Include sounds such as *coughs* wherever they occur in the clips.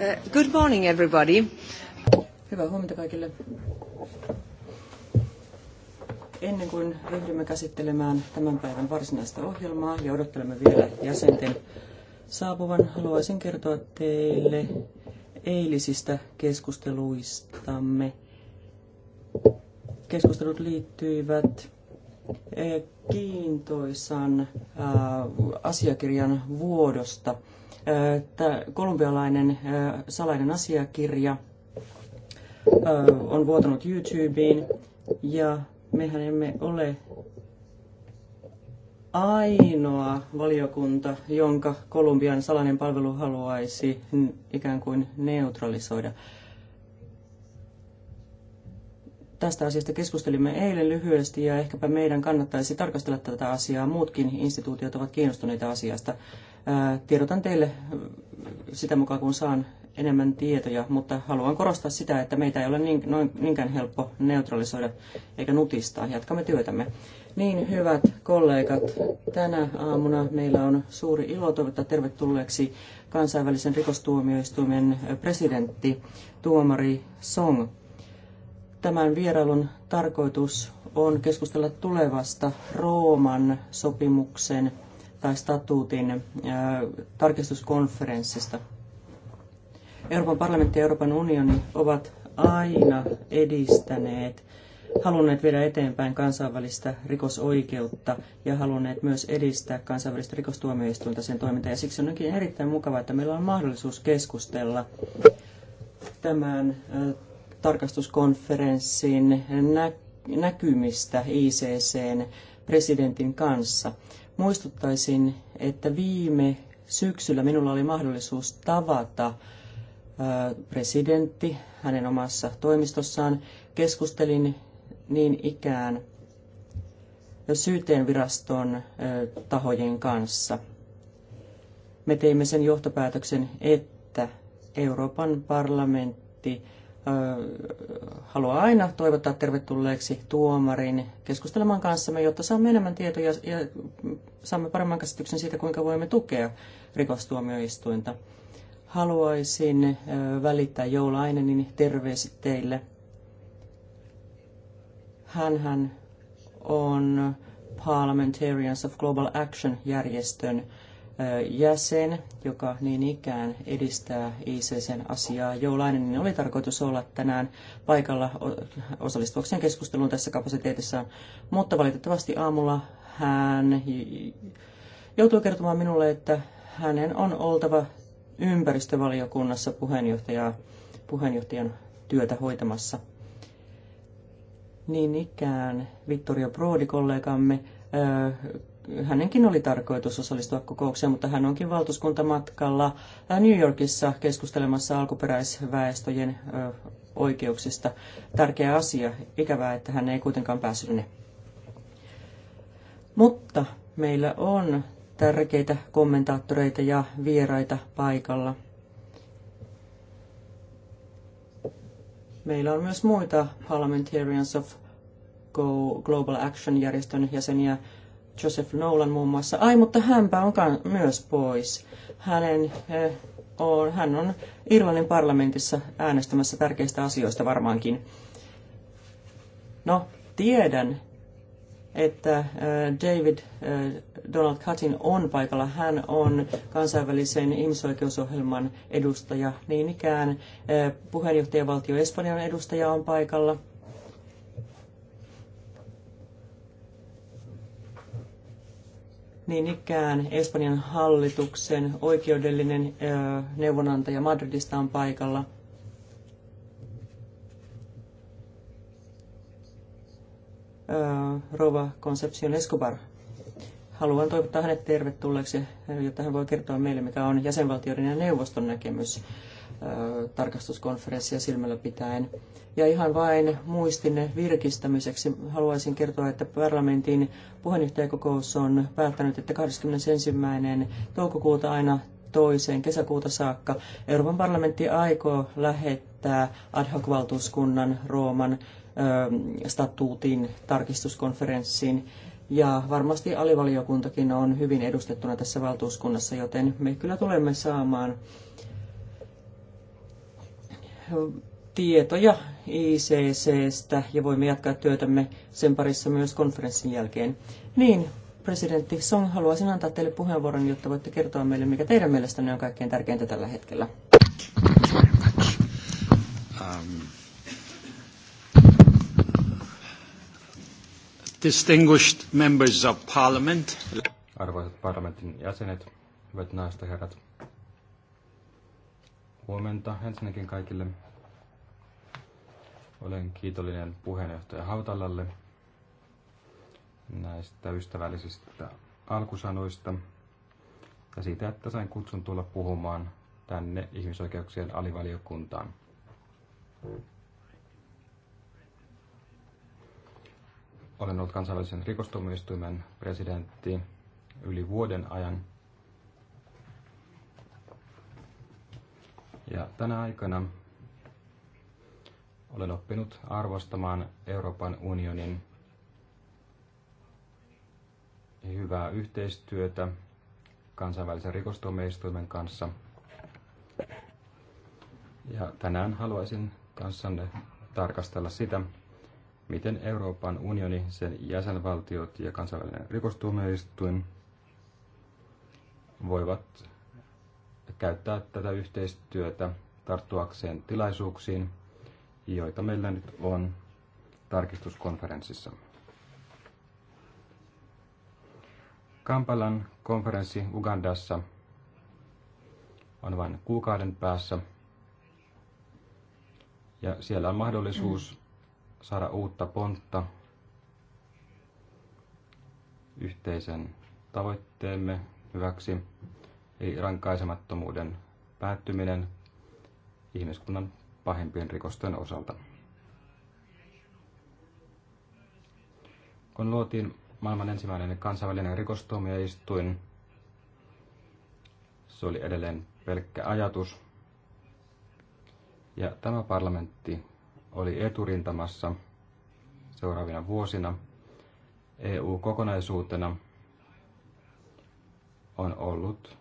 Uh, good morning everybody. Hyvää huomenta kaikille. Ennen kuin ryhdymme käsittelemään tämän päivän varsinaista ohjelmaa ja odottelemme vielä jäsenten saapuvan, haluaisin kertoa teille eilisistä keskusteluistamme. Keskustelut liittyivät eh, kiintoisan asiakirjan vuodosta – kolumbialainen salainen asiakirja on vuotanut YouTubeen ja mehän emme ole ainoa valiokunta, jonka Kolumbian salainen palvelu haluaisi ikään kuin neutralisoida. Tästä asiasta keskustelimme eilen lyhyesti ja ehkäpä meidän kannattaisi tarkastella tätä asiaa. Muutkin instituutiot ovat kiinnostuneita asiasta. Tiedotan teille sitä mukaan, kun saan enemmän tietoja, mutta haluan korostaa sitä, että meitä ei ole niin, niinkään helppo neutralisoida eikä nutistaa. Jatkamme työtämme. Niin, hyvät kollegat, tänä aamuna meillä on suuri ilo toivottaa tervetulleeksi kansainvälisen rikostuomioistuimen presidentti tuomari Song Tämän vierailun tarkoitus on keskustella tulevasta Rooman sopimuksen tai statuutin äh, tarkistuskonferenssista. Euroopan parlamentti ja Euroopan unioni ovat aina edistäneet, halunneet viedä eteenpäin kansainvälistä rikosoikeutta ja halunneet myös edistää kansainvälistä rikostuomioistuinta sen toimintaa. Ja siksi onkin erittäin mukavaa, että meillä on mahdollisuus keskustella tämän äh, tarkastuskonferenssin näkymistä ICCn presidentin kanssa. Muistuttaisin, että viime syksyllä minulla oli mahdollisuus tavata presidentti hänen omassa toimistossaan. Keskustelin niin ikään syyteenviraston tahojen kanssa. Me teimme sen johtopäätöksen, että Euroopan parlamentti haluaa aina toivottaa tervetulleeksi tuomarin keskustelemaan kanssamme, jotta saamme enemmän tietoja ja saamme paremman käsityksen siitä, kuinka voimme tukea rikostuomioistuinta. Haluaisin välittää Joulainenin terveiset teille. Hänhän on Parliamentarians of Global Action-järjestön jäsen, joka niin ikään edistää ICCn asiaa. Joulainen niin oli tarkoitus olla tänään paikalla osallistuakseen keskusteluun tässä kapasiteetissaan, mutta valitettavasti aamulla hän joutui kertomaan minulle, että hänen on oltava ympäristövaliokunnassa puheenjohtaja, puheenjohtajan työtä hoitamassa. Niin ikään Vittorio Prodi kollegamme hänenkin oli tarkoitus osallistua kokoukseen, mutta hän onkin valtuuskuntamatkalla New Yorkissa keskustelemassa alkuperäisväestöjen oikeuksista. Tärkeä asia. Ikävää, että hän ei kuitenkaan päässyt ne. Mutta meillä on tärkeitä kommentaattoreita ja vieraita paikalla. Meillä on myös muita Parliamentarians of Global Action-järjestön jäseniä Joseph Nolan muun muassa. Ai, mutta hänpä on myös pois. Hänen, eh, on, hän on Irlannin parlamentissa äänestämässä tärkeistä asioista varmaankin. No, tiedän, että eh, David eh, Donald Cutin on paikalla. Hän on kansainvälisen ihmisoikeusohjelman edustaja. Niin ikään puheenjohtajavaltio Espanjan edustaja on paikalla – Niin ikään Espanjan hallituksen oikeudellinen neuvonantaja Madridista on paikalla. Rova Concepcion Escobar. Haluan toivottaa hänet tervetulleeksi, jotta hän voi kertoa meille, mikä on jäsenvaltioiden ja neuvoston näkemys tarkastuskonferenssia silmällä pitäen. Ja ihan vain muistinne virkistämiseksi haluaisin kertoa, että parlamentin puheenjohtajakokous on päättänyt, että 21. toukokuuta aina toiseen kesäkuuta saakka Euroopan parlamentti aikoo lähettää ad hoc-valtuuskunnan Rooman statuutin tarkistuskonferenssiin. Ja varmasti alivaliokuntakin on hyvin edustettuna tässä valtuuskunnassa, joten me kyllä tulemme saamaan tietoja ICCstä ja voimme jatkaa työtämme sen parissa myös konferenssin jälkeen. Niin, presidentti Song, haluaisin antaa teille puheenvuoron, jotta voitte kertoa meille, mikä teidän mielestänne on kaikkein tärkeintä tällä hetkellä. Um, distinguished members of parliament. Arvoisat parlamentin jäsenet, hyvät naiset ja herrat, Huomenta ensinnäkin kaikille. Olen kiitollinen puheenjohtaja Hautalalle näistä ystävällisistä alkusanoista ja siitä, että sain kutsun tulla puhumaan tänne ihmisoikeuksien alivaliokuntaan. Olen ollut kansainvälisen rikostuomioistuimen presidentti yli vuoden ajan Ja tänä aikana olen oppinut arvostamaan Euroopan unionin hyvää yhteistyötä kansainvälisen rikostuomioistuimen kanssa. Ja tänään haluaisin kanssanne tarkastella sitä, miten Euroopan unioni, sen jäsenvaltiot ja kansainvälinen rikostuomioistuin voivat käyttää tätä yhteistyötä tarttuakseen tilaisuuksiin, joita meillä nyt on tarkistuskonferenssissa. Kampalan konferenssi Ugandassa on vain kuukauden päässä. Ja siellä on mahdollisuus saada uutta pontta yhteisen tavoitteemme hyväksi eli rankaisemattomuuden päättyminen ihmiskunnan pahimpien rikosten osalta. Kun luotiin maailman ensimmäinen kansainvälinen rikostuomioistuin, se oli edelleen pelkkä ajatus. Ja tämä parlamentti oli eturintamassa seuraavina vuosina. EU kokonaisuutena on ollut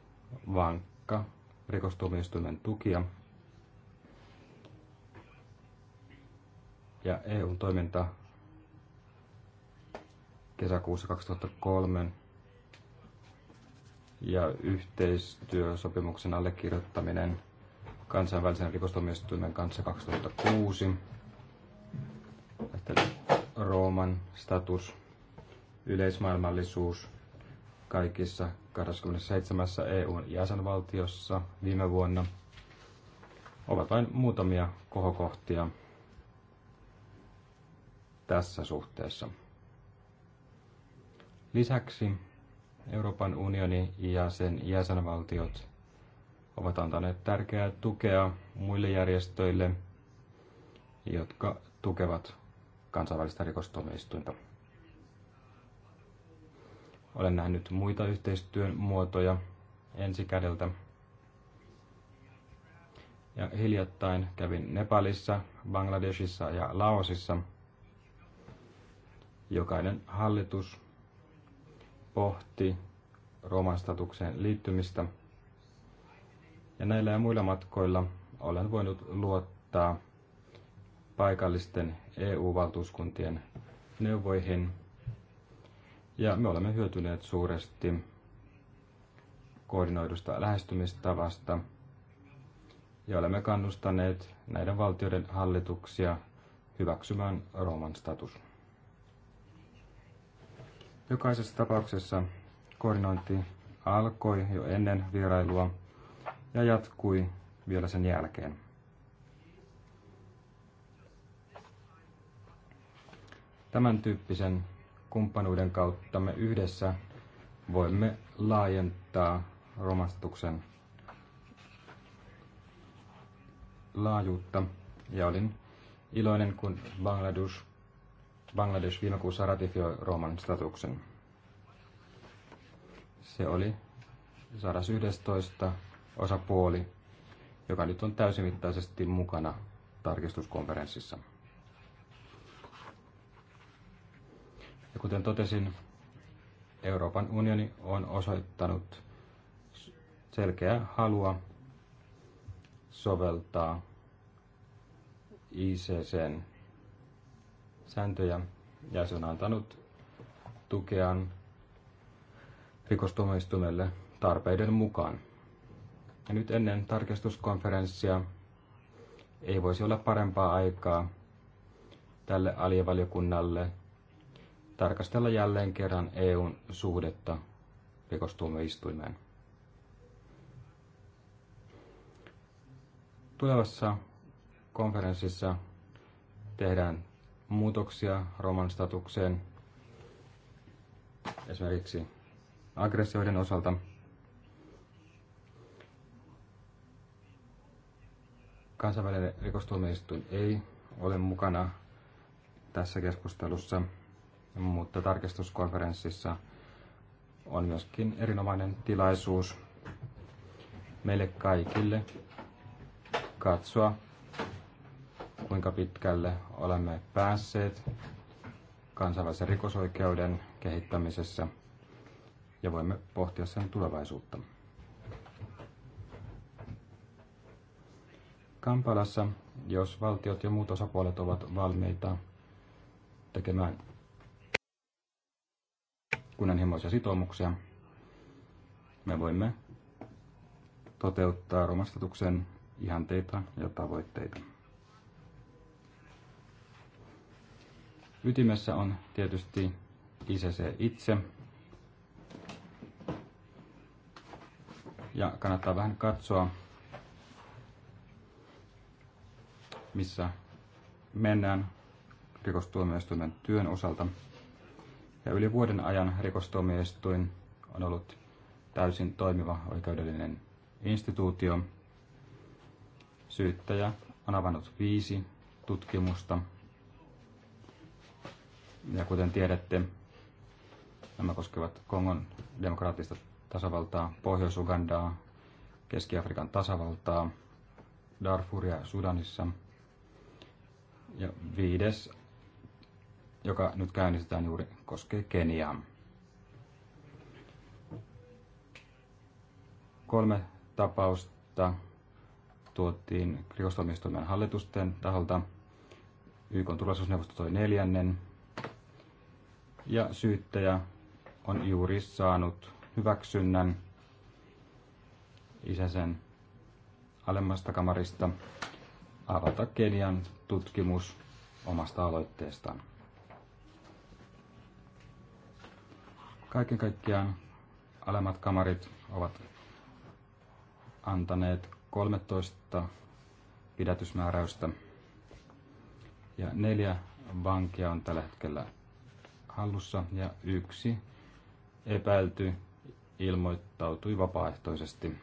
vankka rikostuomioistuimen tukia. Ja EUn toiminta kesäkuussa 2003 ja yhteistyösopimuksen allekirjoittaminen kansainvälisen rikostuomioistuimen kanssa 2006. Sitten Rooman status, yleismaailmallisuus kaikissa 27 EUn jäsenvaltiossa viime vuonna ovat vain muutamia kohokohtia tässä suhteessa. Lisäksi Euroopan unioni ja sen jäsenvaltiot ovat antaneet tärkeää tukea muille järjestöille, jotka tukevat kansainvälistä rikostuomioistuinta. Olen nähnyt muita yhteistyön muotoja ensikädeltä. Ja hiljattain kävin Nepalissa, Bangladesissa ja Laosissa. Jokainen hallitus pohti Rooman statukseen liittymistä. Ja näillä ja muilla matkoilla olen voinut luottaa paikallisten EU-valtuuskuntien neuvoihin ja me olemme hyötyneet suuresti koordinoidusta lähestymistavasta ja olemme kannustaneet näiden valtioiden hallituksia hyväksymään Rooman status. Jokaisessa tapauksessa koordinointi alkoi jo ennen vierailua ja jatkui vielä sen jälkeen. Tämän tyyppisen kumppanuuden kautta me yhdessä voimme laajentaa romastuksen laajuutta. Ja olin iloinen, kun Bangladesh, Bangladesh viime kuussa ratifioi Rooman statuksen. Se oli 111 osapuoli, joka nyt on täysimittaisesti mukana tarkistuskonferenssissa. Ja kuten totesin, Euroopan unioni on osoittanut selkeää halua soveltaa ICCn sääntöjä ja se on antanut tukean rikostuomioistuimelle tarpeiden mukaan. Ja nyt ennen tarkistuskonferenssia ei voisi olla parempaa aikaa tälle alivaliokunnalle tarkastella jälleen kerran EUn suhdetta rikostuomioistuimeen. Tulevassa konferenssissa tehdään muutoksia Roman statukseen esimerkiksi aggressioiden osalta. Kansainvälinen rikostuomioistuin ei ole mukana tässä keskustelussa mutta tarkistuskonferenssissa on myöskin erinomainen tilaisuus meille kaikille katsoa, kuinka pitkälle olemme päässeet kansainvälisen rikosoikeuden kehittämisessä ja voimme pohtia sen tulevaisuutta. Kampalassa, jos valtiot ja muut osapuolet ovat valmiita tekemään kunnianhimoisia sitoumuksia, me voimme toteuttaa romastatuksen ihanteita ja tavoitteita. Ytimessä on tietysti ICC itse. Ja kannattaa vähän katsoa, missä mennään rikostuomioistuimen työn osalta. Ja yli vuoden ajan rikostuomioistuin on ollut täysin toimiva oikeudellinen instituutio. Syyttäjä on avannut viisi tutkimusta. Ja kuten tiedätte, nämä koskevat Kongon demokraattista tasavaltaa, Pohjois-Ugandaa, Keski-Afrikan tasavaltaa, Darfuria Sudanissa. Ja viides joka nyt käynnistetään juuri, koskee Keniaa. Kolme tapausta tuotiin rikostoimistoimien hallitusten taholta. YK turvallisuusneuvosto toi neljännen. Ja syyttäjä on juuri saanut hyväksynnän isäsen alemmasta kamarista avata Kenian tutkimus omasta aloitteestaan. Kaiken kaikkiaan alemmat kamarit ovat antaneet 13 pidätysmääräystä ja neljä vankia on tällä hetkellä hallussa ja yksi epäilty ilmoittautui vapaaehtoisesti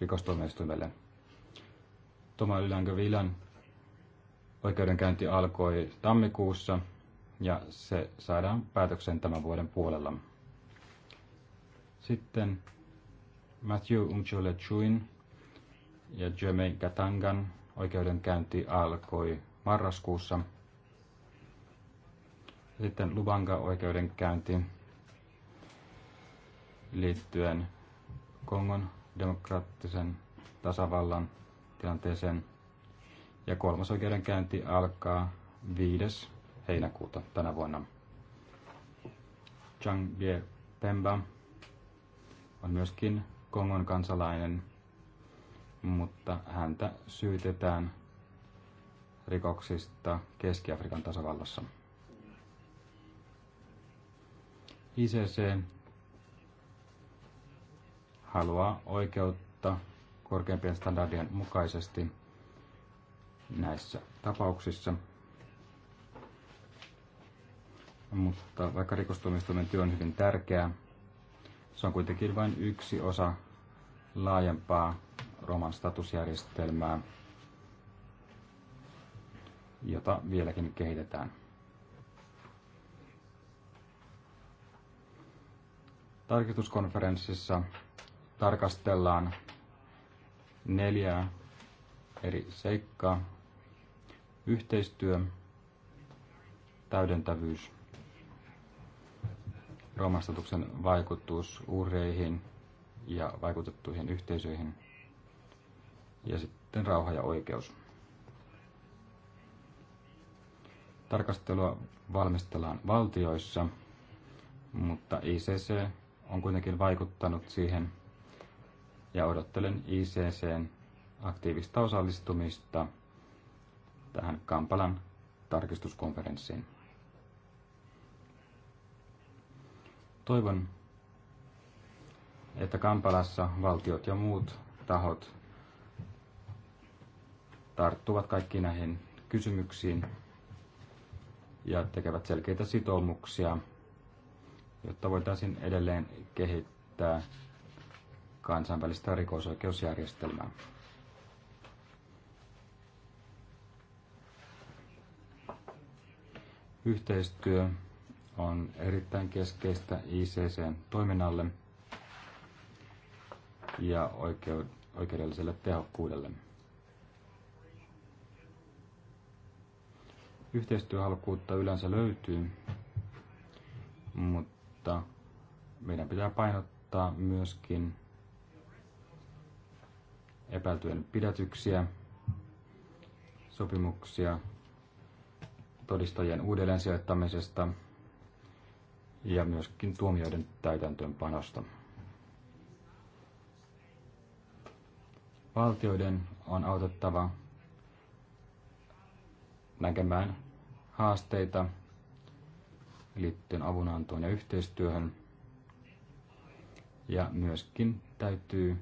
rikostuomioistuimelle. Toma Ylänkö Vilan oikeudenkäynti alkoi tammikuussa ja se saadaan päätöksen tämän vuoden puolella. Sitten Matthew Umchule Chuin ja Jermaine Katangan oikeudenkäynti alkoi marraskuussa. Sitten Lubanga oikeudenkäynti liittyen Kongon demokraattisen tasavallan tilanteeseen. Ja kolmas oikeudenkäynti alkaa 5 heinäkuuta tänä vuonna. Chang Bie Pemba on myöskin Kongon kansalainen, mutta häntä syytetään rikoksista Keski-Afrikan tasavallassa. ICC haluaa oikeutta korkeimpien standardien mukaisesti näissä tapauksissa – mutta vaikka rikostuomioistuimen työ on hyvin tärkeää, se on kuitenkin vain yksi osa laajempaa Roman statusjärjestelmää, jota vieläkin kehitetään. Tarkistuskonferenssissa tarkastellaan neljää eri seikkaa. Yhteistyö, täydentävyys, romastutuksen vaikutus uhreihin ja vaikutettuihin yhteisöihin. Ja sitten rauha ja oikeus. Tarkastelua valmistellaan valtioissa, mutta ICC on kuitenkin vaikuttanut siihen ja odottelen ICCn aktiivista osallistumista tähän Kampalan tarkistuskonferenssiin. Toivon, että Kampalassa valtiot ja muut tahot tarttuvat kaikkiin näihin kysymyksiin ja tekevät selkeitä sitoumuksia, jotta voitaisiin edelleen kehittää kansainvälistä rikosoikeusjärjestelmää. Yhteistyö on erittäin keskeistä icc toiminnalle ja oikeudelliselle tehokkuudelle. Yhteistyöhalkuutta yleensä löytyy, mutta meidän pitää painottaa myöskin epäiltyjen pidätyksiä, sopimuksia todistajien uudelleen sijoittamisesta – ja myöskin tuomioiden täytäntöönpanosta. Valtioiden on autettava näkemään haasteita liittyen avunantoon ja yhteistyöhön. Ja myöskin täytyy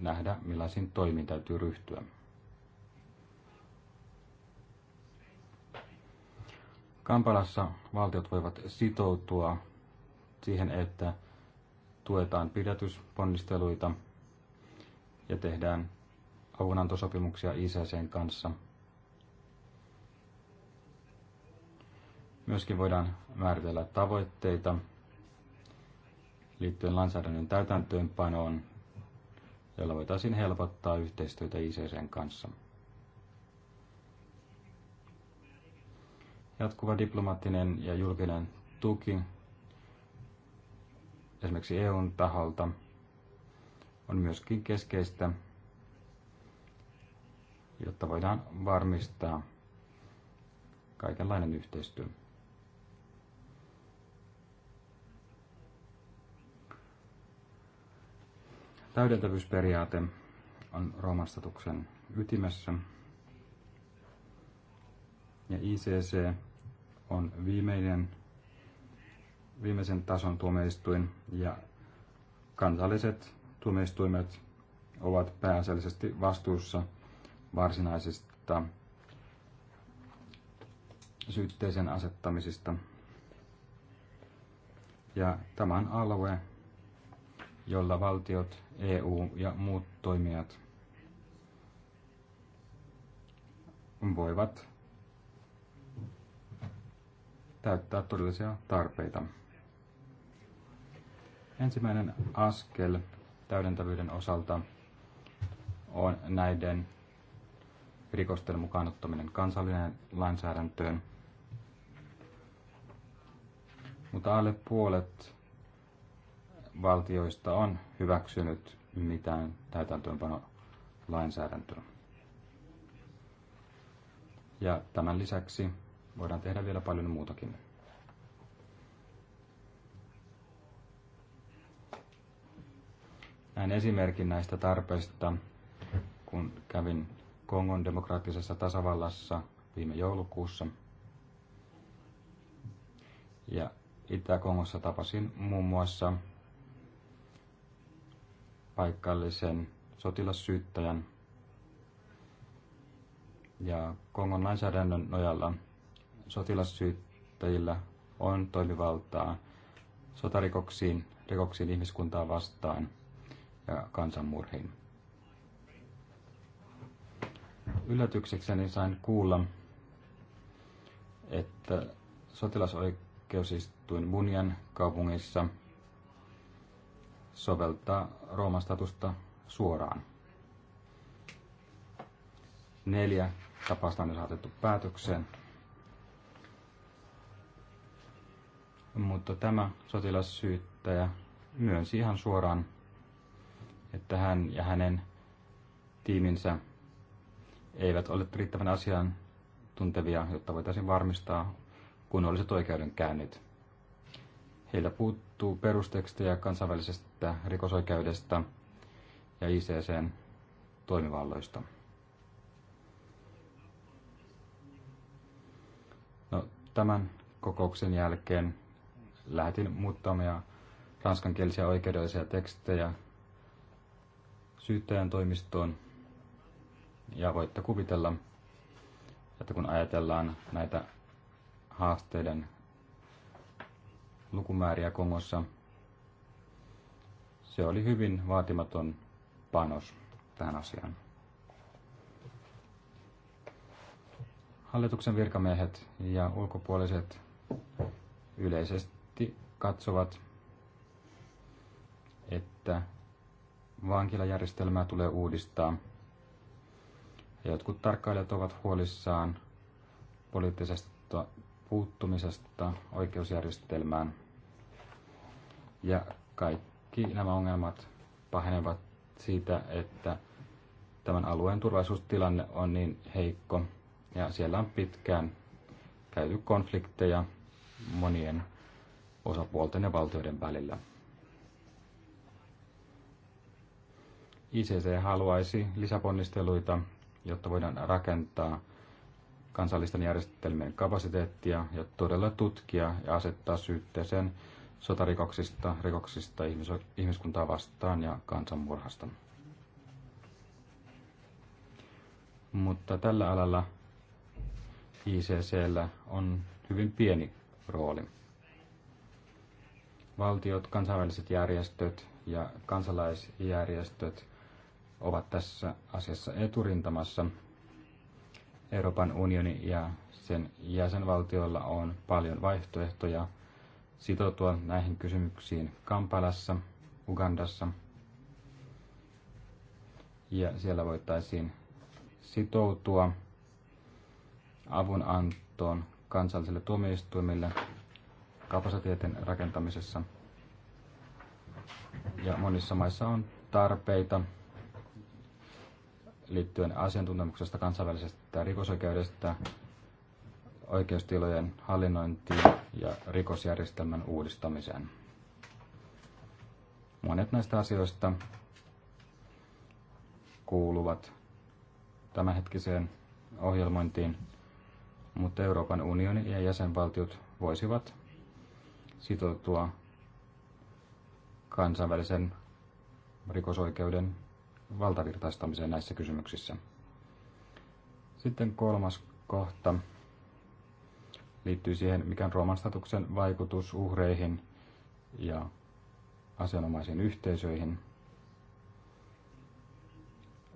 nähdä, millaisiin toimiin täytyy ryhtyä. Kampalassa valtiot voivat sitoutua siihen, että tuetaan pidätysponnisteluita ja tehdään avunantosopimuksia ICCn kanssa. Myöskin voidaan määritellä tavoitteita liittyen lainsäädännön täytäntöönpanoon, jolla voitaisiin helpottaa yhteistyötä ICCn kanssa. Jatkuva diplomaattinen ja julkinen tuki esimerkiksi EUn taholta on myöskin keskeistä, jotta voidaan varmistaa kaikenlainen yhteistyö. Täydentävyysperiaate on Rooman statuksen ytimessä. Ja ICC on viimeinen viimeisen tason tuomioistuin ja kansalliset tuomioistuimet ovat pääasiallisesti vastuussa varsinaisista syytteisen asettamisista. Ja tämä on alue, jolla valtiot, EU ja muut toimijat voivat täyttää todellisia tarpeita. Ensimmäinen askel täydentävyyden osalta on näiden rikosten mukaan ottaminen kansalliseen lainsäädäntöön. Mutta alle puolet valtioista on hyväksynyt mitään täytäntöönpano lainsäädäntöä. Ja tämän lisäksi voidaan tehdä vielä paljon muutakin. Näin esimerkin näistä tarpeista, kun kävin Kongon demokraattisessa tasavallassa viime joulukuussa. Ja Itä-Kongossa tapasin muun muassa paikallisen sotilassyyttäjän ja Kongon lainsäädännön nojalla sotilassyyttäjillä on toimivaltaa sotarikoksiin, rikoksiin ihmiskuntaa vastaan – ja kansanmurhiin. Yllätyksekseni sain kuulla, että sotilasoikeusistuin Bunian kaupungissa soveltaa Rooman statusta suoraan. Neljä tapausta on saatettu päätökseen. Mutta tämä sotilassyyttäjä myönsi ihan suoraan että hän ja hänen tiiminsä eivät ole riittävän asian tuntevia, jotta voitaisiin varmistaa kunnolliset oikeudenkäynnit. Heillä puuttuu perustekstejä kansainvälisestä rikosoikeudesta ja ICCn toimivalloista. No, tämän kokouksen jälkeen lähetin muutamia ranskankielisiä oikeudellisia tekstejä syyttäjän toimistoon. Ja voitte kuvitella, että kun ajatellaan näitä haasteiden lukumääriä Kongossa, se oli hyvin vaatimaton panos tähän asiaan. Hallituksen virkamiehet ja ulkopuoliset yleisesti katsovat, että Vankilajärjestelmää tulee uudistaa. Ja jotkut tarkkailijat ovat huolissaan poliittisesta puuttumisesta oikeusjärjestelmään. Ja kaikki nämä ongelmat pahenevat siitä, että tämän alueen turvallisuustilanne on niin heikko ja siellä on pitkään käyty konflikteja monien osapuolten ja valtioiden välillä. ICC haluaisi lisäponnisteluita, jotta voidaan rakentaa kansallisten järjestelmien kapasiteettia ja todella tutkia ja asettaa syytteeseen sotarikoksista, rikoksista ihmiskuntaa vastaan ja kansanmurhasta. Mutta tällä alalla ICCllä on hyvin pieni rooli. Valtiot, kansainväliset järjestöt ja kansalaisjärjestöt – ovat tässä asiassa eturintamassa. Euroopan unioni ja sen jäsenvaltioilla on paljon vaihtoehtoja sitoutua näihin kysymyksiin Kampalassa, Ugandassa. Ja siellä voitaisiin sitoutua avunantoon kansallisille tuomioistuimille kapasiteetin rakentamisessa. Ja monissa maissa on tarpeita liittyen asiantuntemuksesta kansainvälisestä rikosoikeudesta, oikeustilojen hallinnointiin ja rikosjärjestelmän uudistamiseen. Monet näistä asioista kuuluvat tämänhetkiseen ohjelmointiin, mutta Euroopan unioni ja jäsenvaltiot voisivat sitoutua kansainvälisen rikosoikeuden valtavirtaistamiseen näissä kysymyksissä. Sitten kolmas kohta liittyy siihen, mikä on Rooman statuksen vaikutus uhreihin ja asianomaisiin yhteisöihin.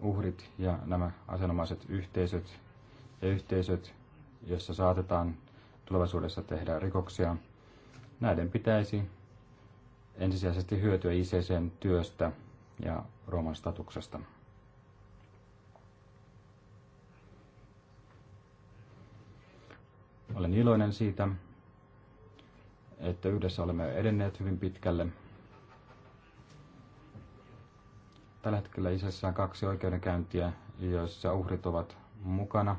Uhrit ja nämä asianomaiset yhteisöt ja yhteisöt, joissa saatetaan tulevaisuudessa tehdä rikoksia, näiden pitäisi ensisijaisesti hyötyä ICCn työstä ja Rooman statuksesta. Olen iloinen siitä, että yhdessä olemme edenneet hyvin pitkälle. Tällä hetkellä isässä on kaksi oikeudenkäyntiä, joissa uhrit ovat mukana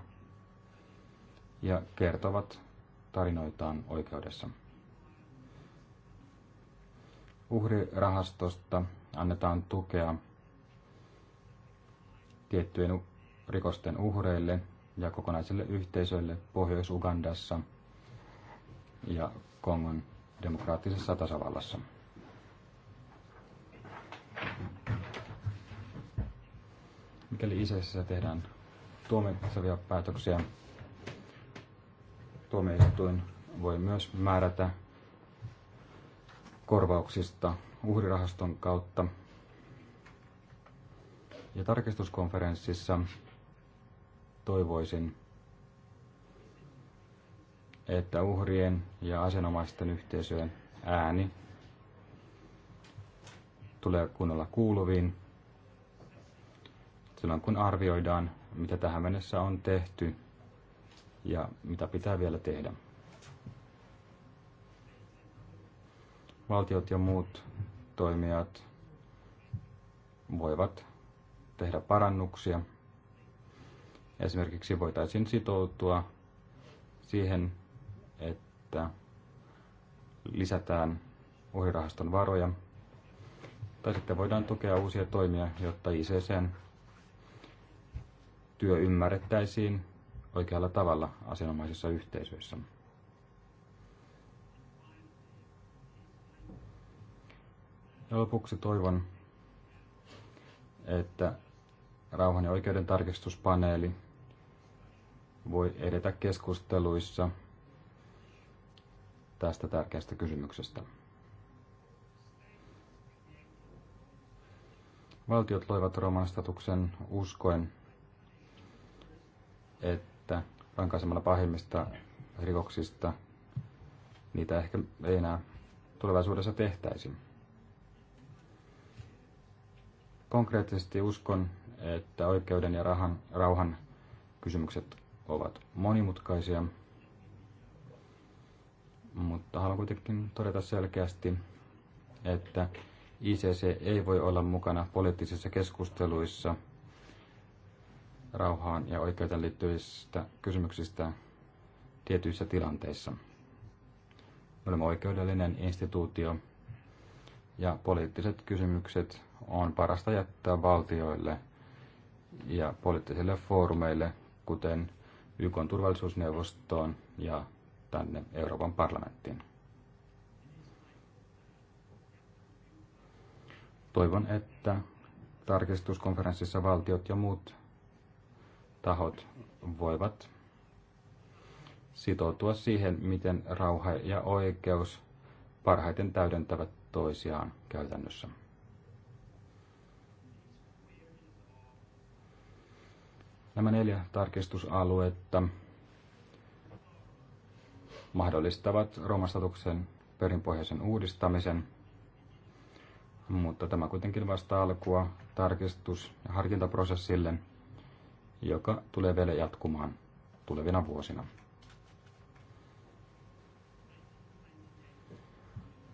ja kertovat tarinoitaan oikeudessa. Uhrirahastosta annetaan tukea tiettyjen rikosten uhreille ja kokonaisille yhteisöille Pohjois-Ugandassa ja Kongon demokraattisessa tasavallassa. Mikäli ISISissä tehdään tuomitsevia päätöksiä, tuomioistuin voi myös määrätä korvauksista uhrirahaston kautta. Ja tarkistuskonferenssissa toivoisin, että uhrien ja asianomaisten yhteisöjen ääni tulee kunnolla kuuluviin silloin, kun arvioidaan, mitä tähän mennessä on tehty ja mitä pitää vielä tehdä. Valtiot ja muut toimijat voivat tehdä parannuksia. Esimerkiksi voitaisiin sitoutua siihen, että lisätään uhrirahaston varoja. Tai sitten voidaan tukea uusia toimia, jotta ICCn työ ymmärrettäisiin oikealla tavalla asianomaisissa yhteisöissä. Ja lopuksi toivon, että rauhan ja oikeuden tarkistuspaneeli voi edetä keskusteluissa tästä tärkeästä kysymyksestä. Valtiot loivat Rooman statuksen uskoen, että rankaisemalla pahimmista rikoksista niitä ehkä ei enää tulevaisuudessa tehtäisiin. Konkreettisesti uskon, että oikeuden ja rahan, rauhan kysymykset ovat monimutkaisia, mutta haluan kuitenkin todeta selkeästi, että ICC ei voi olla mukana poliittisissa keskusteluissa rauhaan ja oikeuteen liittyvistä kysymyksistä tietyissä tilanteissa. Me olemme oikeudellinen instituutio ja poliittiset kysymykset on parasta jättää valtioille ja poliittisille foorumeille, kuten YK turvallisuusneuvostoon ja tänne Euroopan parlamenttiin. Toivon, että tarkistuskonferenssissa valtiot ja muut tahot voivat sitoutua siihen, miten rauha ja oikeus parhaiten täydentävät toisiaan käytännössä. Nämä neljä tarkistusaluetta mahdollistavat romastatuksen perinpohjaisen uudistamisen, mutta tämä kuitenkin vasta alkua tarkistus- ja harkintaprosessille, joka tulee vielä jatkumaan tulevina vuosina.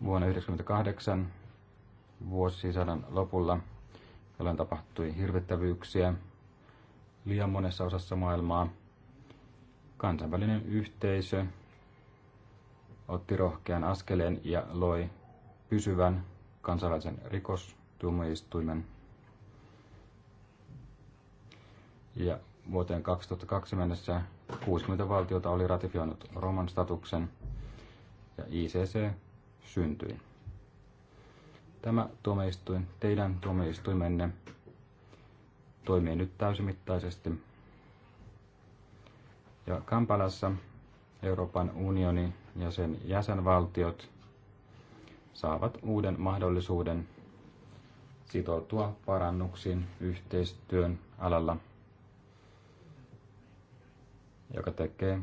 Vuonna 1998 vuosisadan lopulla, jolloin tapahtui hirvittävyyksiä liian monessa osassa maailmaa. Kansainvälinen yhteisö otti rohkean askeleen ja loi pysyvän kansainvälisen rikostuomioistuimen. Ja vuoteen 2002 mennessä 60 valtiota oli ratifioinut Roman statuksen ja ICC syntyi. Tämä tuomioistuin, teidän tuomioistuimenne, toimii nyt täysimittaisesti. Ja Kampalassa Euroopan unioni ja sen jäsenvaltiot saavat uuden mahdollisuuden sitoutua parannuksiin yhteistyön alalla, joka tekee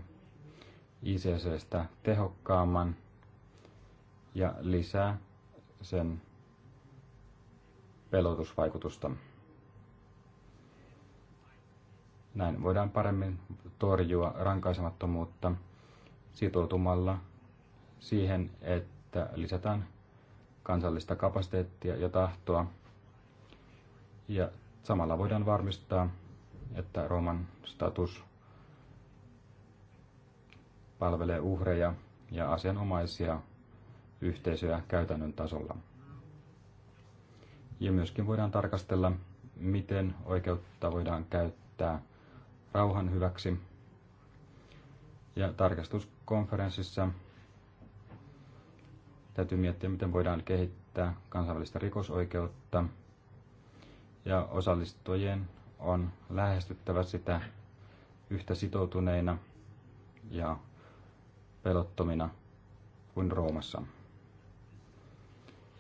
ICCstä tehokkaamman ja lisää sen pelotusvaikutusta. Näin voidaan paremmin torjua rankaisemattomuutta sitoutumalla siihen, että lisätään kansallista kapasiteettia ja tahtoa. Ja samalla voidaan varmistaa, että Rooman status palvelee uhreja ja asianomaisia yhteisöjä käytännön tasolla. Ja myöskin voidaan tarkastella, miten oikeutta voidaan käyttää – rauhan hyväksi. Ja tarkastuskonferenssissa täytyy miettiä, miten voidaan kehittää kansainvälistä rikosoikeutta. Ja osallistujien on lähestyttävä sitä yhtä sitoutuneina ja pelottomina kuin Roomassa.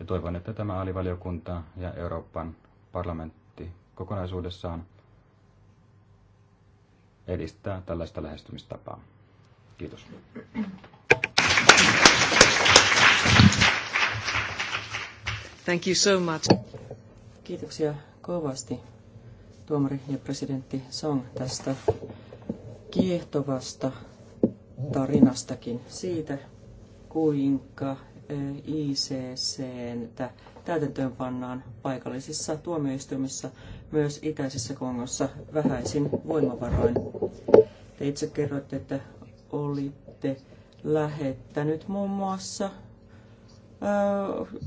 Ja toivon, että tämä alivaliokunta ja Euroopan parlamentti kokonaisuudessaan edistää tällaista lähestymistapaa. Kiitos. Thank you so much. Kiitoksia kovasti tuomari ja presidentti Song tästä kiehtovasta tarinastakin siitä, kuinka eh, ICC täytäntöön pannaan paikallisissa tuomioistuimissa myös itäisessä Kongossa vähäisin voimavaroin. Te itse kerroitte, että olitte lähettänyt muun muassa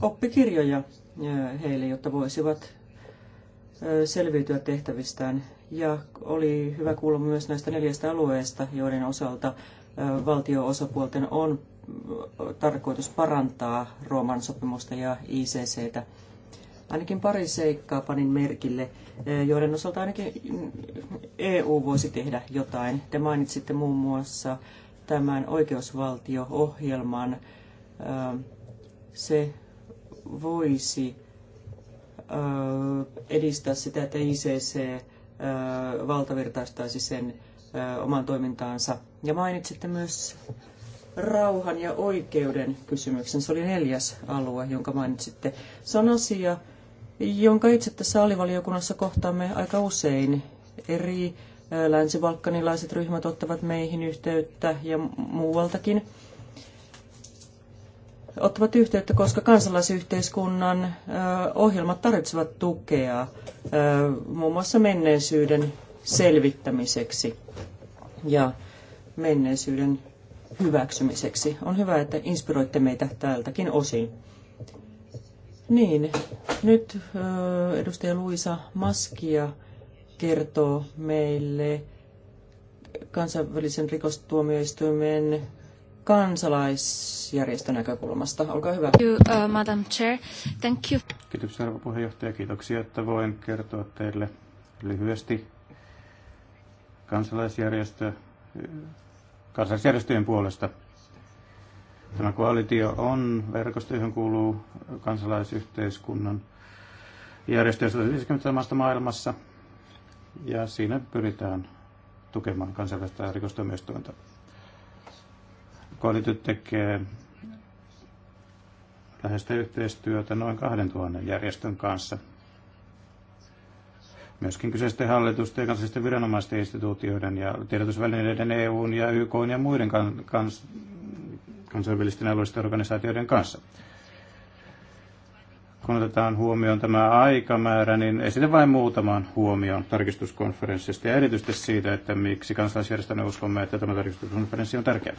oppikirjoja heille, jotta voisivat selviytyä tehtävistään. Ja oli hyvä kuulla myös näistä neljästä alueesta, joiden osalta valtio-osapuolten on tarkoitus parantaa Rooman sopimusta ja ICCtä. Ainakin pari seikkaa panin merkille, eh, joiden osalta ainakin EU voisi tehdä jotain. Te mainitsitte muun muassa tämän oikeusvaltio-ohjelman. Eh, se voisi eh, edistää sitä, että ICC valtavirtaistaisi sen oman toimintaansa. Ja mainitsitte myös rauhan ja oikeuden kysymyksen. Se oli neljäs alue, jonka mainitsitte. Se on asia, jonka itse tässä alivaliokunnassa kohtaamme aika usein. Eri länsibalkanilaiset ryhmät ottavat meihin yhteyttä ja muualtakin ottavat yhteyttä, koska kansalaisyhteiskunnan ohjelmat tarvitsevat tukea muun muassa menneisyyden selvittämiseksi ja menneisyyden hyväksymiseksi. On hyvä, että inspiroitte meitä täältäkin osin. Niin, nyt edustaja Luisa Maskia kertoo meille kansainvälisen rikostuomioistuimen kansalaisjärjestön näkökulmasta. Olkaa hyvä. Thank you, uh, Madam Chair. Thank you. Kiitoksia, arvo puheenjohtaja. Kiitoksia, että voin kertoa teille lyhyesti kansalaisjärjestö, kansalaisjärjestöjen puolesta Tämä koalitio on verkosto, johon kuuluu kansalaisyhteiskunnan järjestöjä 150 maasta maailmassa, ja siinä pyritään tukemaan kansainvälistä rikostoimistointa. Koalitio tekee läheistä yhteistyötä noin 2000 järjestön kanssa. Myöskin kyseisten hallitusten ja kansallisten viranomaisten instituutioiden ja tiedotusvälineiden EUn ja YK ja muiden kans- kansainvälisten alueellisten organisaatioiden kanssa. Kun otetaan huomioon tämä aikamäärä, niin esitän vain muutaman huomioon. tarkistuskonferenssista ja erityisesti siitä, että miksi kansalaisjärjestönä uskomme, että tämä tarkistuskonferenssi on tärkeä.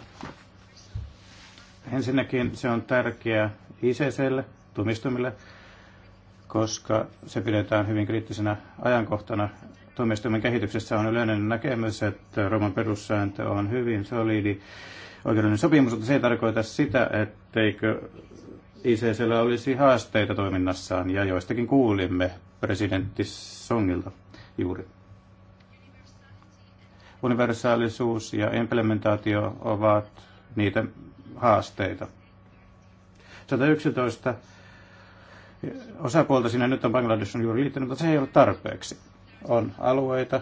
Ensinnäkin se on tärkeä ICClle, tuomistumille, koska se pidetään hyvin kriittisenä ajankohtana. Tuomioistuimen kehityksessä on yleinen näkemys, että Roman perussääntö on hyvin solidi oikeudellinen sopimus, mutta se ei tarkoita sitä, etteikö ICCllä olisi haasteita toiminnassaan, ja joistakin kuulimme presidentti Songilta juuri. Universaalisuus ja implementaatio ovat niitä haasteita. 111 osapuolta sinne nyt on Bangladesh on juuri liittynyt, mutta se ei ole tarpeeksi. On alueita,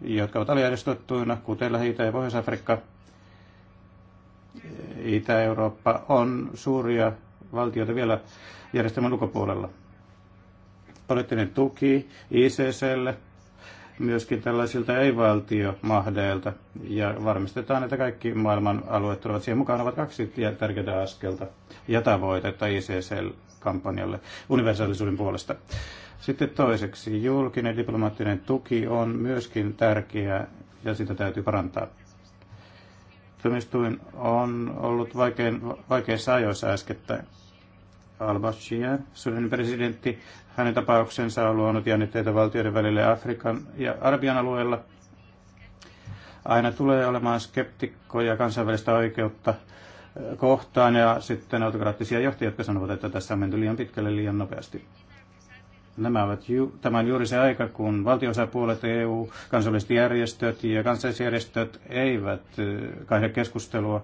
jotka ovat aliedustettuina, kuten lähi ja Pohjois-Afrikka, Itä-Eurooppa on suuria valtioita vielä järjestelmän ulkopuolella. Poliittinen tuki ICClle, myöskin tällaisilta ei-valtiomahdeilta, ja varmistetaan, että kaikki maailman alueet tulevat siihen mukaan, ovat kaksi tärkeää askelta ja tavoitetta ICCL-kampanjalle universaalisuuden puolesta. Sitten toiseksi, julkinen diplomaattinen tuki on myöskin tärkeää, ja sitä täytyy parantaa Tuomioistuin on ollut vaikein, vaikeissa ajoissa äskettäin. Al-Bashir, Sudanin presidentti, hänen tapauksensa on luonut jännitteitä valtioiden välille Afrikan ja Arabian alueella. Aina tulee olemaan skeptikkoja kansainvälistä oikeutta eh, kohtaan ja sitten autokraattisia johtajia, jotka sanovat, että tässä on menty liian pitkälle liian nopeasti. Nämä ovat ju, tämä on juuri se aika, kun valtiosapuolet, EU, kansalliset järjestöt ja kansallisjärjestöt eivät kaihda keskustelua,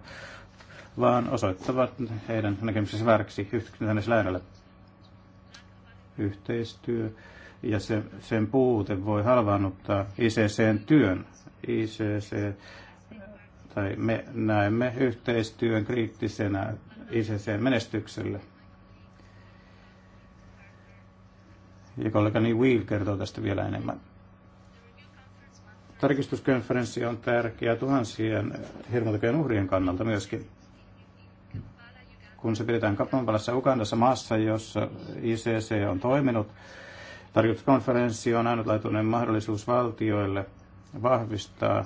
vaan osoittavat heidän näkemyksensä vääräksi yhtenäislähdölle. Yhteistyö ja se, sen puute voi halvaannuttaa ICCn työn. ICC, tai me näemme yhteistyön kriittisenä ICCn menestykselle. ja niin Wheel kertoo tästä vielä enemmän. Tarkistuskonferenssi on tärkeä tuhansien hirmutekojen uhrien kannalta myöskin. Kun se pidetään Kapanpalassa Ugandassa maassa, jossa ICC on toiminut, tarkistuskonferenssi on ainutlaatuinen mahdollisuus valtioille vahvistaa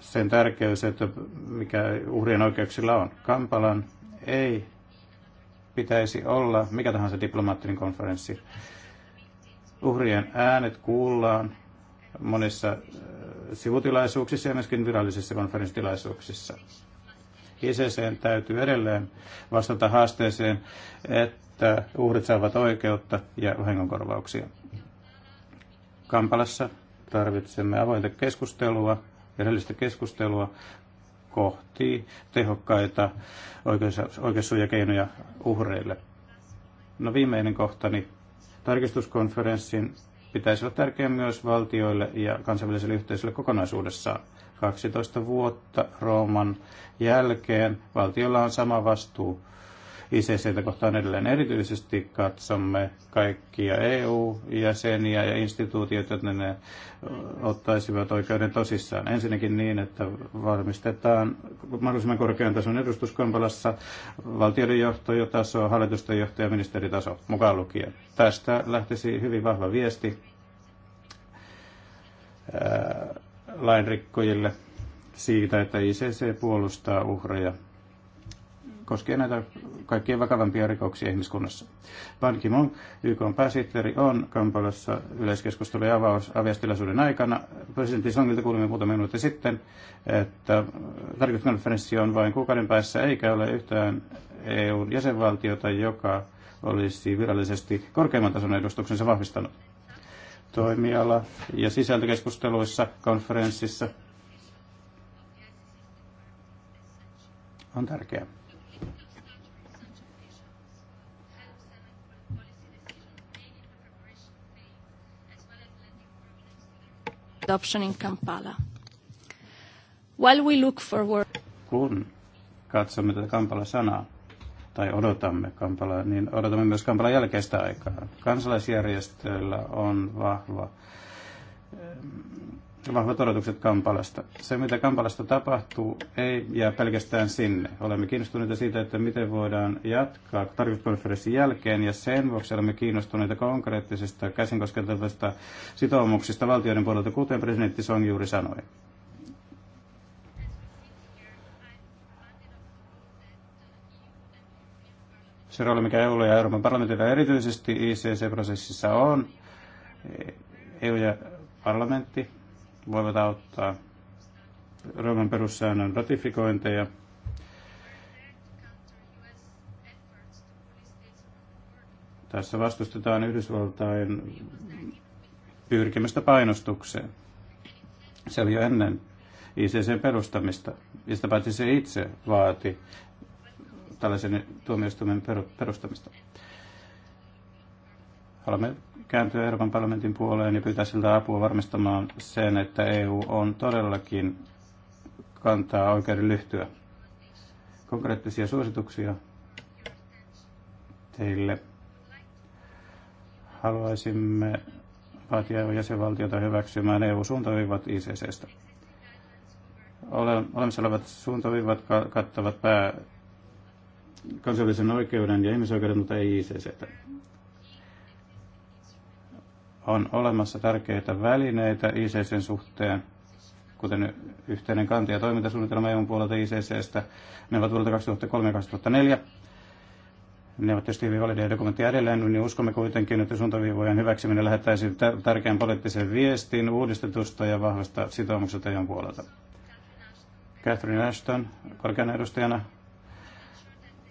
sen tärkeys, että mikä uhrien oikeuksilla on. Kampalan ei pitäisi olla mikä tahansa diplomaattinen konferenssi. Uhrien äänet kuullaan monissa äh, sivutilaisuuksissa ja myöskin virallisissa konferenssitilaisuuksissa. ICC täytyy edelleen vastata haasteeseen, että uhrit saavat oikeutta ja vahingonkorvauksia. Kampalassa tarvitsemme avointa keskustelua, erillistä keskustelua kohti tehokkaita oikeussuojakeinoja uhreille. No viimeinen kohtani. Tarkistuskonferenssin pitäisi olla tärkeä myös valtioille ja kansainväliselle yhteisölle kokonaisuudessaan. 12 vuotta Rooman jälkeen valtiolla on sama vastuu ICCtä kohtaan edelleen. Erityisesti katsomme kaikkia EU-jäseniä ja instituutioita, että ne ottaisivat oikeuden tosissaan. Ensinnäkin niin, että varmistetaan mahdollisimman korkean tason edustuskompalassa valtioiden johtojotaso, hallitusten johto ja ministeritaso mukaan lukien. Tästä lähtisi hyvin vahva viesti lainrikkojille siitä, että ICC puolustaa uhreja koskien näitä kaikkien vakavampia rikoksia ihmiskunnassa. Ban Ki-moon, YK pääsihteeri, on Kampalassa yleiskeskustelu ja avaustilaisuuden aikana. Presidentti Songilta kuulimme muutama minuutti sitten, että tarkoituskonferenssi on vain kuukauden päässä, eikä ole yhtään EUn jäsenvaltiota, joka olisi virallisesti korkeimman tason edustuksensa vahvistanut toimiala- ja sisältökeskusteluissa, konferenssissa on tärkeää. adoption in Kampala. While we look forward... Kun katsomme tätä Kampala-sanaa, tai odotamme Kampalaa, niin odotamme myös Kampalan jälkeistä aikaa. Kansalaisjärjestöillä on vahva vahvat odotukset Kampalasta. Se, mitä Kampalasta tapahtuu, ei jää pelkästään sinne. Olemme kiinnostuneita siitä, että miten voidaan jatkaa tarkoituskonferenssin jälkeen, ja sen vuoksi olemme kiinnostuneita konkreettisista käsin kosketeltavista sitoumuksista valtioiden puolelta, kuten presidentti Song juuri sanoi. Se rooli, mikä EU ja Euroopan parlamentilla erityisesti ICC-prosessissa on, EU ja parlamentti voivat auttaa Rooman perussäännön ratifikointeja. Tässä vastustetaan Yhdysvaltain pyrkimystä painostukseen. Se oli jo ennen ICCn perustamista. Ja sitä paitsi se itse vaati tällaisen tuomioistuimen perustamista. Haluamme kääntyä Euroopan parlamentin puoleen ja pyytää siltä apua varmistamaan sen, että EU on todellakin kantaa oikeuden lyhtyä. Konkreettisia suosituksia teille. Haluaisimme vaatia e jäsenvaltiota hyväksymään EU-suuntaviivat ICCstä. Olemassa olevat suuntaviivat kattavat pää kansallisen oikeuden ja ihmisoikeuden, mutta ei ICCtä on olemassa tärkeitä välineitä ICCn suhteen, kuten yhteinen kanti- ja toimintasuunnitelma EUn puolelta ICCstä. Ne ovat vuodelta 2003-2004. Ne ovat tietysti hyvin valideja dokumentteja edelleen, niin uskomme kuitenkin, että suuntaviivojen hyväksyminen lähettäisi tärkeän poliittisen viestin uudistetusta ja vahvasta sitoumuksesta EUn puolelta. Catherine Ashton korkean edustajana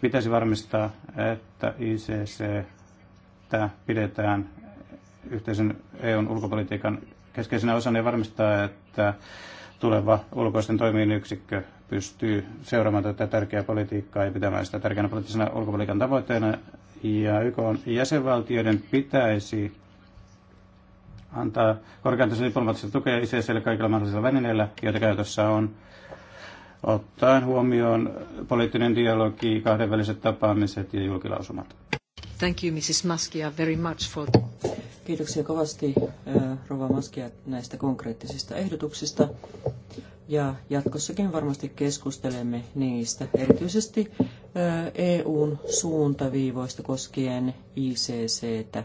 pitäisi varmistaa, että ICC pidetään yhteisen EUn ulkopolitiikan keskeisenä osana ja varmistaa, että tuleva ulkoisten toimien yksikkö pystyy seuraamaan tätä tärkeää politiikkaa ja pitämään sitä tärkeänä poliittisena ulkopolitiikan tavoitteena. Ja YK on jäsenvaltioiden pitäisi antaa korkeantaisen diplomaattista tukea ICClle kaikilla mahdollisilla välineillä, joita käytössä on, ottaen huomioon poliittinen dialogi, kahdenväliset tapaamiset ja julkilausumat. Thank you, Mrs. Muskia, very much for Kiitoksia kovasti Rova Maskia näistä konkreettisista ehdotuksista. Ja jatkossakin varmasti keskustelemme niistä, erityisesti EUn suuntaviivoista koskien ICCtä.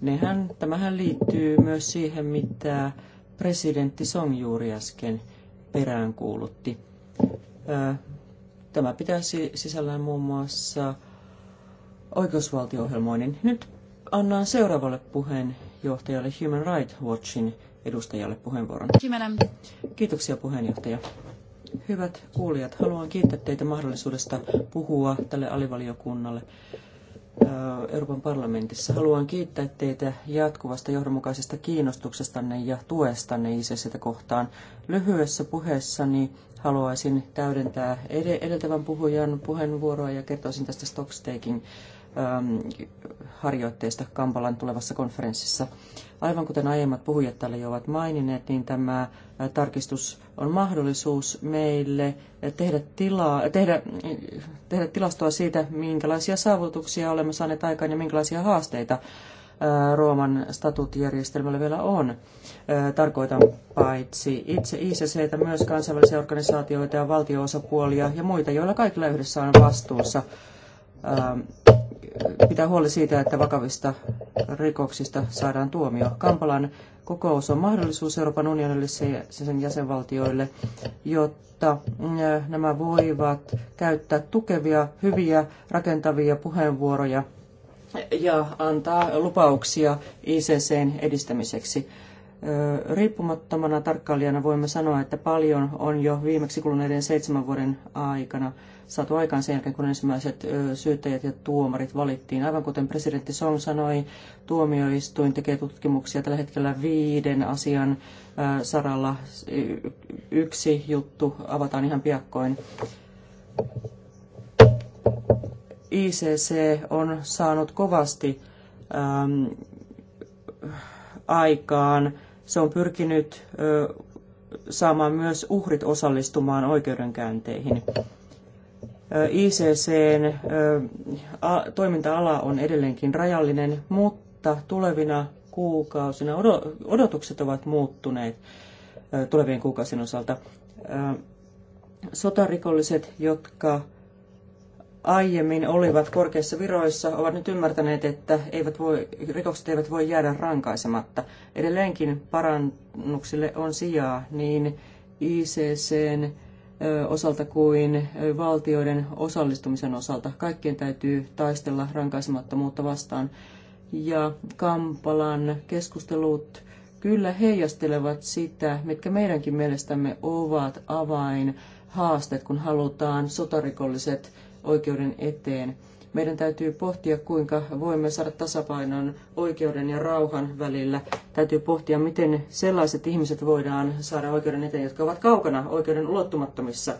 Nehän, tämähän liittyy myös siihen, mitä presidentti Song juuri äsken peräänkuulutti. Tämä pitää sisällään muun muassa oikeusvaltio-ohjelmoinnin. Nyt annan seuraavalle puheenjohtajalle Human Rights Watchin edustajalle puheenvuoron. Kiitoksia puheenjohtaja. Hyvät kuulijat, haluan kiittää teitä mahdollisuudesta puhua tälle alivaliokunnalle äh, Euroopan parlamentissa. Haluan kiittää teitä jatkuvasta johdonmukaisesta kiinnostuksestanne ja tuestanne ICCtä kohtaan. Lyhyessä puheessani haluaisin täydentää edeltävän puhujan puheenvuoroa ja kertoisin tästä stockstaking Ähm, harjoitteista Kampalan tulevassa konferenssissa. Aivan kuten aiemmat puhujat täällä jo ovat maininneet, niin tämä äh, tarkistus on mahdollisuus meille tehdä, tilaa, äh, tehdä, tehdä tilastoa siitä, minkälaisia saavutuksia olemme saaneet aikaan ja minkälaisia haasteita äh, Rooman statuuttijärjestelmällä vielä on. Tarkoitan paitsi itse että myös kansainvälisiä organisaatioita ja valtioosapuolia ja muita, joilla kaikilla yhdessä on vastuussa. Ähm, pitää huoli siitä, että vakavista rikoksista saadaan tuomio. Kampalan kokous on mahdollisuus Euroopan unionille ja sen jäsenvaltioille, jotta mm, nämä voivat käyttää tukevia, hyviä, rakentavia puheenvuoroja ja antaa lupauksia ICCn edistämiseksi riippumattomana tarkkailijana voimme sanoa, että paljon on jo viimeksi kuluneiden seitsemän vuoden aikana saatu aikaan sen jälkeen, kun ensimmäiset syyttäjät ja tuomarit valittiin. Aivan kuten presidentti Song sanoi, tuomioistuin tekee tutkimuksia tällä hetkellä viiden asian saralla. Yksi juttu avataan ihan piakkoin. ICC on saanut kovasti ähm, aikaan se on pyrkinyt saamaan myös uhrit osallistumaan oikeudenkäynteihin. ICCn toiminta-ala on edelleenkin rajallinen, mutta tulevina kuukausina odotukset ovat muuttuneet tulevien kuukausien osalta. Sotarikolliset, jotka aiemmin olivat korkeissa viroissa, ovat nyt ymmärtäneet, että eivät voi, rikokset eivät voi jäädä rankaisematta. Edelleenkin parannuksille on sijaa niin ICCn osalta kuin valtioiden osallistumisen osalta. Kaikkien täytyy taistella rankaisemattomuutta vastaan. Ja Kampalan keskustelut kyllä heijastelevat sitä, mitkä meidänkin mielestämme ovat avain haasteet, kun halutaan sotarikolliset oikeuden eteen. Meidän täytyy pohtia, kuinka voimme saada tasapainon oikeuden ja rauhan välillä. Täytyy pohtia, miten sellaiset ihmiset voidaan saada oikeuden eteen, jotka ovat kaukana oikeuden ulottumattomissa.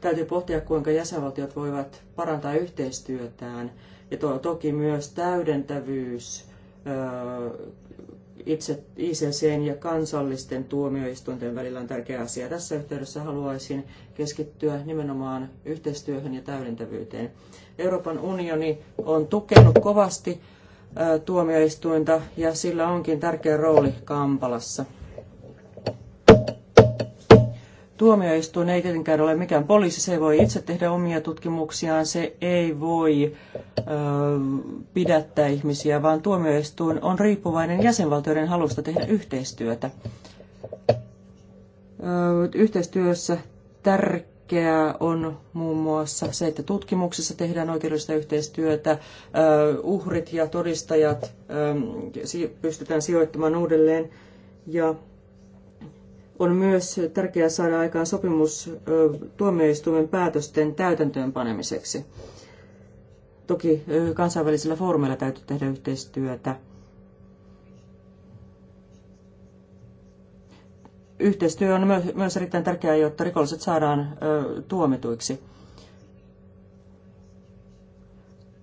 Täytyy pohtia, kuinka jäsenvaltiot voivat parantaa yhteistyötään. Ja to, toki myös täydentävyys itse ICCn ja kansallisten tuomioistuinten välillä on tärkeä asia. Tässä yhteydessä haluaisin keskittyä nimenomaan yhteistyöhön ja täydentävyyteen. Euroopan unioni on tukenut kovasti tuomioistuinta ja sillä onkin tärkeä rooli Kampalassa – Tuomioistuin ei tietenkään ole mikään poliisi, se ei voi itse tehdä omia tutkimuksiaan, se ei voi ö, pidättää ihmisiä, vaan tuomioistuin on riippuvainen jäsenvaltioiden halusta tehdä yhteistyötä. Ö, yhteistyössä tärkeää on muun muassa se, että tutkimuksessa tehdään oikeudellista yhteistyötä, ö, uhrit ja todistajat ö, pystytään sijoittamaan uudelleen ja on myös tärkeää saada aikaan sopimus tuomioistuimen päätösten täytäntöönpanemiseksi. Toki kansainvälisillä foorumeilla täytyy tehdä yhteistyötä. Yhteistyö on myös erittäin tärkeää, jotta rikolliset saadaan tuomituiksi.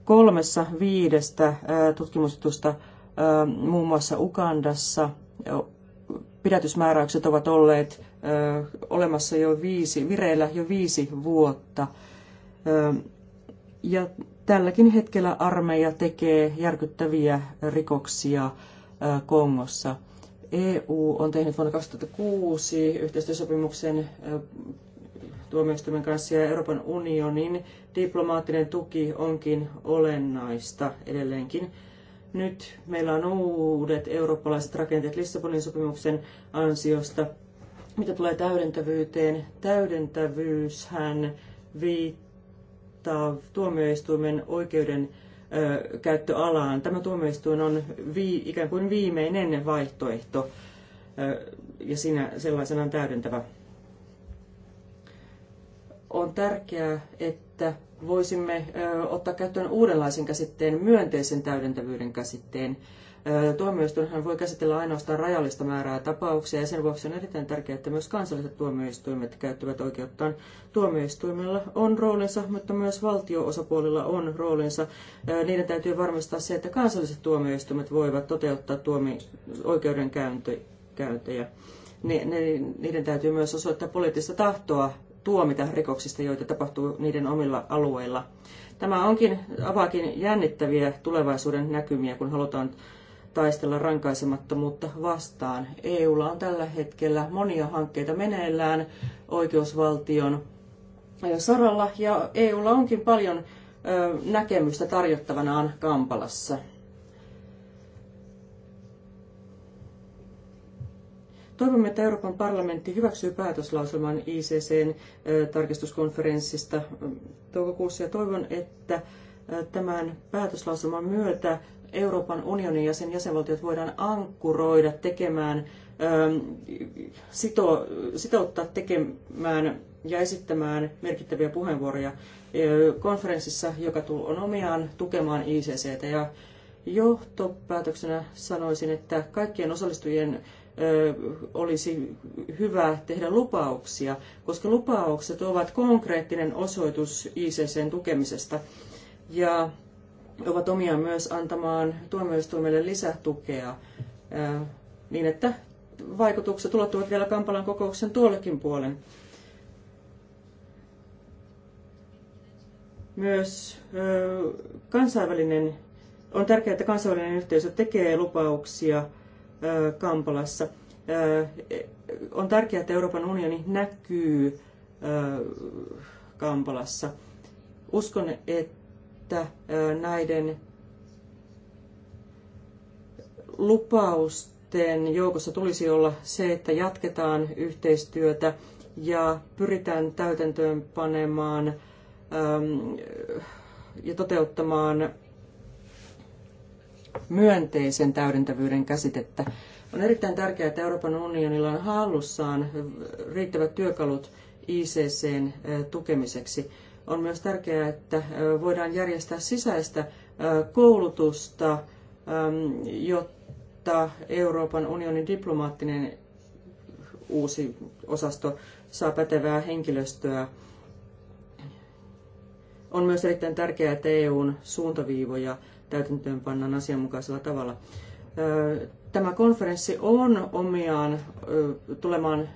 Kolmessa viidestä tutkimustusta muun muassa Ugandassa pidätysmääräykset ovat olleet olemassa jo viisi, vireillä jo viisi vuotta. ja tälläkin hetkellä armeija tekee järkyttäviä rikoksia Kongossa. EU on tehnyt vuonna 2006 yhteistyösopimuksen tuomioistuimen kanssa ja Euroopan unionin diplomaattinen tuki onkin olennaista edelleenkin nyt meillä on uudet eurooppalaiset rakenteet Lissabonin sopimuksen ansiosta. Mitä tulee täydentävyyteen, täydentävyyshän viittaa tuomioistuimen oikeuden ö, käyttöalaan. Tämä tuomioistuin on vii, ikään kuin viimeinen vaihtoehto ö, ja siinä on täydentävä on tärkeää, että voisimme ottaa käyttöön uudenlaisen käsitteen, myönteisen täydentävyyden käsitteen. Tuomioistuinhan voi käsitellä ainoastaan rajallista määrää tapauksia ja sen vuoksi on erittäin tärkeää, että myös kansalliset tuomioistuimet käyttävät oikeuttaan. Tuomioistuimilla on roolinsa, mutta myös valtio-osapuolilla on roolinsa. Niiden täytyy varmistaa se, että kansalliset tuomioistuimet voivat toteuttaa tuomi- oikeudenkäyntejä. Niiden täytyy myös osoittaa poliittista tahtoa tuomita rikoksista, joita tapahtuu niiden omilla alueilla. Tämä onkin avaakin jännittäviä tulevaisuuden näkymiä, kun halutaan taistella rankaisemattomuutta vastaan. EUlla on tällä hetkellä monia hankkeita meneillään oikeusvaltion äh, saralla ja EUlla onkin paljon äh, näkemystä tarjottavanaan Kampalassa. Toivomme, että Euroopan parlamentti hyväksyy päätöslauselman ICCn tarkistuskonferenssista toukokuussa ja toivon, että tämän päätöslauselman myötä Euroopan unionin ja sen jäsenvaltiot voidaan ankkuroida tekemään, sito, sitouttaa tekemään ja esittämään merkittäviä puheenvuoroja konferenssissa, joka on omiaan tukemaan ICCtä. Ja johtopäätöksenä sanoisin, että kaikkien osallistujien olisi hyvä tehdä lupauksia, koska lupaukset ovat konkreettinen osoitus ICCn tukemisesta ja ovat omia myös antamaan tuomioistuimelle lisätukea niin, että vaikutukset ulottuvat vielä Kampalan kokouksen tuollekin puolen. Myös kansainvälinen, on tärkeää, että kansainvälinen yhteisö tekee lupauksia – Kampalassa. On tärkeää, että Euroopan unioni näkyy Kampalassa. Uskon, että näiden lupausten joukossa tulisi olla se, että jatketaan yhteistyötä ja pyritään täytäntöön panemaan ja toteuttamaan myönteisen täydentävyyden käsitettä. On erittäin tärkeää, että Euroopan unionilla on hallussaan riittävät työkalut ICCn tukemiseksi. On myös tärkeää, että voidaan järjestää sisäistä koulutusta, jotta Euroopan unionin diplomaattinen uusi osasto saa pätevää henkilöstöä. On myös erittäin tärkeää, että EUn suuntaviivoja täytäntöönpannaan asianmukaisella tavalla. Tämä konferenssi on omiaan tulemaan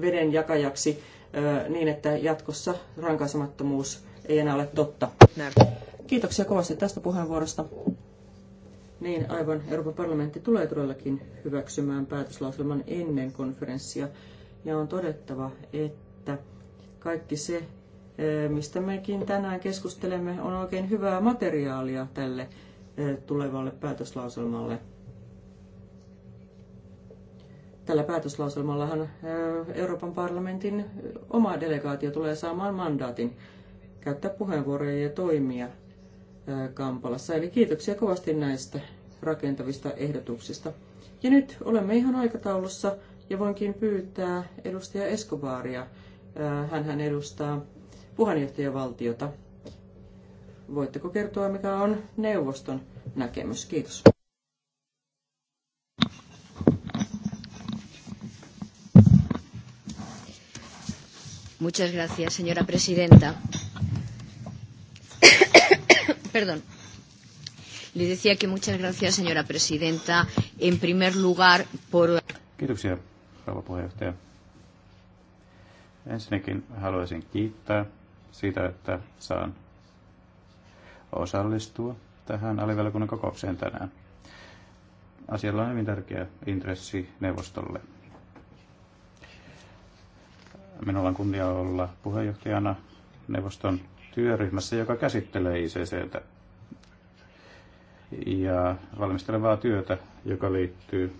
veden jakajaksi niin, että jatkossa rankaisemattomuus ei enää ole totta. Kiitoksia kovasti tästä puheenvuorosta. Niin, aivan. Euroopan parlamentti tulee todellakin hyväksymään päätöslauselman ennen konferenssia. Ja on todettava, että kaikki se, mistä mekin tänään keskustelemme, on oikein hyvää materiaalia tälle tulevalle päätöslauselmalle. Tällä päätöslauselmallahan Euroopan parlamentin oma delegaatio tulee saamaan mandaatin käyttää puheenvuoroja ja toimia Kampalassa. Eli kiitoksia kovasti näistä rakentavista ehdotuksista. Ja nyt olemme ihan aikataulussa ja voinkin pyytää edustaja Eskobaria. Hän edustaa puheenjohtajavaltiota. Voitteko kertoa, mikä on neuvoston näkemys? Kiitos. Muchas gracias, señora presidenta. *coughs* Perdón. Le decía que muchas gracias, señora presidenta, en primer lugar por... Kiitoksia, rouva puheenjohtaja. Ensinnäkin haluaisin kiittää siitä, että saan osallistua tähän alivelkunnan kokoukseen tänään. Asialla on hyvin tärkeä intressi neuvostolle. Minulla on kunnia olla puheenjohtajana neuvoston työryhmässä, joka käsittelee ICCtä ja valmistelevaa työtä, joka liittyy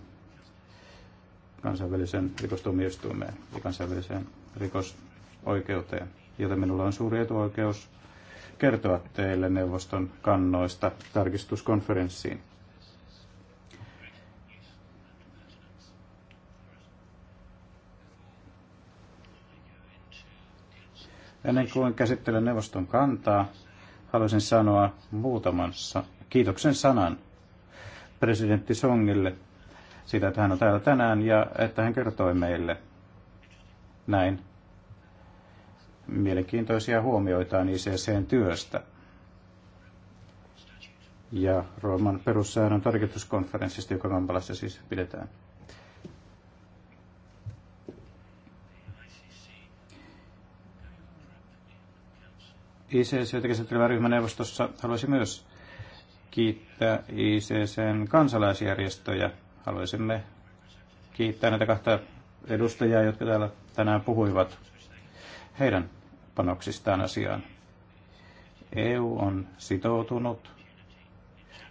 kansainvälisen rikostuomioistuimeen ja kansainväliseen rikosoikeuteen joten minulla on suuri etuoikeus kertoa teille neuvoston kannoista tarkistuskonferenssiin. Ennen kuin käsittelen neuvoston kantaa, haluaisin sanoa muutaman kiitoksen sanan presidentti Songille siitä, että hän on täällä tänään ja että hän kertoi meille näin mielenkiintoisia huomioitaan ICCn työstä. Ja Rooman perussäännön tarkistuskonferenssista, joka Kampalassa siis pidetään. ICCtä käsittelevä ryhmäneuvostossa haluaisin myös kiittää ICCn kansalaisjärjestöjä. Haluaisimme kiittää näitä kahta edustajaa, jotka täällä tänään puhuivat heidän panoksistaan asiaan. EU on sitoutunut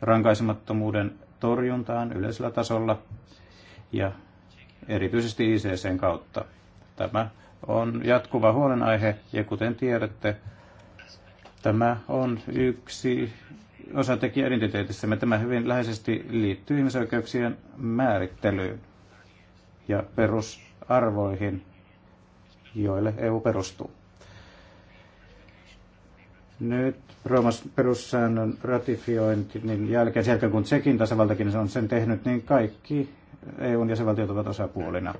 rankaisemattomuuden torjuntaan yleisellä tasolla ja erityisesti ICCn kautta. Tämä on jatkuva huolenaihe ja kuten tiedätte, tämä on yksi osatekijä identiteetissämme. Tämä hyvin läheisesti liittyy ihmisoikeuksien määrittelyyn ja perusarvoihin, joille EU perustuu. Nyt Roomas perussäännön niin jälkeen, sen kun Tsekin tasavaltakin on sen tehnyt, niin kaikki EUn jäsenvaltiot ovat osapuolina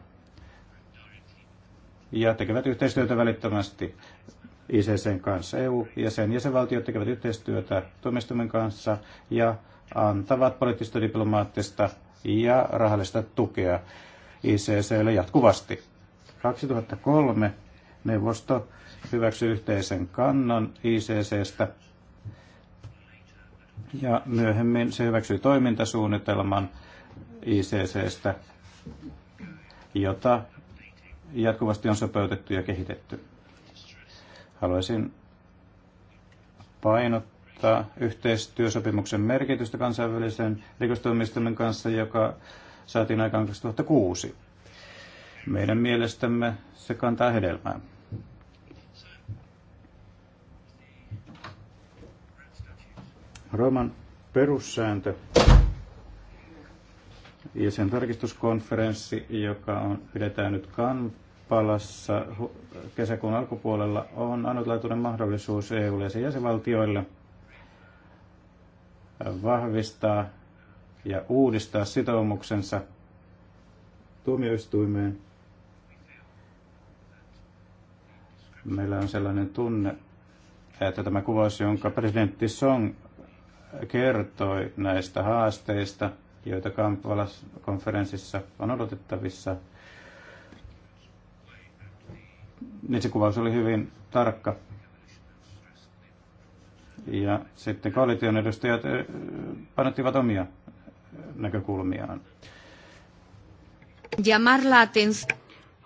ja tekevät yhteistyötä välittömästi ICCn kanssa. EU ja sen jäsenvaltiot tekevät yhteistyötä tuomioistuimen kanssa ja antavat poliittista, diplomaattista ja rahallista tukea ICClle jatkuvasti. 2003 neuvosto hyväksyi yhteisen kannan ICCstä ja myöhemmin se hyväksyi toimintasuunnitelman ICCstä, jota jatkuvasti on sopeutettu ja kehitetty. Haluaisin painottaa yhteistyösopimuksen merkitystä kansainvälisen rikostuomioistuimen kanssa, joka saatiin aikaan 2006. Meidän mielestämme se kantaa hedelmää. Rooman perussääntö ja sen tarkistuskonferenssi, joka on, pidetään nyt Kampalassa kesäkuun alkupuolella, on ainutlaatuinen mahdollisuus EUlle ja sen jäsenvaltioille vahvistaa ja uudistaa sitoumuksensa tuomioistuimeen – Meillä on sellainen tunne, että tämä kuvaus, jonka presidentti Song kertoi näistä haasteista, joita Kampala-konferenssissa on odotettavissa, niin se kuvaus oli hyvin tarkka. Ja sitten koalition edustajat panottivat omia näkökulmiaan.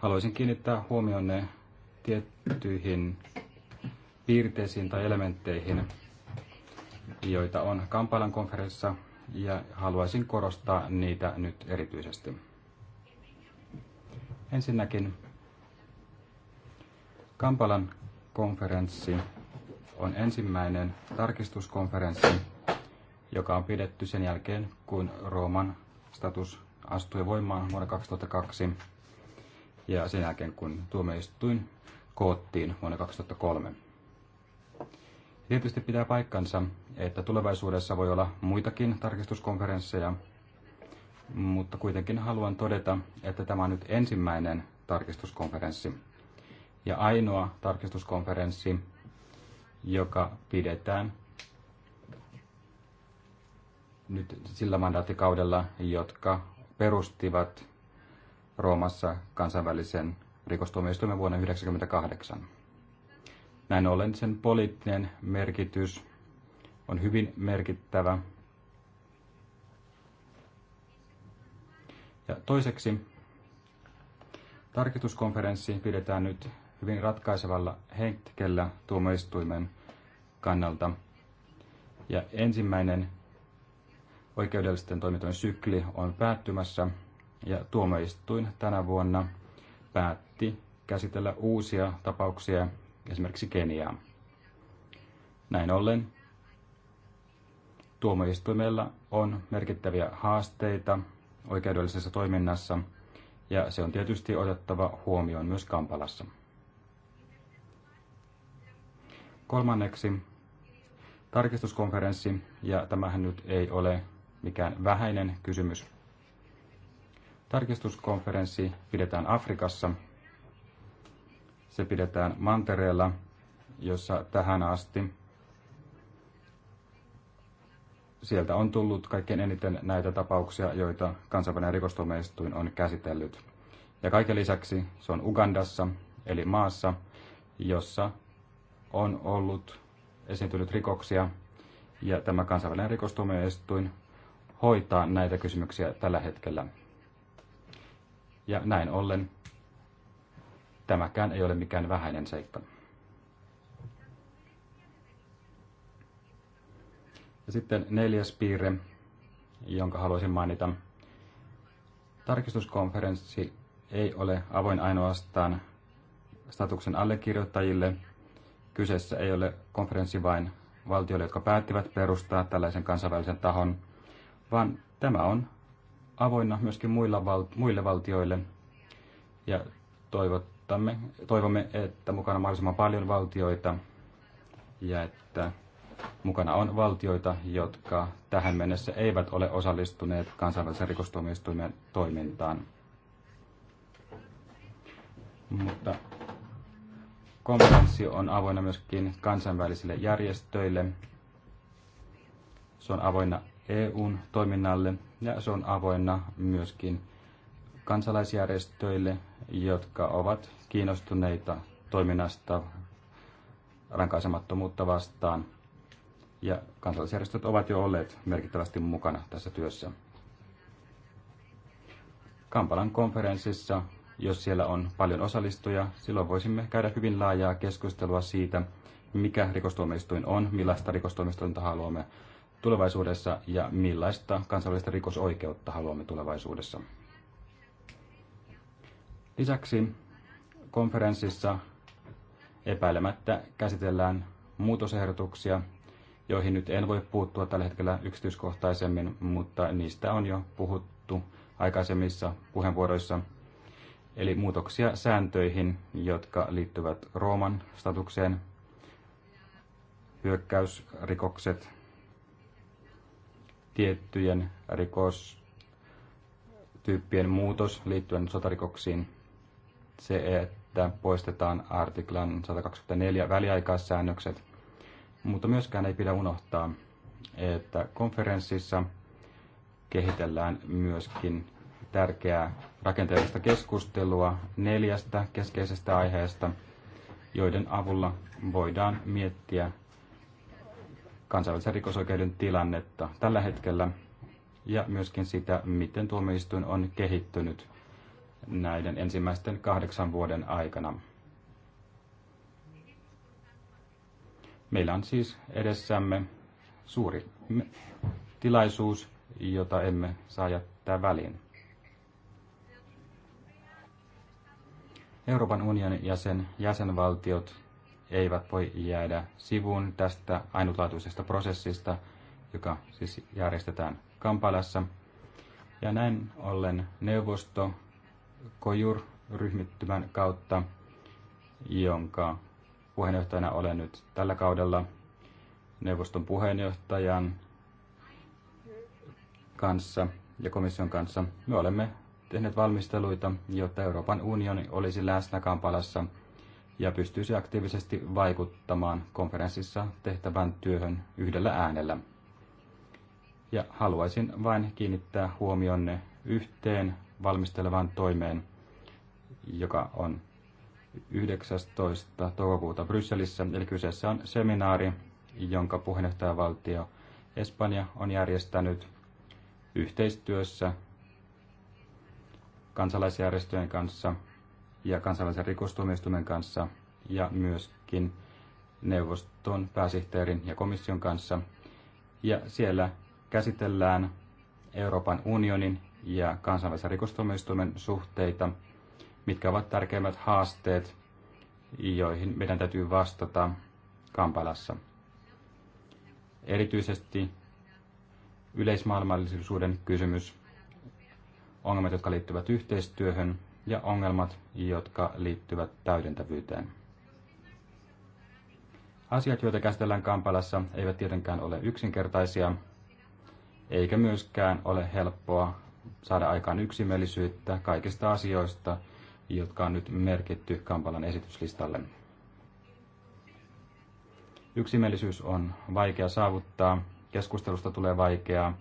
Haluaisin kiinnittää ne tiet- tiettyihin piirteisiin tai elementteihin, joita on Kampalan konferenssissa, ja haluaisin korostaa niitä nyt erityisesti. Ensinnäkin Kampalan konferenssi on ensimmäinen tarkistuskonferenssi, joka on pidetty sen jälkeen, kun Rooman status astui voimaan vuonna 2002 ja sen jälkeen, kun tuomioistuin koottiin vuonna 2003. Tietysti pitää paikkansa, että tulevaisuudessa voi olla muitakin tarkistuskonferensseja, mutta kuitenkin haluan todeta, että tämä on nyt ensimmäinen tarkistuskonferenssi ja ainoa tarkistuskonferenssi, joka pidetään nyt sillä mandaattikaudella, jotka perustivat Roomassa kansainvälisen rikostuomioistuimen vuonna 1998. Näin ollen sen poliittinen merkitys on hyvin merkittävä. Ja toiseksi tarkistuskonferenssi pidetään nyt hyvin ratkaisevalla hetkellä tuomioistuimen kannalta. Ja ensimmäinen oikeudellisten toimintojen sykli on päättymässä ja tuomioistuin tänä vuonna päättyy käsitellä uusia tapauksia, esimerkiksi Keniaa. Näin ollen tuomioistuimella on merkittäviä haasteita oikeudellisessa toiminnassa, ja se on tietysti otettava huomioon myös Kampalassa. Kolmanneksi tarkistuskonferenssi, ja tämähän nyt ei ole mikään vähäinen kysymys. Tarkistuskonferenssi pidetään Afrikassa se pidetään mantereella, jossa tähän asti sieltä on tullut kaikkein eniten näitä tapauksia, joita kansainvälinen rikostuomioistuin on käsitellyt. Ja kaiken lisäksi se on Ugandassa, eli maassa, jossa on ollut esiintynyt rikoksia, ja tämä kansainvälinen rikostuomioistuin hoitaa näitä kysymyksiä tällä hetkellä. Ja näin ollen Tämäkään ei ole mikään vähäinen seikka. Ja sitten neljäs piirre, jonka haluaisin mainita. Tarkistuskonferenssi ei ole avoin ainoastaan statuksen allekirjoittajille. Kyseessä ei ole konferenssi vain valtioille, jotka päättivät perustaa tällaisen kansainvälisen tahon, vaan tämä on avoinna myöskin muilla muille valtioille. Ja toivot odottamme, toivomme, että mukana on mahdollisimman paljon valtioita ja että mukana on valtioita, jotka tähän mennessä eivät ole osallistuneet kansainvälisen rikostuomioistuimen toimintaan. Mutta konferenssi on avoinna myöskin kansainvälisille järjestöille. Se on avoinna EUn toiminnalle ja se on avoinna myöskin kansalaisjärjestöille, jotka ovat kiinnostuneita toiminnasta rankaisemattomuutta vastaan. Ja kansalaisjärjestöt ovat jo olleet merkittävästi mukana tässä työssä. Kampalan konferenssissa, jos siellä on paljon osallistujia, silloin voisimme käydä hyvin laajaa keskustelua siitä, mikä rikostuomioistuin on, millaista rikostuomioistuinta haluamme tulevaisuudessa ja millaista kansallista rikosoikeutta haluamme tulevaisuudessa. Lisäksi konferenssissa epäilemättä käsitellään muutosehdotuksia, joihin nyt en voi puuttua tällä hetkellä yksityiskohtaisemmin, mutta niistä on jo puhuttu aikaisemmissa puheenvuoroissa. Eli muutoksia sääntöihin, jotka liittyvät Rooman statukseen, hyökkäysrikokset, tiettyjen rikostyyppien muutos liittyen sotarikoksiin – se, että poistetaan artiklan 124 väliaikaissäännökset, mutta myöskään ei pidä unohtaa, että konferenssissa kehitellään myöskin tärkeää rakenteellista keskustelua neljästä keskeisestä aiheesta, joiden avulla voidaan miettiä kansainvälisen rikosoikeuden tilannetta tällä hetkellä ja myöskin sitä, miten tuomioistuin on kehittynyt näiden ensimmäisten kahdeksan vuoden aikana. Meillä on siis edessämme suuri tilaisuus, jota emme saa jättää väliin. Euroopan unionin jäsen, jäsenvaltiot eivät voi jäädä sivuun tästä ainutlaatuisesta prosessista, joka siis järjestetään Kampalassa. Ja näin ollen neuvosto Kojur-ryhmittymän kautta, jonka puheenjohtajana olen nyt tällä kaudella neuvoston puheenjohtajan kanssa ja komission kanssa. Me olemme tehneet valmisteluita, jotta Euroopan unioni olisi läsnä Kampalassa ja pystyisi aktiivisesti vaikuttamaan konferenssissa tehtävän työhön yhdellä äänellä. Ja haluaisin vain kiinnittää huomionne yhteen valmistelevaan toimeen, joka on 19. toukokuuta Brysselissä. Eli kyseessä on seminaari, jonka puheenjohtajavaltio Espanja on järjestänyt yhteistyössä kansalaisjärjestöjen kanssa ja kansalaisen rikostuomioistuimen kanssa ja myöskin neuvoston pääsihteerin ja komission kanssa. Ja siellä käsitellään Euroopan unionin ja kansainvälisen rikostuomioistuimen suhteita, mitkä ovat tärkeimmät haasteet, joihin meidän täytyy vastata Kampalassa. Erityisesti yleismaailmallisuuden kysymys, ongelmat, jotka liittyvät yhteistyöhön ja ongelmat, jotka liittyvät täydentävyyteen. Asiat, joita käsitellään Kampalassa, eivät tietenkään ole yksinkertaisia, eikä myöskään ole helppoa saada aikaan yksimielisyyttä kaikista asioista, jotka on nyt merkitty Kampalan esityslistalle. Yksimielisyys on vaikea saavuttaa, keskustelusta tulee vaikeaa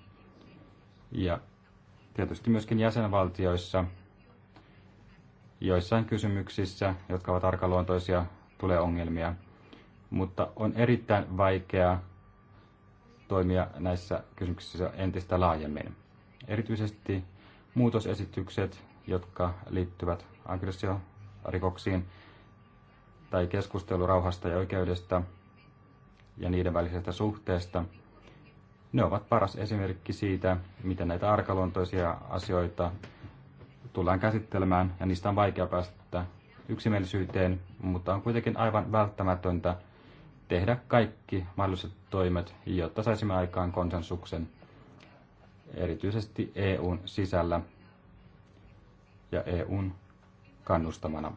ja tietysti myöskin jäsenvaltioissa joissain kysymyksissä, jotka ovat arkaluontoisia, tulee ongelmia. Mutta on erittäin vaikeaa toimia näissä kysymyksissä entistä laajemmin erityisesti muutosesitykset, jotka liittyvät aggressiorikoksiin tai keskustelu rauhasta ja oikeudesta ja niiden välisestä suhteesta. Ne ovat paras esimerkki siitä, miten näitä arkaluontoisia asioita tullaan käsittelemään ja niistä on vaikea päästä yksimielisyyteen, mutta on kuitenkin aivan välttämätöntä tehdä kaikki mahdolliset toimet, jotta saisimme aikaan konsensuksen – erityisesti EUn sisällä ja EUn kannustamana.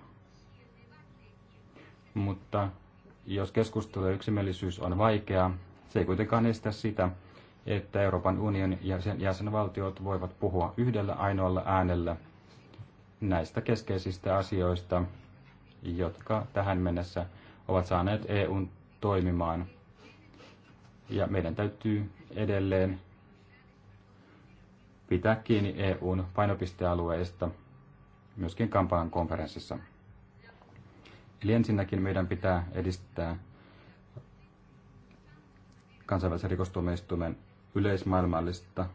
Mutta jos keskustelu ja yksimielisyys on vaikeaa, se ei kuitenkaan estä sitä, että Euroopan unionin ja sen jäsenvaltiot voivat puhua yhdellä ainoalla äänellä näistä keskeisistä asioista, jotka tähän mennessä ovat saaneet EUn toimimaan. Ja meidän täytyy edelleen pitää kiinni EUn painopistealueista myöskin Kampalan konferenssissa. Eli ensinnäkin meidän pitää edistää kansainvälisen rikostuomioistuimen yleismaailmallista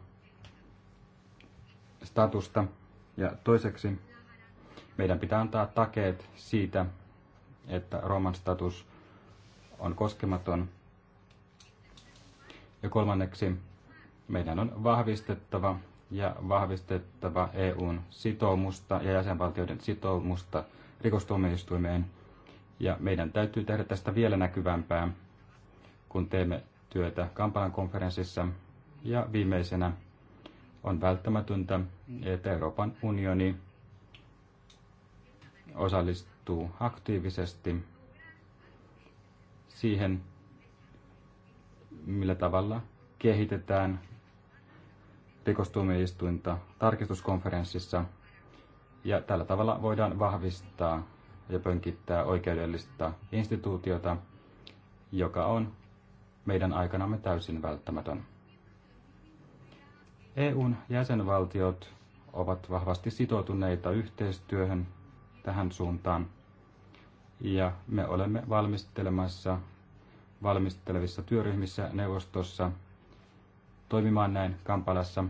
statusta. Ja toiseksi meidän pitää antaa takeet siitä, että Rooman status on koskematon. Ja kolmanneksi meidän on vahvistettava ja vahvistettava EUn sitoumusta ja jäsenvaltioiden sitoumusta rikostuomioistuimeen. Ja meidän täytyy tehdä tästä vielä näkyvämpää, kun teemme työtä Kampalan konferenssissa. Ja viimeisenä on välttämätöntä, että Euroopan unioni osallistuu aktiivisesti siihen, millä tavalla kehitetään rikostuomioistuinta tarkistuskonferenssissa. Ja tällä tavalla voidaan vahvistaa ja pönkittää oikeudellista instituutiota, joka on meidän aikanamme täysin välttämätön. EUn jäsenvaltiot ovat vahvasti sitoutuneita yhteistyöhön tähän suuntaan, ja me olemme valmistelemassa valmistelevissa työryhmissä neuvostossa – toimimaan näin Kampalassa.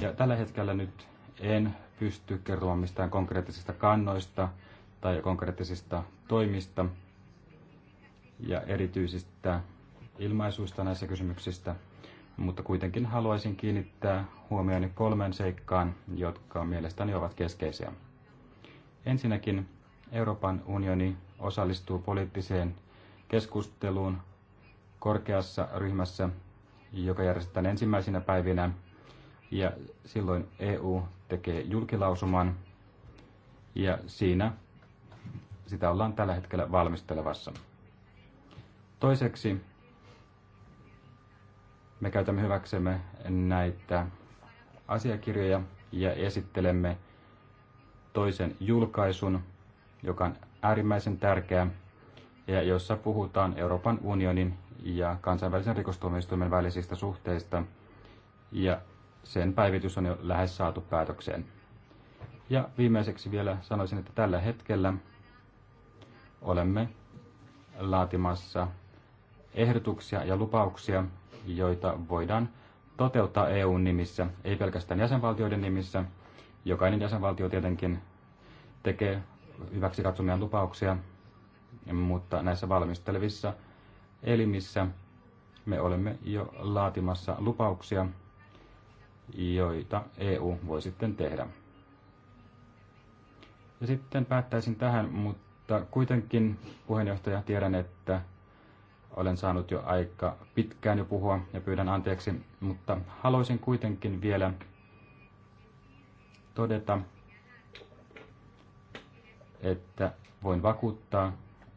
Ja tällä hetkellä nyt en pysty kertomaan mistään konkreettisista kannoista tai konkreettisista toimista ja erityisistä ilmaisuista näissä kysymyksistä, mutta kuitenkin haluaisin kiinnittää huomioni kolmen seikkaan, jotka mielestäni ovat keskeisiä. Ensinnäkin Euroopan unioni osallistuu poliittiseen keskusteluun korkeassa ryhmässä, joka järjestetään ensimmäisinä päivinä. Ja silloin EU tekee julkilausuman ja siinä sitä ollaan tällä hetkellä valmistelevassa. Toiseksi me käytämme hyväksemme näitä asiakirjoja ja esittelemme toisen julkaisun, joka on äärimmäisen tärkeä ja jossa puhutaan Euroopan unionin ja kansainvälisen rikostuomioistuimen välisistä suhteista, ja sen päivitys on jo lähes saatu päätökseen. Ja viimeiseksi vielä sanoisin, että tällä hetkellä olemme laatimassa ehdotuksia ja lupauksia, joita voidaan toteuttaa EUn nimissä, ei pelkästään jäsenvaltioiden nimissä. Jokainen jäsenvaltio tietenkin tekee hyväksi katsomia lupauksia, mutta näissä valmistelevissa elimissä me olemme jo laatimassa lupauksia, joita EU voi sitten tehdä. Ja sitten päättäisin tähän, mutta kuitenkin puheenjohtaja tiedän, että olen saanut jo aika pitkään jo puhua ja pyydän anteeksi, mutta haluaisin kuitenkin vielä todeta, että voin vakuuttaa,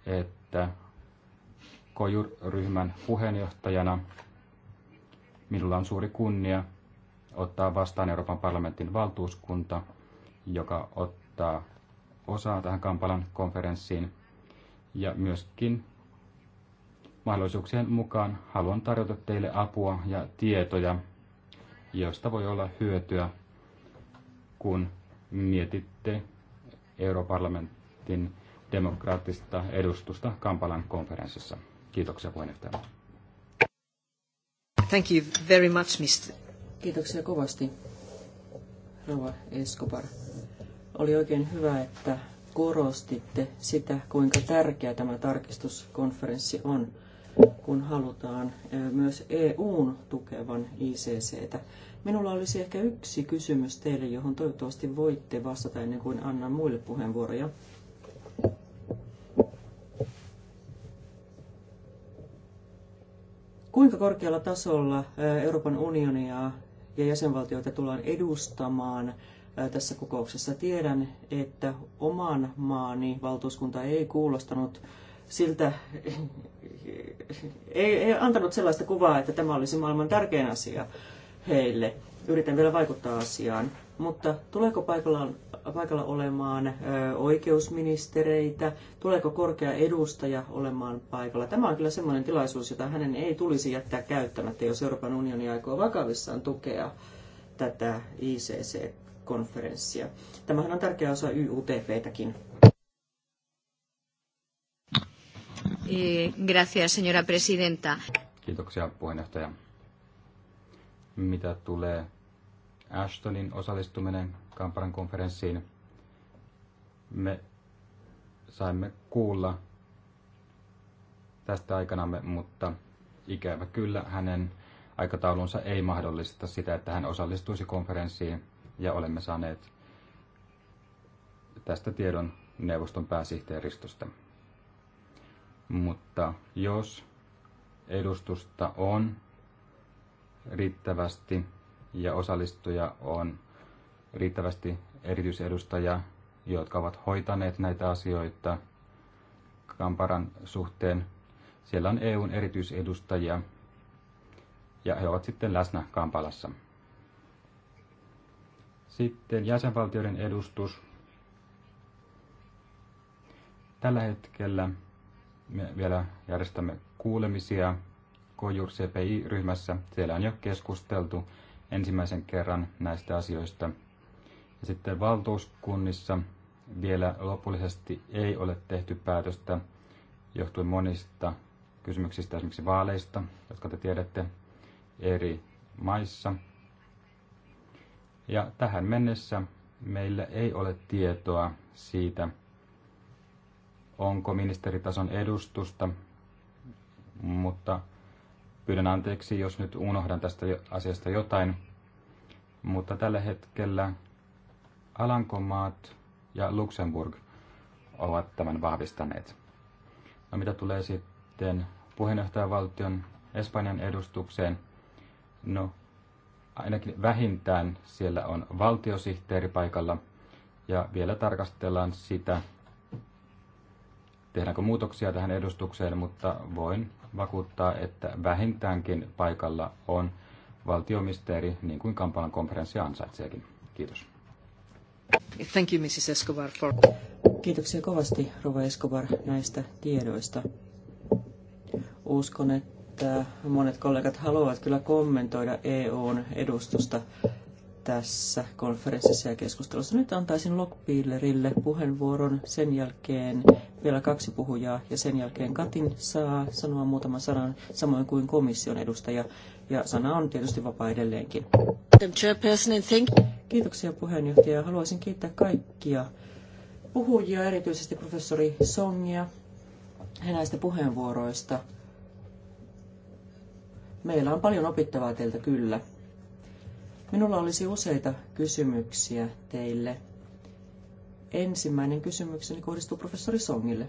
että Kojuryhmän ryhmän puheenjohtajana minulla on suuri kunnia ottaa vastaan Euroopan parlamentin valtuuskunta, joka ottaa osaa tähän Kampalan konferenssiin. Ja myöskin mahdollisuuksien mukaan haluan tarjota teille apua ja tietoja, joista voi olla hyötyä, kun mietitte Euroopan parlamentin demokraattista edustusta Kampalan konferenssissa. Kiitoksia puheenjohtaja. Thank you very much, Mr. Kiitoksia kovasti, Rova Escobar. Oli oikein hyvä, että korostitte sitä, kuinka tärkeä tämä tarkistuskonferenssi on, kun halutaan myös EUn tukevan ICCtä. Minulla olisi ehkä yksi kysymys teille, johon toivottavasti voitte vastata ennen kuin annan muille puheenvuoroja. kuinka korkealla tasolla Euroopan unionia ja jäsenvaltioita tullaan edustamaan tässä kokouksessa. Tiedän, että oman maani valtuuskunta ei kuulostanut siltä, *laughs* ei, ei antanut sellaista kuvaa, että tämä olisi maailman tärkein asia heille. Yritän vielä vaikuttaa asiaan. Mutta tuleeko paikallaan paikalla olemaan oikeusministereitä? Tuleeko korkea edustaja olemaan paikalla? Tämä on kyllä sellainen tilaisuus, jota hänen ei tulisi jättää käyttämättä, jos Euroopan unioni aikoo vakavissaan tukea tätä ICC-konferenssia. Tämähän on tärkeä osa YUTPtäkin. Eh, gracias, señora presidenta. Kiitoksia, puheenjohtaja. Mitä tulee Ashtonin osallistuminen Kampalan konferenssiin, me saimme kuulla tästä aikanamme, mutta ikävä kyllä hänen aikataulunsa ei mahdollista sitä, että hän osallistuisi konferenssiin ja olemme saaneet tästä tiedon neuvoston pääsihteeristöstä. Mutta jos edustusta on riittävästi ja osallistuja on riittävästi erityisedustajia, jotka ovat hoitaneet näitä asioita Kamparan suhteen. Siellä on EUn erityisedustajia ja he ovat sitten läsnä Kampalassa. Sitten jäsenvaltioiden edustus. Tällä hetkellä me vielä järjestämme kuulemisia Kojur CPI-ryhmässä. Siellä on jo keskusteltu ensimmäisen kerran näistä asioista – ja sitten valtuuskunnissa vielä lopullisesti ei ole tehty päätöstä johtuen monista kysymyksistä, esimerkiksi vaaleista, jotka te tiedätte eri maissa. Ja tähän mennessä meillä ei ole tietoa siitä, onko ministeritason edustusta, mutta pyydän anteeksi, jos nyt unohdan tästä asiasta jotain. Mutta tällä hetkellä Alankomaat ja Luxemburg ovat tämän vahvistaneet. No, mitä tulee sitten puheenjohtajavaltion Espanjan edustukseen, no ainakin vähintään siellä on valtiosihteeri paikalla ja vielä tarkastellaan sitä, tehdäänkö muutoksia tähän edustukseen, mutta voin vakuuttaa, että vähintäänkin paikalla on valtiomisteeri, niin kuin Kampalan konferenssi ansaitseekin. Kiitos. Thank you, Mrs. Escobar. For... Kiitoksia kovasti, Rova Escobar, näistä tiedoista. Uskon, että monet kollegat haluavat kyllä kommentoida EUn edustusta tässä konferenssissa ja keskustelussa. Nyt antaisin Lockpillerille puheenvuoron, sen jälkeen vielä kaksi puhujaa ja sen jälkeen Katin saa sanoa muutaman sanan, samoin kuin komission edustaja. Ja sana on tietysti vapaa edelleenkin. Kiitoksia puheenjohtaja. Haluaisin kiittää kaikkia puhujia, erityisesti professori Songia ja näistä puheenvuoroista. Meillä on paljon opittavaa teiltä kyllä. Minulla olisi useita kysymyksiä teille. Ensimmäinen kysymykseni kohdistuu professori Songille.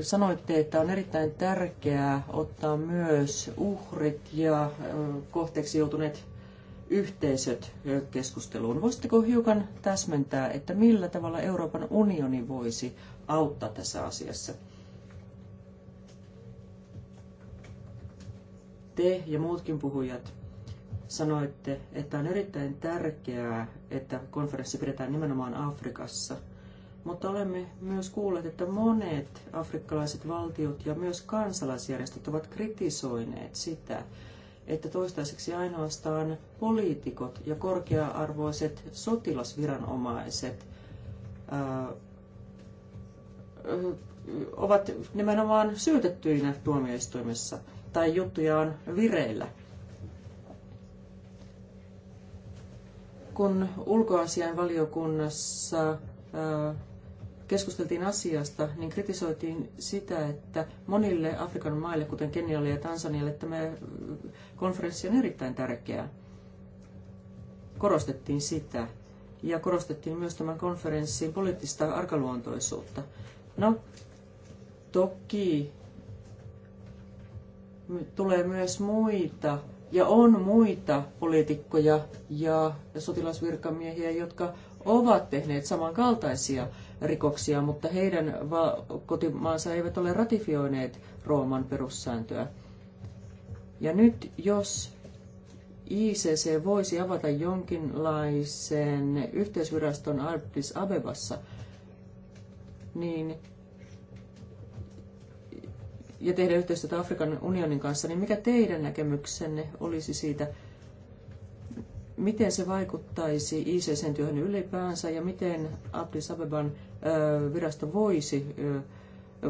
Sanoitte, että on erittäin tärkeää ottaa myös uhrit ja kohteeksi joutuneet yhteisöt keskusteluun. Voisitteko hiukan täsmentää, että millä tavalla Euroopan unioni voisi auttaa tässä asiassa? Te ja muutkin puhujat sanoitte, että on erittäin tärkeää, että konferenssi pidetään nimenomaan Afrikassa – mutta olemme myös kuulleet, että monet afrikkalaiset valtiot ja myös kansalaisjärjestöt ovat kritisoineet sitä, että toistaiseksi ainoastaan poliitikot ja korkea-arvoiset sotilasviranomaiset ää, ovat nimenomaan syytettyinä tuomioistuimessa tai juttujaan vireillä. Kun ulkoasian valiokunnassa keskusteltiin asiasta, niin kritisoitiin sitä, että monille Afrikan maille, kuten Kenialle ja Tansanialle, tämä konferenssi on erittäin tärkeä. Korostettiin sitä ja korostettiin myös tämän konferenssin poliittista arkaluontoisuutta. No, toki tulee myös muita ja on muita poliitikkoja ja sotilasvirkamiehiä, jotka ovat tehneet samankaltaisia rikoksia, mutta heidän kotimaansa eivät ole ratifioineet Rooman perussääntöä. Ja nyt jos ICC voisi avata jonkinlaisen yhteisviraston Addis Abebassa, niin ja tehdä yhteistyötä Afrikan unionin kanssa, niin mikä teidän näkemyksenne olisi siitä, miten se vaikuttaisi ICCn työhön ylipäänsä ja miten Addis Abeban virasto voisi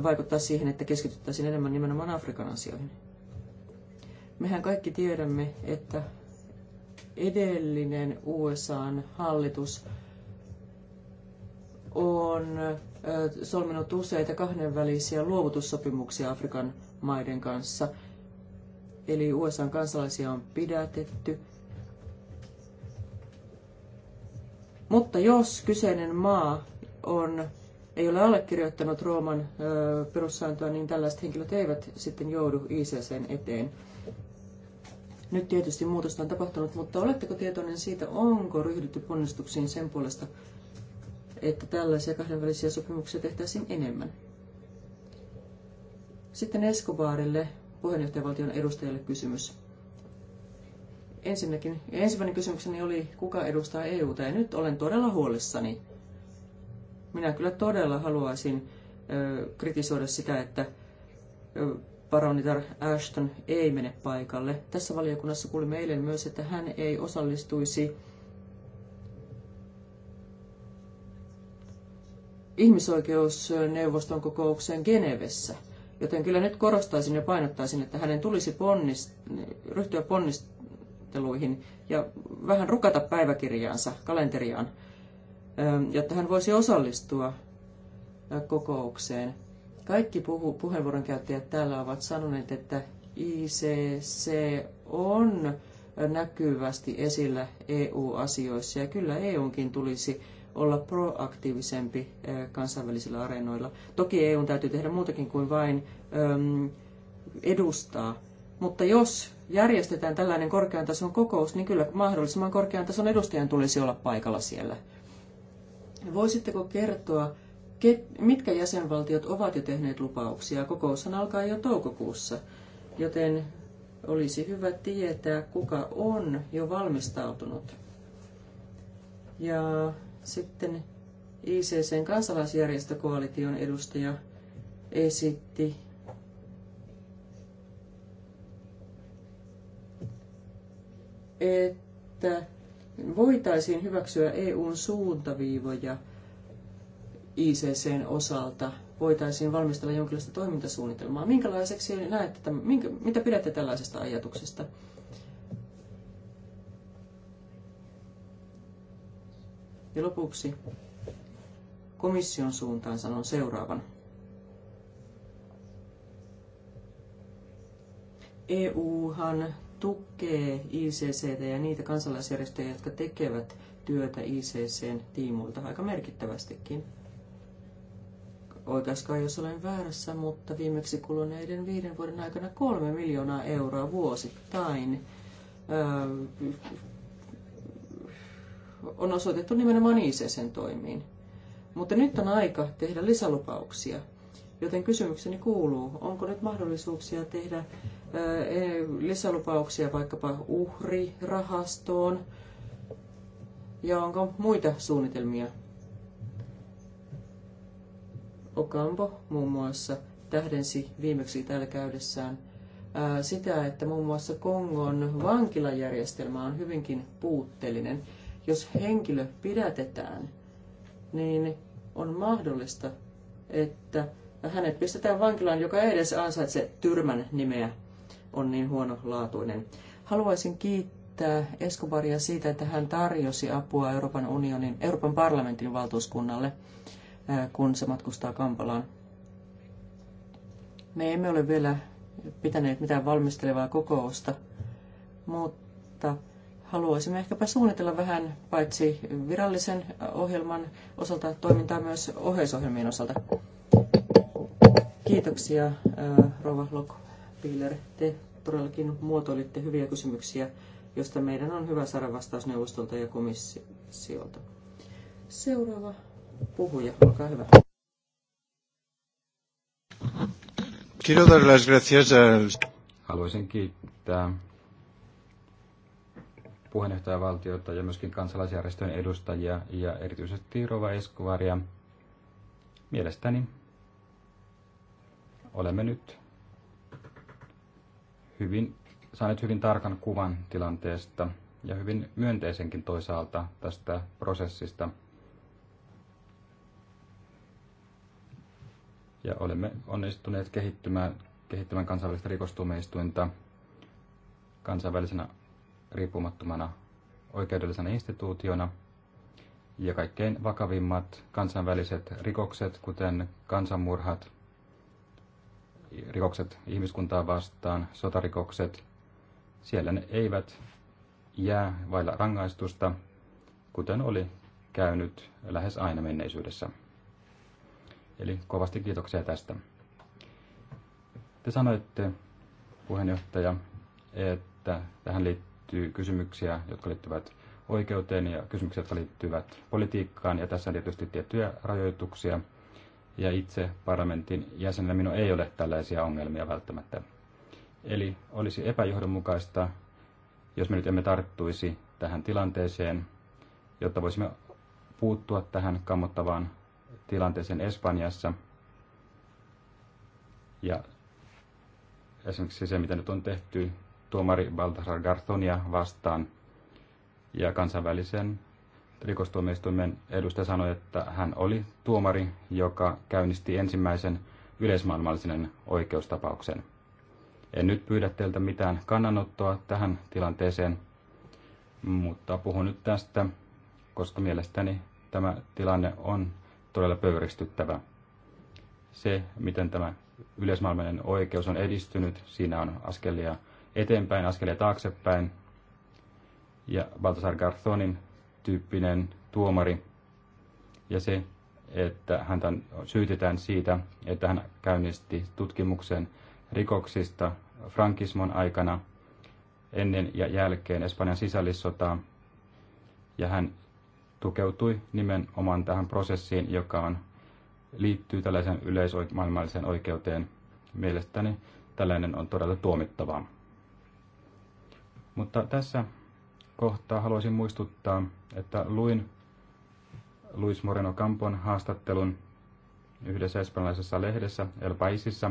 vaikuttaa siihen, että keskityttäisiin enemmän nimenomaan Afrikan asioihin. Mehän kaikki tiedämme, että edellinen USAn hallitus on solminut useita kahdenvälisiä luovutussopimuksia Afrikan maiden kanssa. Eli USAn kansalaisia on pidätetty. Mutta jos kyseinen maa on, ei ole allekirjoittanut Rooman perussääntöä, niin tällaiset henkilöt eivät sitten joudu ICCn eteen. Nyt tietysti muutosta on tapahtunut, mutta oletteko tietoinen siitä, onko ryhdytty ponnistuksiin sen puolesta, että tällaisia kahdenvälisiä sopimuksia tehtäisiin enemmän? Sitten Eskobaarille, puheenjohtajavaltion edustajalle kysymys. Ensinnäkin, ensimmäinen kysymykseni oli, kuka edustaa EUta, ja nyt olen todella huolissani. Minä kyllä todella haluaisin kritisoida sitä, että paronitar Ashton ei mene paikalle. Tässä valiokunnassa kuulimme eilen myös, että hän ei osallistuisi ihmisoikeusneuvoston kokoukseen Genevessä. Joten kyllä nyt korostaisin ja painottaisin, että hänen tulisi ponnist, ryhtyä ponnisteluihin ja vähän rukata päiväkirjaansa, kalenteriaan jotta hän voisi osallistua kokoukseen. Kaikki puhu, puheenvuoron käyttäjät täällä ovat sanoneet, että ICC on näkyvästi esillä EU-asioissa ja kyllä EUnkin tulisi olla proaktiivisempi kansainvälisillä areenoilla. Toki EUn täytyy tehdä muutakin kuin vain edustaa, mutta jos järjestetään tällainen korkean tason kokous, niin kyllä mahdollisimman korkean tason edustajan tulisi olla paikalla siellä. Voisitteko kertoa, mitkä jäsenvaltiot ovat jo tehneet lupauksia? Kokoushan alkaa jo toukokuussa, joten olisi hyvä tietää, kuka on jo valmistautunut. Ja sitten ICCn kansalaisjärjestökoalition edustaja esitti että voitaisiin hyväksyä EUn suuntaviivoja ICCn osalta, voitaisiin valmistella jonkinlaista toimintasuunnitelmaa. Minkälaiseksi näette tämän, minkä, mitä pidätte tällaisesta ajatuksesta? Ja lopuksi komission suuntaan sanon seuraavan. EUhan tukee ICCtä ja niitä kansalaisjärjestöjä, jotka tekevät työtä ICCn tiimoilta aika merkittävästikin. Oikaiskaa, jos olen väärässä, mutta viimeksi kuluneiden viiden vuoden aikana kolme miljoonaa euroa vuosittain öö, on osoitettu nimenomaan ICCn toimiin. Mutta nyt on aika tehdä lisälupauksia. Joten kysymykseni kuuluu, onko nyt mahdollisuuksia tehdä E, lisälupauksia vaikkapa uhrirahastoon? Ja onko muita suunnitelmia? Okampo muun muassa tähdensi viimeksi täällä käydessään sitä, että muun muassa Kongon vankilajärjestelmä on hyvinkin puutteellinen. Jos henkilö pidätetään, niin on mahdollista, että hänet pistetään vankilaan, joka ei edes ansaitse tyrmän nimeä on niin huonolaatuinen. Haluaisin kiittää Escobaria siitä, että hän tarjosi apua Euroopan, unionin, Euroopan parlamentin valtuuskunnalle, kun se matkustaa Kampalaan. Me emme ole vielä pitäneet mitään valmistelevaa kokousta, mutta haluaisimme ehkäpä suunnitella vähän paitsi virallisen ohjelman osalta toimintaa myös oheisohjelmien osalta. Kiitoksia, Rova Lok Piiler, te todellakin muotoilitte hyviä kysymyksiä, joista meidän on hyvä saada vastaus neuvostolta ja komissiolta. Seuraava puhuja, olkaa hyvä. Quiero dar las gracias al... Haluaisin kiittää puheenjohtajavaltiota ja myöskin kansalaisjärjestöjen edustajia ja erityisesti Rova Eskovaria. Mielestäni olemme nyt hyvin, saaneet hyvin tarkan kuvan tilanteesta ja hyvin myönteisenkin toisaalta tästä prosessista. Ja olemme onnistuneet kehittymään, kehittämään kansainvälistä rikostuomioistuinta kansainvälisenä riippumattomana oikeudellisena instituutiona. Ja kaikkein vakavimmat kansainväliset rikokset, kuten kansanmurhat, rikokset ihmiskuntaa vastaan, sotarikokset, siellä ne eivät jää vailla rangaistusta, kuten oli käynyt lähes aina menneisyydessä. Eli kovasti kiitoksia tästä. Te sanoitte, puheenjohtaja, että tähän liittyy kysymyksiä, jotka liittyvät oikeuteen ja kysymyksiä, jotka liittyvät politiikkaan, ja tässä on tietysti tiettyjä rajoituksia, ja itse parlamentin jäsenellä minun ei ole tällaisia ongelmia välttämättä. Eli olisi epäjohdonmukaista, jos me nyt emme tarttuisi tähän tilanteeseen, jotta voisimme puuttua tähän kammottavaan tilanteeseen Espanjassa. Ja esimerkiksi se, mitä nyt on tehty tuomari Baltasar Garthonia vastaan ja kansainvälisen rikostuomioistuimen edustaja sanoi, että hän oli tuomari, joka käynnisti ensimmäisen yleismaailmallisen oikeustapauksen. En nyt pyydä teiltä mitään kannanottoa tähän tilanteeseen, mutta puhun nyt tästä, koska mielestäni tämä tilanne on todella pöyristyttävä. Se, miten tämä yleismaailmallinen oikeus on edistynyt, siinä on askelia eteenpäin, askelia taaksepäin. Ja Baltasar Garthonin tyyppinen tuomari ja se, että häntä syytetään siitä, että hän käynnisti tutkimuksen rikoksista frankismon aikana ennen ja jälkeen Espanjan sisällissotaa. Ja hän tukeutui nimenomaan tähän prosessiin, joka on, liittyy tällaisen yleismaailmalliseen oikeuteen. Mielestäni tällainen on todella tuomittavaa. Mutta tässä kohtaa haluaisin muistuttaa, että luin Luis Moreno Campon haastattelun yhdessä espanjalaisessa lehdessä El Paisissa.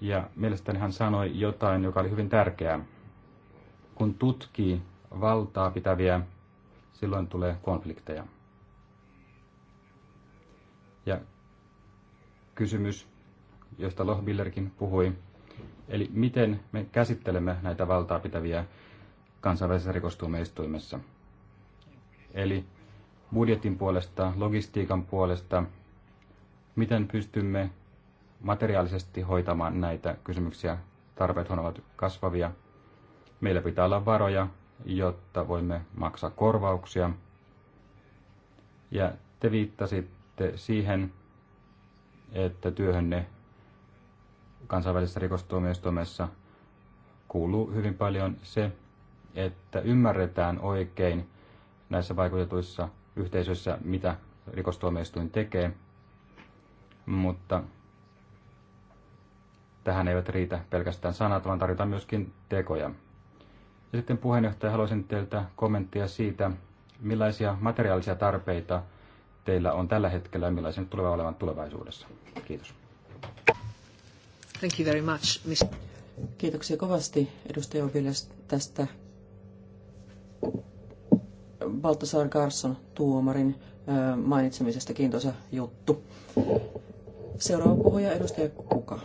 Ja mielestäni hän sanoi jotain, joka oli hyvin tärkeää. Kun tutkii valtaa pitäviä, silloin tulee konflikteja. Ja kysymys, josta Lohbillerkin puhui, eli miten me käsittelemme näitä valtaa pitäviä kansainvälisessä rikostuomioistuimessa. Eli budjetin puolesta, logistiikan puolesta, miten pystymme materiaalisesti hoitamaan näitä kysymyksiä. Tarpeet ovat kasvavia. Meillä pitää olla varoja, jotta voimme maksaa korvauksia. Ja te viittasitte siihen, että työhönne kansainvälisessä rikostuomioistuimessa kuuluu hyvin paljon se, että ymmärretään oikein näissä vaikutetuissa yhteisöissä, mitä rikostuomioistuin tekee, mutta tähän eivät riitä pelkästään sanat, vaan tarvitaan myöskin tekoja. Ja sitten puheenjohtaja, haluaisin teiltä kommenttia siitä, millaisia materiaalisia tarpeita teillä on tällä hetkellä ja millaisia tulee olevan tulevaisuudessa. Kiitos. Thank you very much, Mr. Kiitoksia kovasti edustaja Ovilas tästä Baltasar Garson tuomarin mainitsemisesta kiintoisa juttu. Seuraava puhuja edustaja Kuka.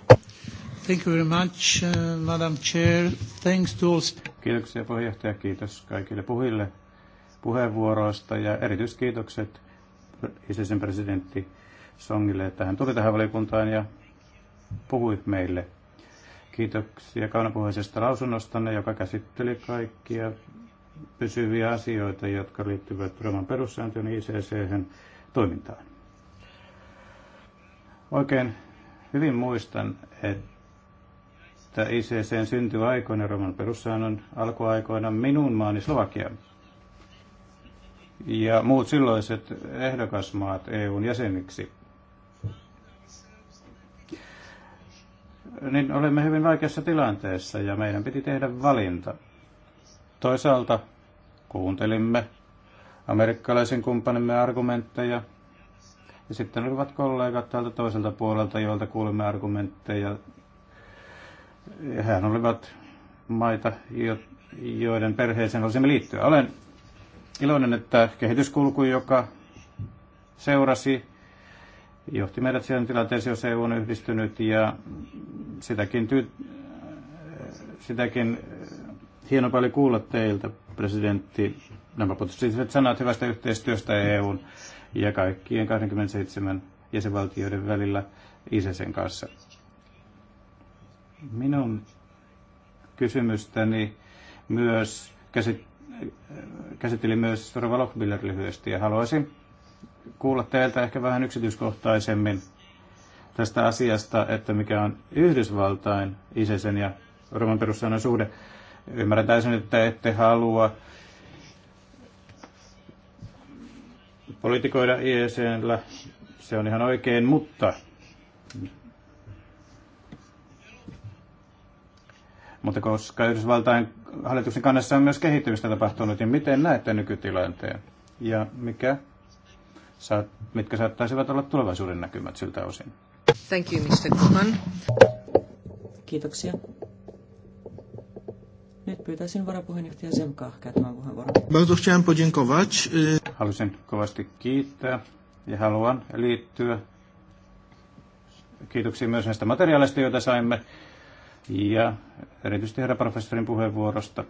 Thank you very much, uh, Madam Chair. Thanks to all... Kiitoksia puheenjohtaja, kiitos kaikille puhille puheenvuoroista ja erityiskiitokset Isisen presidentti Songille, että hän tuli tähän valiokuntaan ja puhui meille. Kiitoksia kaunapuheisesta lausunnostanne, joka käsitteli kaikkia pysyviä asioita, jotka liittyvät Roman perussääntöön ICC-toimintaan. Oikein hyvin muistan, että ICC syntyi aikoina Roman perussäännön alkuaikoina minun maani Slovakia. Ja muut silloiset ehdokasmaat EUn jäseniksi. Niin olemme hyvin vaikeassa tilanteessa ja meidän piti tehdä valinta. Toisaalta kuuntelimme amerikkalaisen kumppanimme argumentteja ja sitten olivat kollegat täältä toiselta puolelta, joilta kuulimme argumentteja. ja Hän olivat maita, joiden perheeseen olisimme liittyä. Olen iloinen, että kehityskulku, joka seurasi, johti meidät siihen tilanteeseen, jos EU on yhdistynyt ja sitäkin, ty- sitäkin Hieno paljon kuulla teiltä, presidentti, nämä positiiviset sanat hyvästä yhteistyöstä EUn ja kaikkien 27 jäsenvaltioiden välillä ISESen kanssa. Minun kysymystäni myös käsit, käsitteli myös Rova Lochbiller lyhyesti ja haluaisin kuulla teiltä ehkä vähän yksityiskohtaisemmin tästä asiasta, että mikä on Yhdysvaltain, ISISen ja Roman perussanan suhde. Ymmärrän täysin, että ette halua politikoida IECllä, se on ihan oikein, mutta Mutta koska Yhdysvaltain hallituksen kannassa on myös kehittymistä tapahtunut, niin miten näette nykytilanteen? Ja mikä, saat, mitkä saattaisivat olla tulevaisuuden näkymät siltä osin? Thank you, Mr. Kuhn. Kiitoksia. Nyt pyytäisin varapuheenjohtaja Zemkaa käyttämään puheenvuoron. Haluaisin kovasti kiittää ja haluan liittyä kiitoksia myös näistä materiaaleista, joita saimme, ja erityisesti herra professorin puheenvuorosta,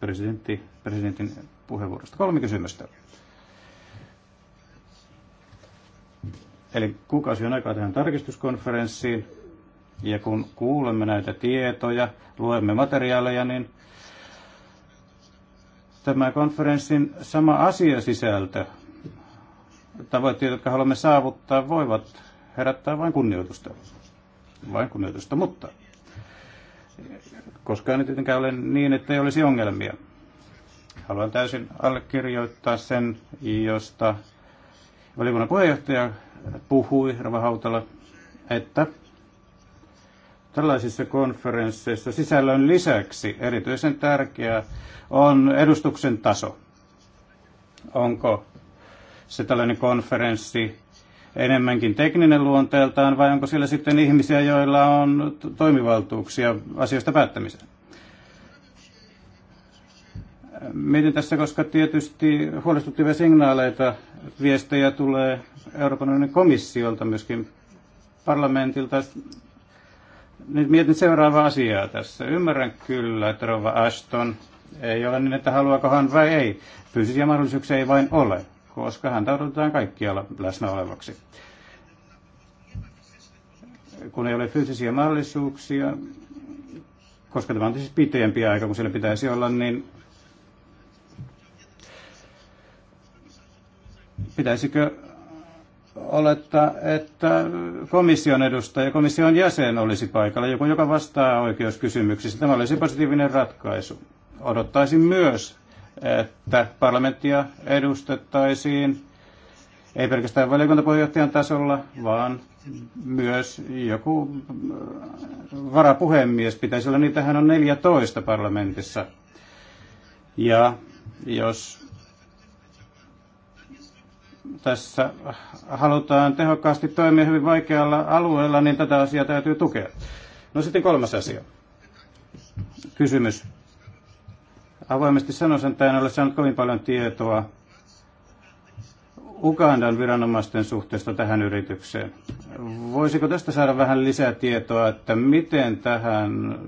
presidentti, presidentin puheenvuorosta. Kolme kysymystä. Eli kuukausi on aikaa tähän tarkistuskonferenssiin. Ja kun kuulemme näitä tietoja, luemme materiaaleja, niin tämä konferenssin sama asiasisältö, tavoitteet, jotka haluamme saavuttaa, voivat herättää vain kunnioitusta. Vain kunnioitusta, mutta koskaan ei tietenkään ole niin, että ei olisi ongelmia. Haluan täysin allekirjoittaa sen, josta valiokunnan puheenjohtaja puhui, Rava Hautala, että Tällaisissa konferensseissa sisällön lisäksi erityisen tärkeää on edustuksen taso. Onko se tällainen konferenssi enemmänkin tekninen luonteeltaan vai onko siellä sitten ihmisiä, joilla on toimivaltuuksia asioista päättämiseen? Mietin tässä, koska tietysti huolestuttavia signaaleita, viestejä tulee Euroopan unionin komissiolta myöskin parlamentilta nyt mietin seuraavaa asiaa tässä. Ymmärrän kyllä, että Rova Ashton ei ole niin, että haluaako hän vai ei. Fyysisiä mahdollisuuksia ei vain ole, koska hän tarvitaan kaikkialla läsnä olevaksi. Kun ei ole fyysisiä mahdollisuuksia, koska tämä on siis pitempi aika kun siellä pitäisi olla, niin pitäisikö olettaa, että komission edustaja, komission jäsen olisi paikalla, joku joka vastaa oikeuskysymyksistä. Tämä olisi positiivinen ratkaisu. Odottaisin myös, että parlamenttia edustettaisiin ei pelkästään valiokuntapuheenjohtajan tasolla, vaan myös joku äh, varapuhemies pitäisi olla. Niitähän on 14 parlamentissa. Ja jos tässä halutaan tehokkaasti toimia hyvin vaikealla alueella, niin tätä asiaa täytyy tukea. No sitten kolmas asia. Kysymys. Avoimesti sanoisin, että en ole saanut kovin paljon tietoa Ugandan viranomaisten suhteesta tähän yritykseen. Voisiko tästä saada vähän lisää tietoa, että miten tähän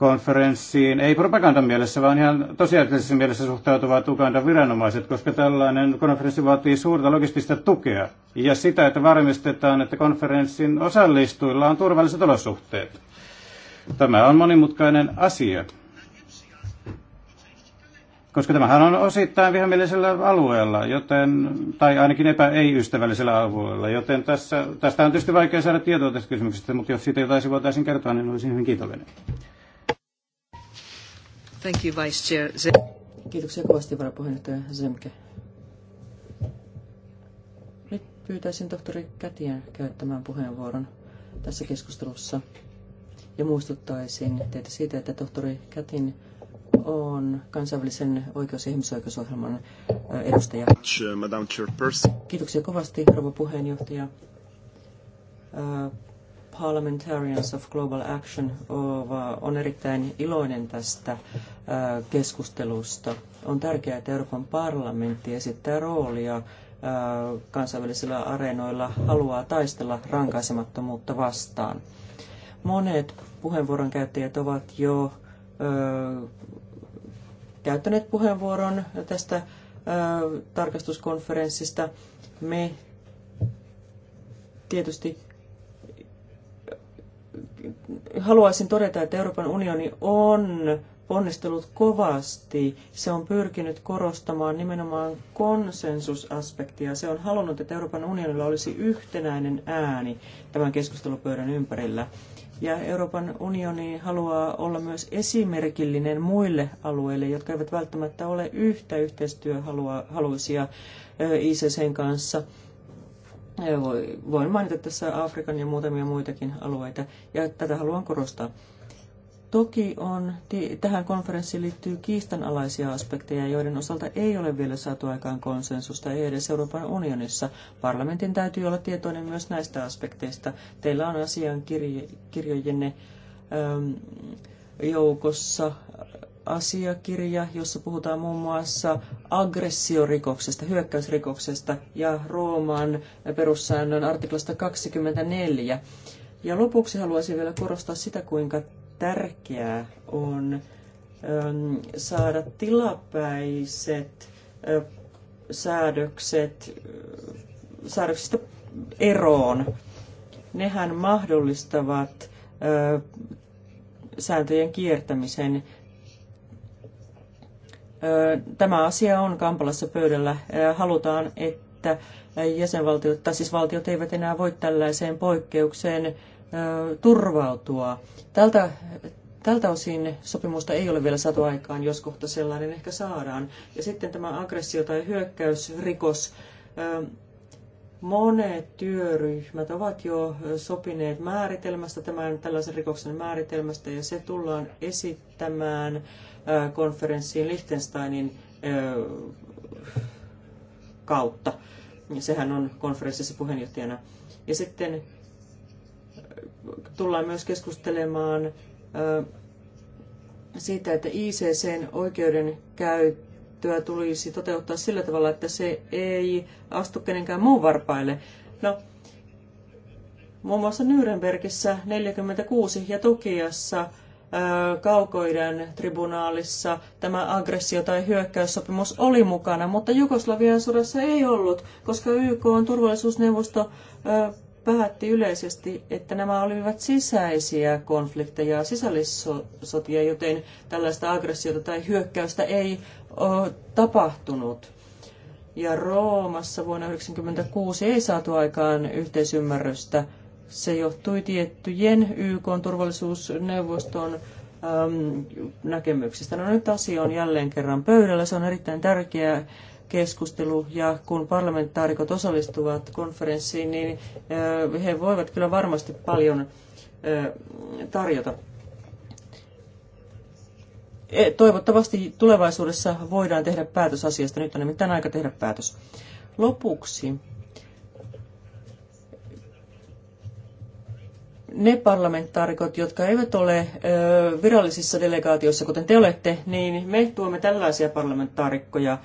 konferenssiin, ei propagandan mielessä, vaan ihan tosiasiallisessa mielessä suhtautuvat Ugandan viranomaiset, koska tällainen konferenssi vaatii suurta logistista tukea ja sitä, että varmistetaan, että konferenssin osallistujilla on turvalliset olosuhteet. Tämä on monimutkainen asia, koska tämähän on osittain vihamielisellä alueella, joten, tai ainakin epä ei-ystävällisellä alueella, joten tässä, tästä on tietysti vaikea saada tietoa tästä kysymyksestä, mutta jos siitä jotain voitaisiin kertoa, niin olisin hyvin kiitollinen. Thank you, Vice Chair. Kiitoksia kovasti varapuheenjohtaja Zemke. Nyt pyytäisin tohtori Kätiä käyttämään puheenvuoron tässä keskustelussa. Ja muistuttaisin teitä siitä, että tohtori Kätin on kansainvälisen oikeus- ja ihmisoikeusohjelman edustaja. Kiitoksia kovasti, rouva puheenjohtaja Parliamentarians of Global Action on erittäin iloinen tästä keskustelusta. On tärkeää, että Euroopan parlamentti esittää roolia kansainvälisillä areenoilla, haluaa taistella rankaisemattomuutta vastaan. Monet puheenvuoron käyttäjät ovat jo käyttäneet puheenvuoron tästä tarkastuskonferenssista. Me tietysti haluaisin todeta, että Euroopan unioni on ponnistellut kovasti. Se on pyrkinyt korostamaan nimenomaan konsensusaspektia. Se on halunnut, että Euroopan unionilla olisi yhtenäinen ääni tämän keskustelupöydän ympärillä. Ja Euroopan unioni haluaa olla myös esimerkillinen muille alueille, jotka eivät välttämättä ole yhtä yhteistyöhaluisia ICCn kanssa – Voin mainita tässä Afrikan ja muutamia muitakin alueita, ja tätä haluan korostaa. Toki on, tähän konferenssiin liittyy kiistanalaisia aspekteja, joiden osalta ei ole vielä saatu aikaan konsensusta, ei edes Euroopan unionissa. Parlamentin täytyy olla tietoinen myös näistä aspekteista. Teillä on asian kirjojenne joukossa asiakirja, jossa puhutaan muun muassa aggressiorikoksesta, hyökkäysrikoksesta ja Rooman perussäännön artiklasta 24. Ja lopuksi haluaisin vielä korostaa sitä, kuinka tärkeää on ähm, saada tilapäiset säädökset, säädöksistä eroon. Nehän mahdollistavat sääntöjen kiertämisen Tämä asia on Kampalassa pöydällä. Halutaan, että jäsenvaltiot, tai siis valtiot eivät enää voi tällaiseen poikkeukseen turvautua. Tältä, tältä osin sopimusta ei ole vielä saatu aikaan, jos kohta sellainen ehkä saadaan. Ja sitten tämä aggressio- tai hyökkäysrikos. Monet työryhmät ovat jo sopineet määritelmästä, tämän tällaisen rikoksen määritelmästä, ja se tullaan esittämään Äh, konferenssiin Liechtensteinin äh, kautta. Sehän on konferenssissa puheenjohtajana. Ja sitten äh, tullaan myös keskustelemaan siitä, että ICCn oikeudenkäyttöä tulisi toteuttaa sillä tavalla, että se ei astu kenenkään muun varpaille. No, muun muassa Nürnbergissä 46 ja Tokiassa kaukoiden tribunaalissa tämä aggressio- tai hyökkäyssopimus oli mukana, mutta Jugoslavian sodassa ei ollut, koska YK on turvallisuusneuvosto päätti yleisesti, että nämä olivat sisäisiä konflikteja, sisällissotia, joten tällaista aggressiota tai hyökkäystä ei tapahtunut. Ja Roomassa vuonna 1996 ei saatu aikaan yhteisymmärrystä se johtui tiettyjen YK turvallisuusneuvoston äm, näkemyksistä. No nyt asia on jälleen kerran pöydällä. Se on erittäin tärkeä keskustelu ja kun parlamentaarikot osallistuvat konferenssiin, niin äh, he voivat kyllä varmasti paljon äh, tarjota. E, toivottavasti tulevaisuudessa voidaan tehdä päätös asiasta. Nyt on nimittäin aika tehdä päätös. Lopuksi ne parlamentaarikot, jotka eivät ole virallisissa delegaatioissa, kuten te olette, niin me tuomme tällaisia parlamentaarikkoja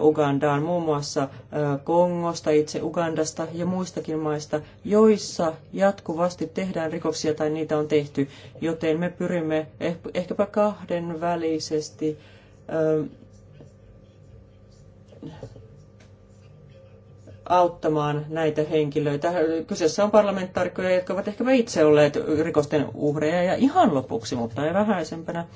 Ugandaan, muun muassa Kongosta, itse Ugandasta ja muistakin maista, joissa jatkuvasti tehdään rikoksia tai niitä on tehty, joten me pyrimme eh-, ehkäpä kahdenvälisesti auttamaan näitä henkilöitä. Kyseessä on parlamentaarikkoja, jotka ovat ehkä itse olleet rikosten uhreja ja ihan lopuksi, mutta ei vähäisempänä.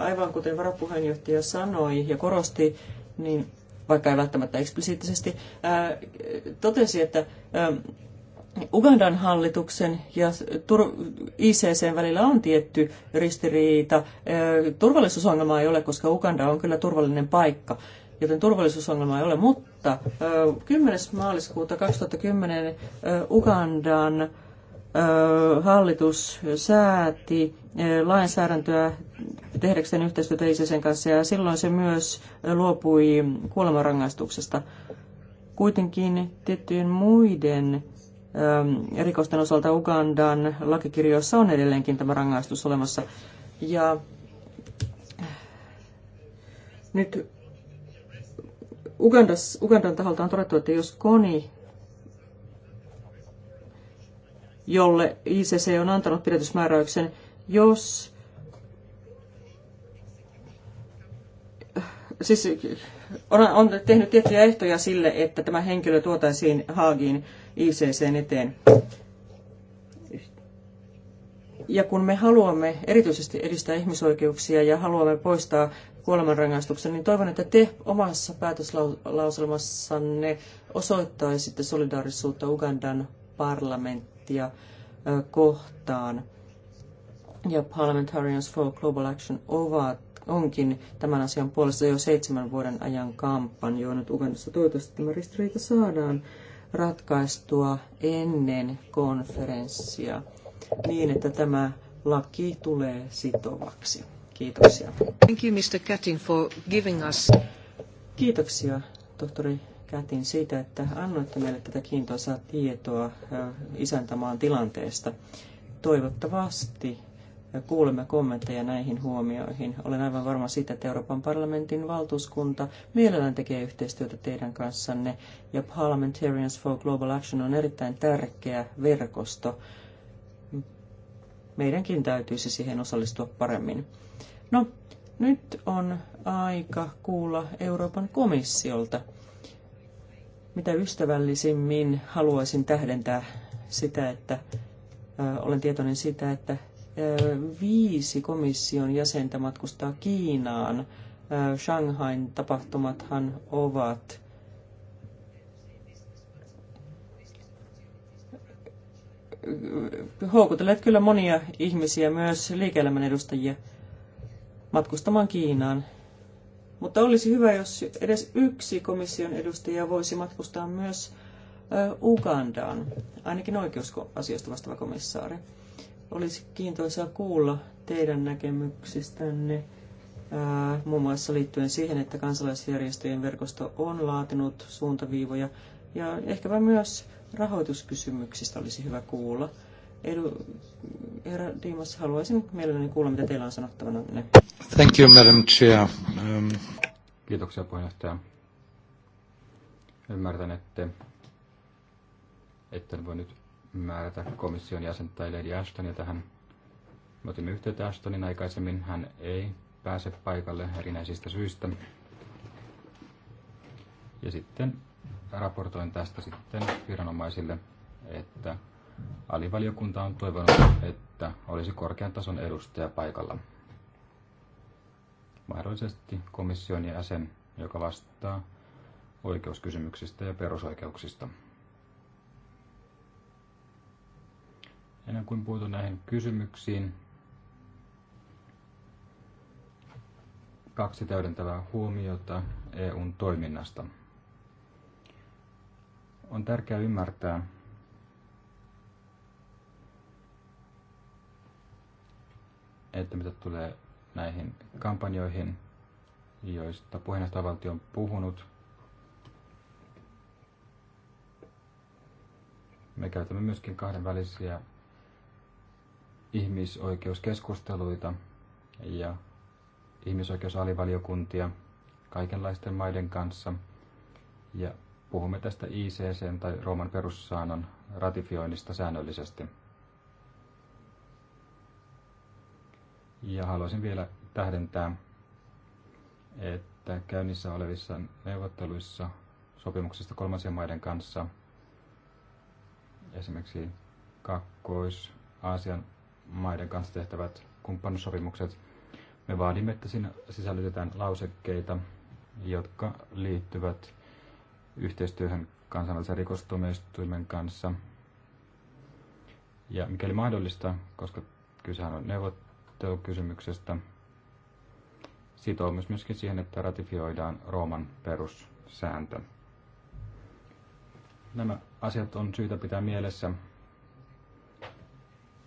Aivan kuten varapuheenjohtaja sanoi ja korosti, niin vaikka ei välttämättä eksplisiittisesti, totesi, että Ugandan hallituksen ja ICCn välillä on tietty ristiriita. Turvallisuusongelma ei ole, koska Uganda on kyllä turvallinen paikka joten turvallisuusongelma ei ole. Mutta 10. maaliskuuta 2010 Ugandan hallitus sääti lainsäädäntöä tehdäkseen yhteistyötä ISISen kanssa ja silloin se myös luopui kuolemanrangaistuksesta. Kuitenkin tiettyjen muiden rikosten osalta Ugandan lakikirjoissa on edelleenkin tämä rangaistus olemassa. Ja nyt Ugandas, Ugandan taholta on todettu, että jos Koni, jolle ICC on antanut pidätysmääräyksen, jos siis on, on tehnyt tiettyjä ehtoja sille, että tämä henkilö tuotaisiin Haagiin ICCn eteen. Ja kun me haluamme erityisesti edistää ihmisoikeuksia ja haluamme poistaa kuolemanrangaistuksen, niin toivon, että te omassa päätöslauselmassanne osoittaisitte solidaarisuutta Ugandan parlamenttia kohtaan. Ja Parliamentarians for Global Action ovat, onkin tämän asian puolesta jo seitsemän vuoden ajan kampanjoinut Ugandassa. Toivottavasti tämä ristiriita saadaan ratkaistua ennen konferenssia niin, että tämä laki tulee sitovaksi. Kiitoksia. Thank you, Mr. Katin, for giving us... Kiitoksia, tohtori Kätin, siitä, että annoitte meille tätä kiintoisaa tietoa äh, isäntämaan tilanteesta. Toivottavasti äh, kuulemme kommentteja näihin huomioihin. Olen aivan varma siitä, että Euroopan parlamentin valtuuskunta mielellään tekee yhteistyötä teidän kanssanne ja Parliamentarians for Global Action on erittäin tärkeä verkosto. Meidänkin täytyisi siihen osallistua paremmin. No, nyt on aika kuulla Euroopan komissiolta. Mitä ystävällisimmin haluaisin tähdentää sitä, että ö, olen tietoinen sitä, että ö, viisi komission jäsentä matkustaa Kiinaan. Ö, Shanghain tapahtumathan ovat houkutelleet kyllä monia ihmisiä, myös liike-elämän edustajia – matkustamaan Kiinaan. Mutta olisi hyvä, jos edes yksi komission edustaja voisi matkustaa myös Ugandaan, ainakin oikeusasioista vastaava komissaari. Olisi kiintoisaa kuulla teidän näkemyksistänne muun muassa liittyen siihen, että kansalaisjärjestöjen verkosto on laatinut suuntaviivoja ja ehkäpä myös rahoituskysymyksistä olisi hyvä kuulla – Edu, herra Dimas, haluaisin mielelläni kuulla, mitä teillä on sanottavana. Thank you, Madam Chair. Um... Kiitoksia, puheenjohtaja. Ymmärtän, että etten voi nyt määrätä komission jäsentä Lady Ashtonia tähän. Me otimme yhteyttä Ashtonin aikaisemmin. Hän ei pääse paikalle erinäisistä syistä. Ja sitten raportoin tästä sitten viranomaisille, että Alivaliokunta on toivonut, että olisi korkean tason edustaja paikalla. Mahdollisesti komission jäsen, joka vastaa oikeuskysymyksistä ja perusoikeuksista. Ennen kuin puutun näihin kysymyksiin, kaksi täydentävää huomiota EUn toiminnasta. On tärkeää ymmärtää, että mitä tulee näihin kampanjoihin, joista puheenjohtajavaltio on puhunut, me käytämme myöskin kahdenvälisiä ihmisoikeuskeskusteluita ja ihmisoikeusalivaliokuntia kaikenlaisten maiden kanssa. Ja puhumme tästä ICC tai Rooman perussaanan ratifioinnista säännöllisesti. Ja haluaisin vielä tähdentää, että käynnissä olevissa neuvotteluissa sopimuksista kolmansien maiden kanssa, esimerkiksi Kakkois-Aasian maiden kanssa tehtävät kumppanussopimukset, me vaadimme, että siinä sisällytetään lausekkeita, jotka liittyvät yhteistyöhön kansainvälisen rikostuomioistuimen kanssa. Ja mikäli mahdollista, koska kysehän on neuvot neuvottelukysymyksestä. Sitoumus myöskin siihen, että ratifioidaan Rooman perussääntö. Nämä asiat on syytä pitää mielessä,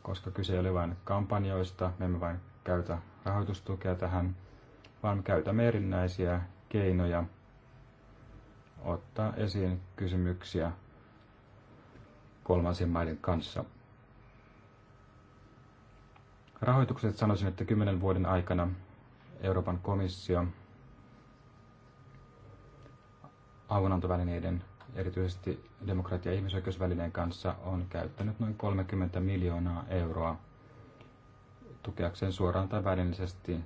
koska kyse ei ole vain kampanjoista, me emme vain käytä rahoitustukea tähän, vaan me käytämme erinäisiä keinoja ottaa esiin kysymyksiä kolmansien maiden kanssa. Rahoitukset sanoisin, että kymmenen vuoden aikana Euroopan komissio avunantovälineiden, erityisesti demokratia- ja ihmisoikeusvälineen kanssa, on käyttänyt noin 30 miljoonaa euroa tukeakseen suoraan tai välillisesti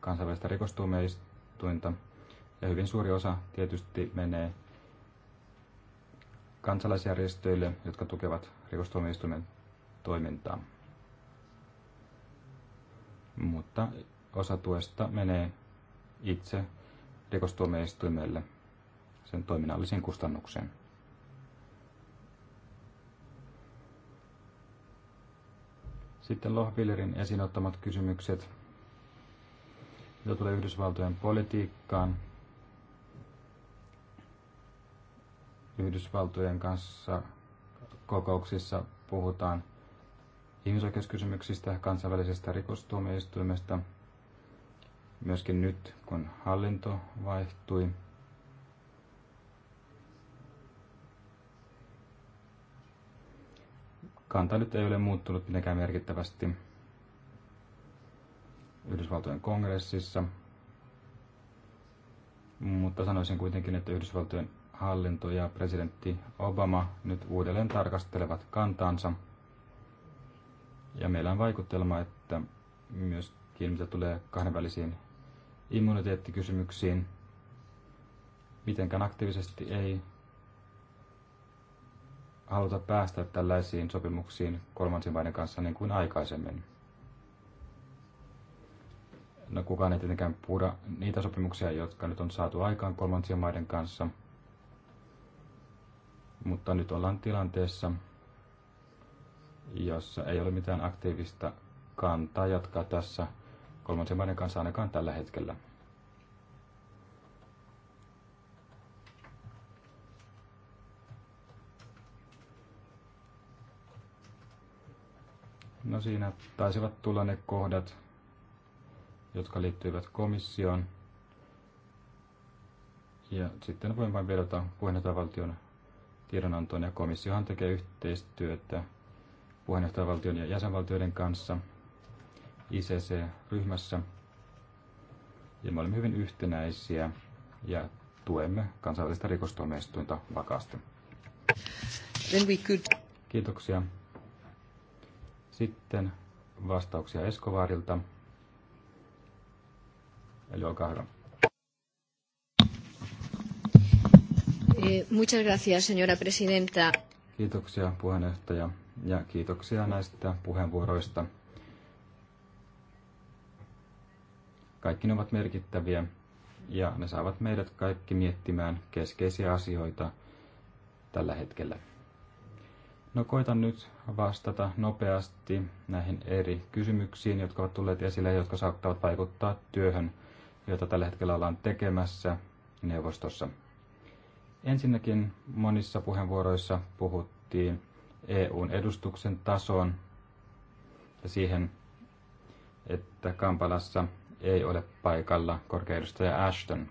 kansainvälistä rikostuomioistuinta. Ja hyvin suuri osa tietysti menee kansalaisjärjestöille, jotka tukevat rikostuomioistuimen toimintaa mutta osa tuesta menee itse rikostuomioistuimelle sen toiminnallisiin kustannuksiin. Sitten Lohbillerin esiin ottamat kysymykset, mitä tulee Yhdysvaltojen politiikkaan. Yhdysvaltojen kanssa kokouksissa puhutaan ihmisoikeuskysymyksistä, kansainvälisestä rikostuomioistuimesta, myöskin nyt kun hallinto vaihtui. Kanta nyt ei ole muuttunut mitenkään merkittävästi. Yhdysvaltojen kongressissa, mutta sanoisin kuitenkin, että Yhdysvaltojen hallinto ja presidentti Obama nyt uudelleen tarkastelevat kantaansa – ja meillä on vaikutelma, että myöskin mitä tulee kahdenvälisiin immuniteettikysymyksiin, mitenkään aktiivisesti ei haluta päästä tällaisiin sopimuksiin kolmansien maiden kanssa niin kuin aikaisemmin. No kukaan ei tietenkään puhuta niitä sopimuksia, jotka nyt on saatu aikaan kolmansien maiden kanssa, mutta nyt ollaan tilanteessa, jossa ei ole mitään aktiivista kantaa jatkaa tässä kolmansien maiden kanssa ainakaan tällä hetkellä. No siinä taisivat tulla ne kohdat, jotka liittyivät komissioon. Ja sitten voin vain vedota puheenjohtajavaltion tiedonantoon ja komissiohan tekee yhteistyötä puheenjohtajavaltion ja jäsenvaltioiden kanssa ICC-ryhmässä. Ja me olemme hyvin yhtenäisiä ja tuemme kansainvälistä rikostuomioistuinta vakaasti. Then we could... Kiitoksia. Sitten vastauksia Eskovaarilta. Eli olkaa hyvä. Eh, muchas gracias, señora presidenta. Kiitoksia puheenjohtaja ja kiitoksia näistä puheenvuoroista. Kaikki ne ovat merkittäviä ja ne saavat meidät kaikki miettimään keskeisiä asioita tällä hetkellä. No koitan nyt vastata nopeasti näihin eri kysymyksiin, jotka ovat tulleet esille ja jotka saattavat vaikuttaa työhön, jota tällä hetkellä ollaan tekemässä neuvostossa. Ensinnäkin monissa puheenvuoroissa puhuttiin EUn edustuksen tasoon ja siihen, että Kampalassa ei ole paikalla korkeudustaja Ashton.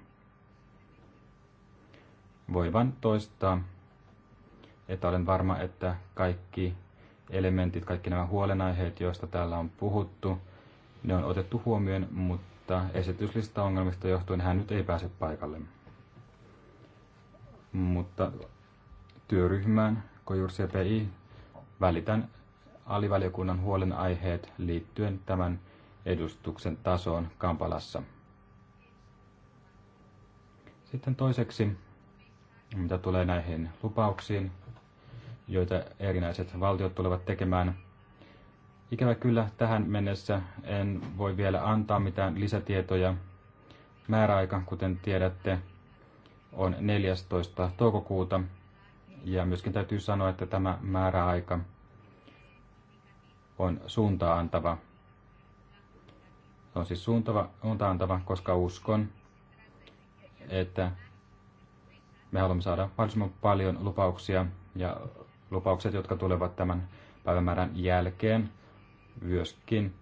Voi vain toistaa, että olen varma, että kaikki elementit, kaikki nämä huolenaiheet, joista täällä on puhuttu, ne on otettu huomioon, mutta esityslista ongelmista johtuen hän nyt ei pääse paikalle. Mutta työryhmään, Kojur PI, välitän alivaliokunnan huolenaiheet liittyen tämän edustuksen tasoon Kampalassa. Sitten toiseksi, mitä tulee näihin lupauksiin, joita erinäiset valtiot tulevat tekemään. Ikävä kyllä tähän mennessä en voi vielä antaa mitään lisätietoja. Määräaika, kuten tiedätte, on 14. toukokuuta ja myöskin täytyy sanoa, että tämä määräaika on suuntaa antava. on siis suuntava, antava, koska uskon, että me haluamme saada mahdollisimman paljon lupauksia ja lupaukset, jotka tulevat tämän päivämäärän jälkeen, myöskin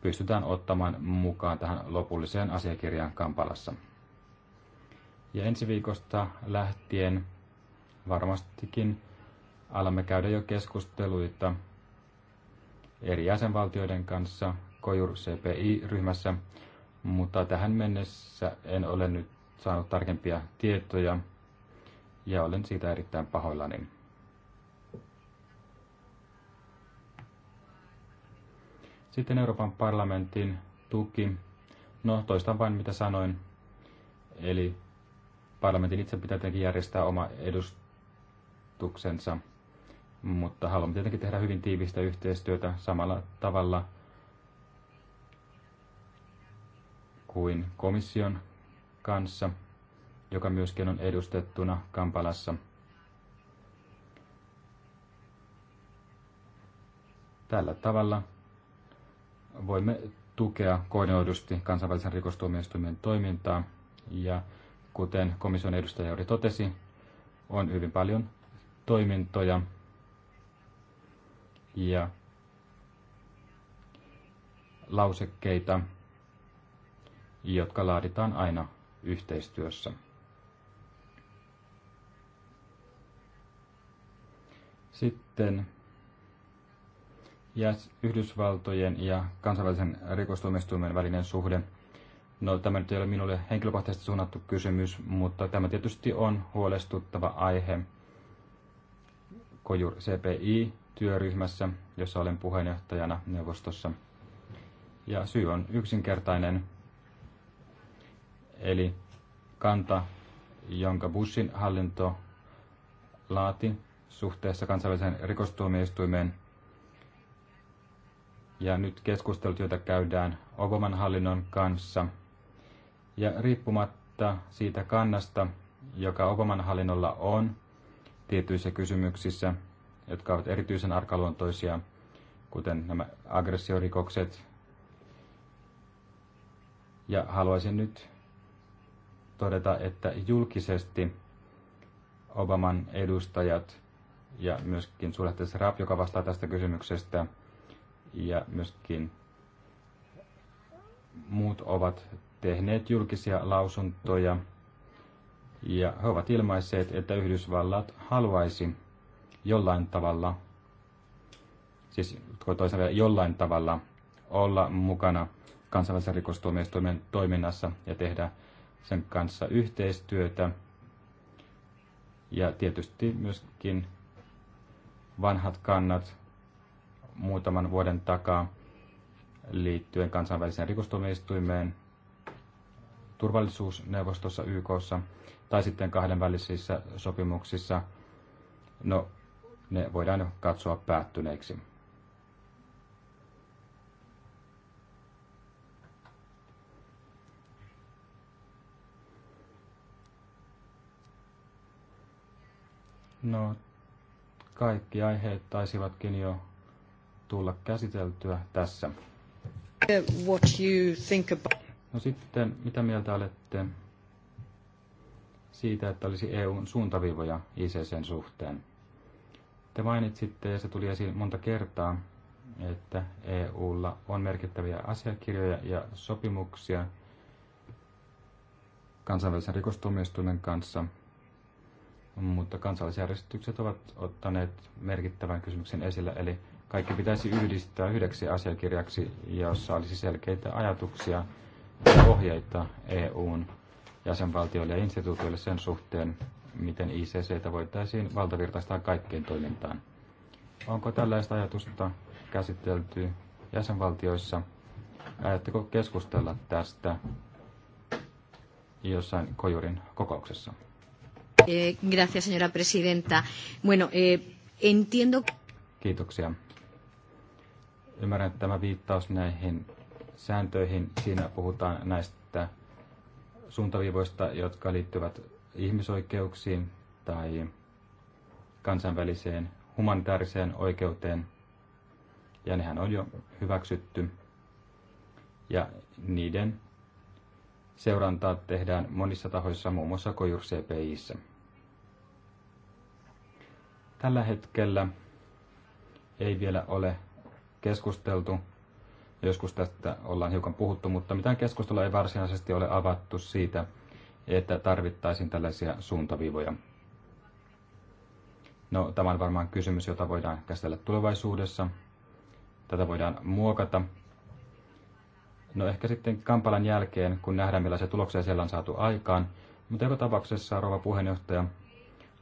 pystytään ottamaan mukaan tähän lopulliseen asiakirjaan Kampalassa. Ja ensi viikosta lähtien varmastikin alamme käydä jo keskusteluita eri jäsenvaltioiden kanssa Kojur CPI-ryhmässä, mutta tähän mennessä en ole nyt saanut tarkempia tietoja ja olen siitä erittäin pahoillani. Sitten Euroopan parlamentin tuki. No, toistan vain mitä sanoin. Eli parlamentin itse pitää tietenkin järjestää oma edustus ehdotuksensa, mutta haluamme tietenkin tehdä hyvin tiivistä yhteistyötä samalla tavalla kuin komission kanssa, joka myöskin on edustettuna Kampalassa. Tällä tavalla voimme tukea koordinoidusti kansainvälisen rikostuomioistuimen toimintaa ja kuten komission edustaja juuri totesi, on hyvin paljon toimintoja. Ja lausekkeita, jotka laaditaan aina yhteistyössä. Sitten ja Yhdysvaltojen ja kansainvälisen rikostuomioistuimen välinen suhde. No, tämä nyt ei ole minulle henkilökohtaisesti suunnattu kysymys, mutta tämä tietysti on huolestuttava aihe Kojur CPI-työryhmässä, jossa olen puheenjohtajana neuvostossa. Ja syy on yksinkertainen, eli kanta, jonka Bushin hallinto laati suhteessa kansainväliseen rikostuomioistuimeen. Ja nyt keskustelut, joita käydään Obaman hallinnon kanssa. Ja riippumatta siitä kannasta, joka Obaman hallinnolla on, tietyissä kysymyksissä, jotka ovat erityisen arkaluontoisia, kuten nämä aggressiorikokset. Ja haluaisin nyt todeta, että julkisesti Obaman edustajat ja myöskin suurlähtäjä Raab, joka vastaa tästä kysymyksestä, ja myöskin muut ovat tehneet julkisia lausuntoja ja he ovat ilmaisseet, että Yhdysvallat haluaisi jollain tavalla, siis toisaalta jollain tavalla olla mukana kansainvälisen rikostuomioistuimen toiminnassa ja tehdä sen kanssa yhteistyötä. Ja tietysti myöskin vanhat kannat muutaman vuoden takaa liittyen kansainväliseen rikostuomioistuimeen turvallisuusneuvostossa YKssa tai sitten kahdenvälisissä sopimuksissa, no ne voidaan katsoa päättyneiksi. No, kaikki aiheet taisivatkin jo tulla käsiteltyä tässä. What you think about... No sitten, mitä mieltä olette siitä, että olisi EUn suuntaviivoja ICCn suhteen. Te mainitsitte, ja se tuli esiin monta kertaa, että EUlla on merkittäviä asiakirjoja ja sopimuksia kansainvälisen rikostuomioistuimen kanssa, mutta kansallisjärjestykset ovat ottaneet merkittävän kysymyksen esillä, eli kaikki pitäisi yhdistää yhdeksi asiakirjaksi, jossa olisi selkeitä ajatuksia ja ohjeita EUn jäsenvaltioille ja instituutioille sen suhteen, miten ICC voitaisiin valtavirtaistaa kaikkeen toimintaan. Onko tällaista ajatusta käsitelty jäsenvaltioissa? Ajatteko keskustella tästä jossain kojurin kokouksessa? Eh, gracias, señora presidenta. Bueno, eh, entiendo... Kiitoksia. Ymmärrän, että tämä viittaus näihin sääntöihin, siinä puhutaan näistä suuntaviivoista, jotka liittyvät ihmisoikeuksiin tai kansainväliseen humanitaariseen oikeuteen. Ja nehän on jo hyväksytty. Ja niiden seurantaa tehdään monissa tahoissa, muun muassa Kojur CPIissä. Tällä hetkellä ei vielä ole keskusteltu Joskus tästä ollaan hiukan puhuttu, mutta mitään keskustelua ei varsinaisesti ole avattu siitä, että tarvittaisiin tällaisia suuntaviivoja. No, tämä on varmaan kysymys, jota voidaan käsitellä tulevaisuudessa. Tätä voidaan muokata. No ehkä sitten Kampalan jälkeen, kun nähdään millaisia tuloksia siellä on saatu aikaan. Mutta joka tapauksessa, rouva puheenjohtaja,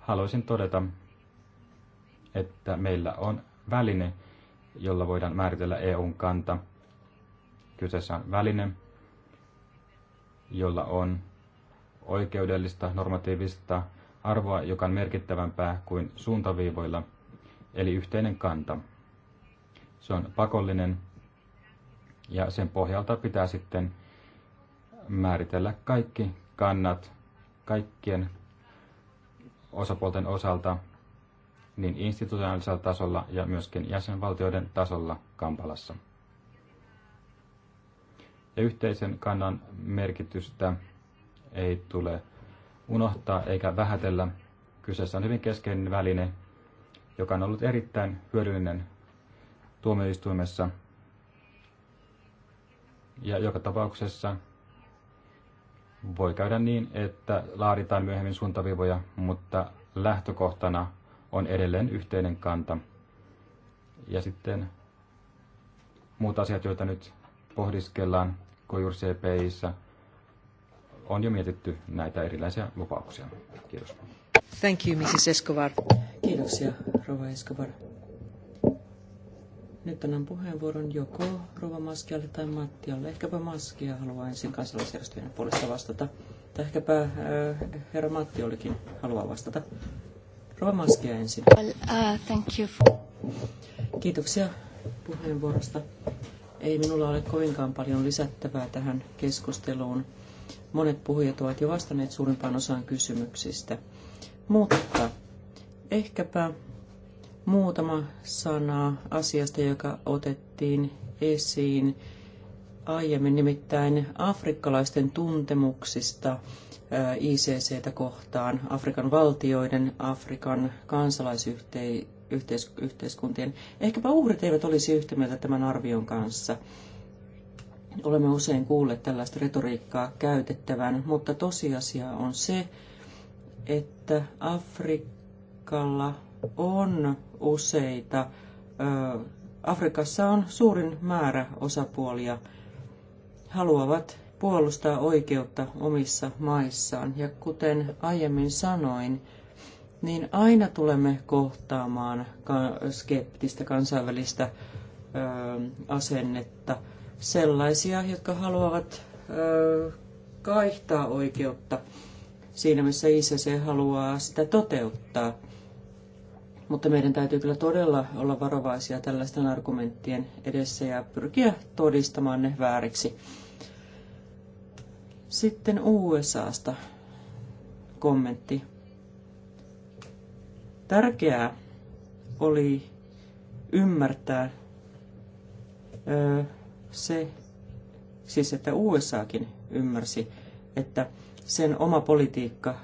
haluaisin todeta, että meillä on väline, jolla voidaan määritellä EUn kanta Kyseessä on väline, jolla on oikeudellista, normatiivista arvoa, joka on merkittävämpää kuin suuntaviivoilla, eli yhteinen kanta. Se on pakollinen ja sen pohjalta pitää sitten määritellä kaikki kannat kaikkien osapuolten osalta niin institutionaalisella tasolla ja myöskin jäsenvaltioiden tasolla Kampalassa. Ja yhteisen kannan merkitystä ei tule unohtaa eikä vähätellä. Kyseessä on hyvin keskeinen väline, joka on ollut erittäin hyödyllinen tuomioistuimessa. Ja joka tapauksessa voi käydä niin, että laaditaan myöhemmin suuntavivoja, mutta lähtökohtana on edelleen yhteinen kanta. Ja sitten muut asiat, joita nyt pohdiskellaan, juuri CPIssä on jo mietitty näitä erilaisia lupauksia. Kiitos. Thank you, Mrs. Escobar. Kiitoksia, Rova Escobar. Nyt annan puheenvuoron joko Rova Maskialle tai Mattialle. Ehkäpä Maskia haluaa ensin kansalaisjärjestöjen puolesta vastata. Tai ehkäpä äh, herra Matti olikin haluaa vastata. Rova Maskia ensin. Well, uh, thank you for... Kiitoksia puheenvuorosta. Ei minulla ole kovinkaan paljon lisättävää tähän keskusteluun. Monet puhujat ovat jo vastanneet suurimpaan osaan kysymyksistä. Mutta ehkäpä muutama sana asiasta, joka otettiin esiin aiemmin, nimittäin afrikkalaisten tuntemuksista ICCtä kohtaan, Afrikan valtioiden, Afrikan kansalaisyhteisöjen yhteis- yhteiskuntien. Ehkäpä uhrit eivät olisi yhtä mieltä tämän arvion kanssa. Olemme usein kuulleet tällaista retoriikkaa käytettävän, mutta tosiasia on se, että Afrikalla on useita, ö, Afrikassa on suurin määrä osapuolia, haluavat puolustaa oikeutta omissa maissaan. Ja kuten aiemmin sanoin, niin aina tulemme kohtaamaan skeptistä kansainvälistä asennetta. Sellaisia, jotka haluavat kaihtaa oikeutta siinä, missä ICC haluaa sitä toteuttaa. Mutta meidän täytyy kyllä todella olla varovaisia tällaisten argumenttien edessä ja pyrkiä todistamaan ne vääriksi. Sitten USAsta kommentti. Tärkeää oli ymmärtää ö, se, siis että USAkin ymmärsi, että sen oma politiikka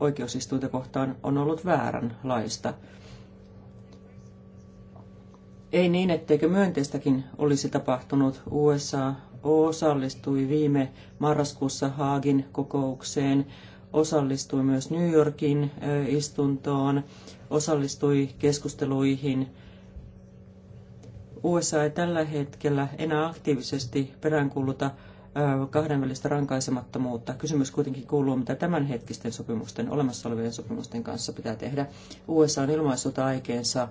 oikeusistuinta kohtaan on ollut vääränlaista. Ei niin, etteikö myönteistäkin olisi tapahtunut. USA osallistui viime marraskuussa Haagin kokoukseen osallistui myös New Yorkin istuntoon, osallistui keskusteluihin. USA ei tällä hetkellä enää aktiivisesti peräänkuuluta kahdenvälistä rankaisemattomuutta. Kysymys kuitenkin kuuluu, mitä tämänhetkisten sopimusten, olemassa olevien sopimusten kanssa pitää tehdä. USA on ilmaissut aikeensa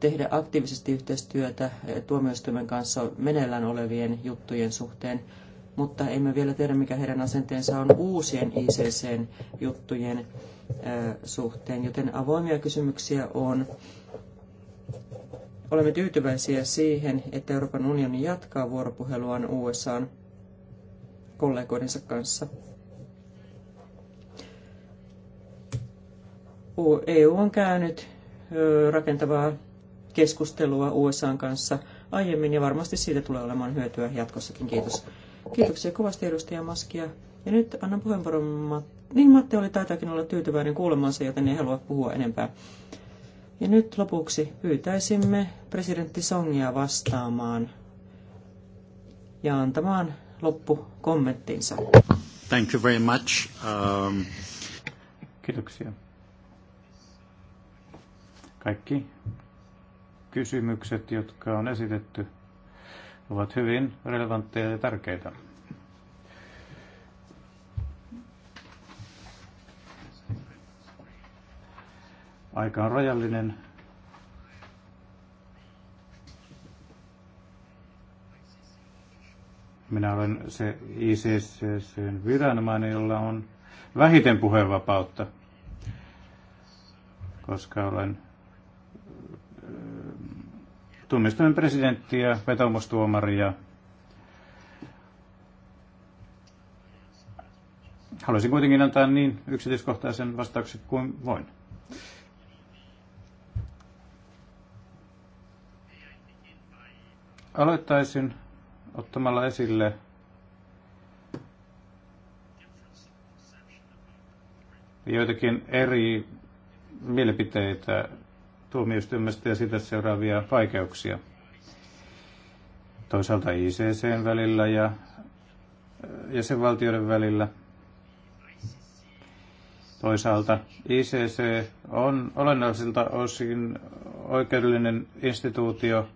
tehdä aktiivisesti yhteistyötä tuomioistuimen kanssa meneillään olevien juttujen suhteen mutta emme vielä tiedä, mikä heidän asenteensa on uusien ICC-juttujen suhteen, joten avoimia kysymyksiä on. Olemme tyytyväisiä siihen, että Euroopan unioni jatkaa vuoropuheluaan USAn kollegoidensa kanssa. EU e on käynyt rakentavaa keskustelua USAn kanssa aiemmin ja varmasti siitä tulee olemaan hyötyä jatkossakin. Kiitos. Kiitoksia kovasti edustaja Maskia. Ja nyt annan puheenvuoron Mat- Niin, Matti oli taitaakin olla tyytyväinen kuulemansa, joten ei halua puhua enempää. Ja nyt lopuksi pyytäisimme presidentti Songia vastaamaan ja antamaan loppukommenttinsa. Thank you very much. Um... Kiitoksia. Kaikki kysymykset, jotka on esitetty, ovat hyvin relevantteja ja tärkeitä. Aika on rajallinen. Minä olen se ICCn viranomainen, jolla on vähiten puheenvapautta, koska olen Tuomioistuimen vetomustuomari. Ja Haluaisin kuitenkin antaa niin yksityiskohtaisen vastauksen kuin voin. Aloittaisin ottamalla esille joitakin eri mielipiteitä tuomioistuimesta ja siitä seuraavia vaikeuksia. Toisaalta ICCn välillä ja äh, jäsenvaltioiden välillä. Toisaalta ICC on olennaisilta osin oikeudellinen instituutio,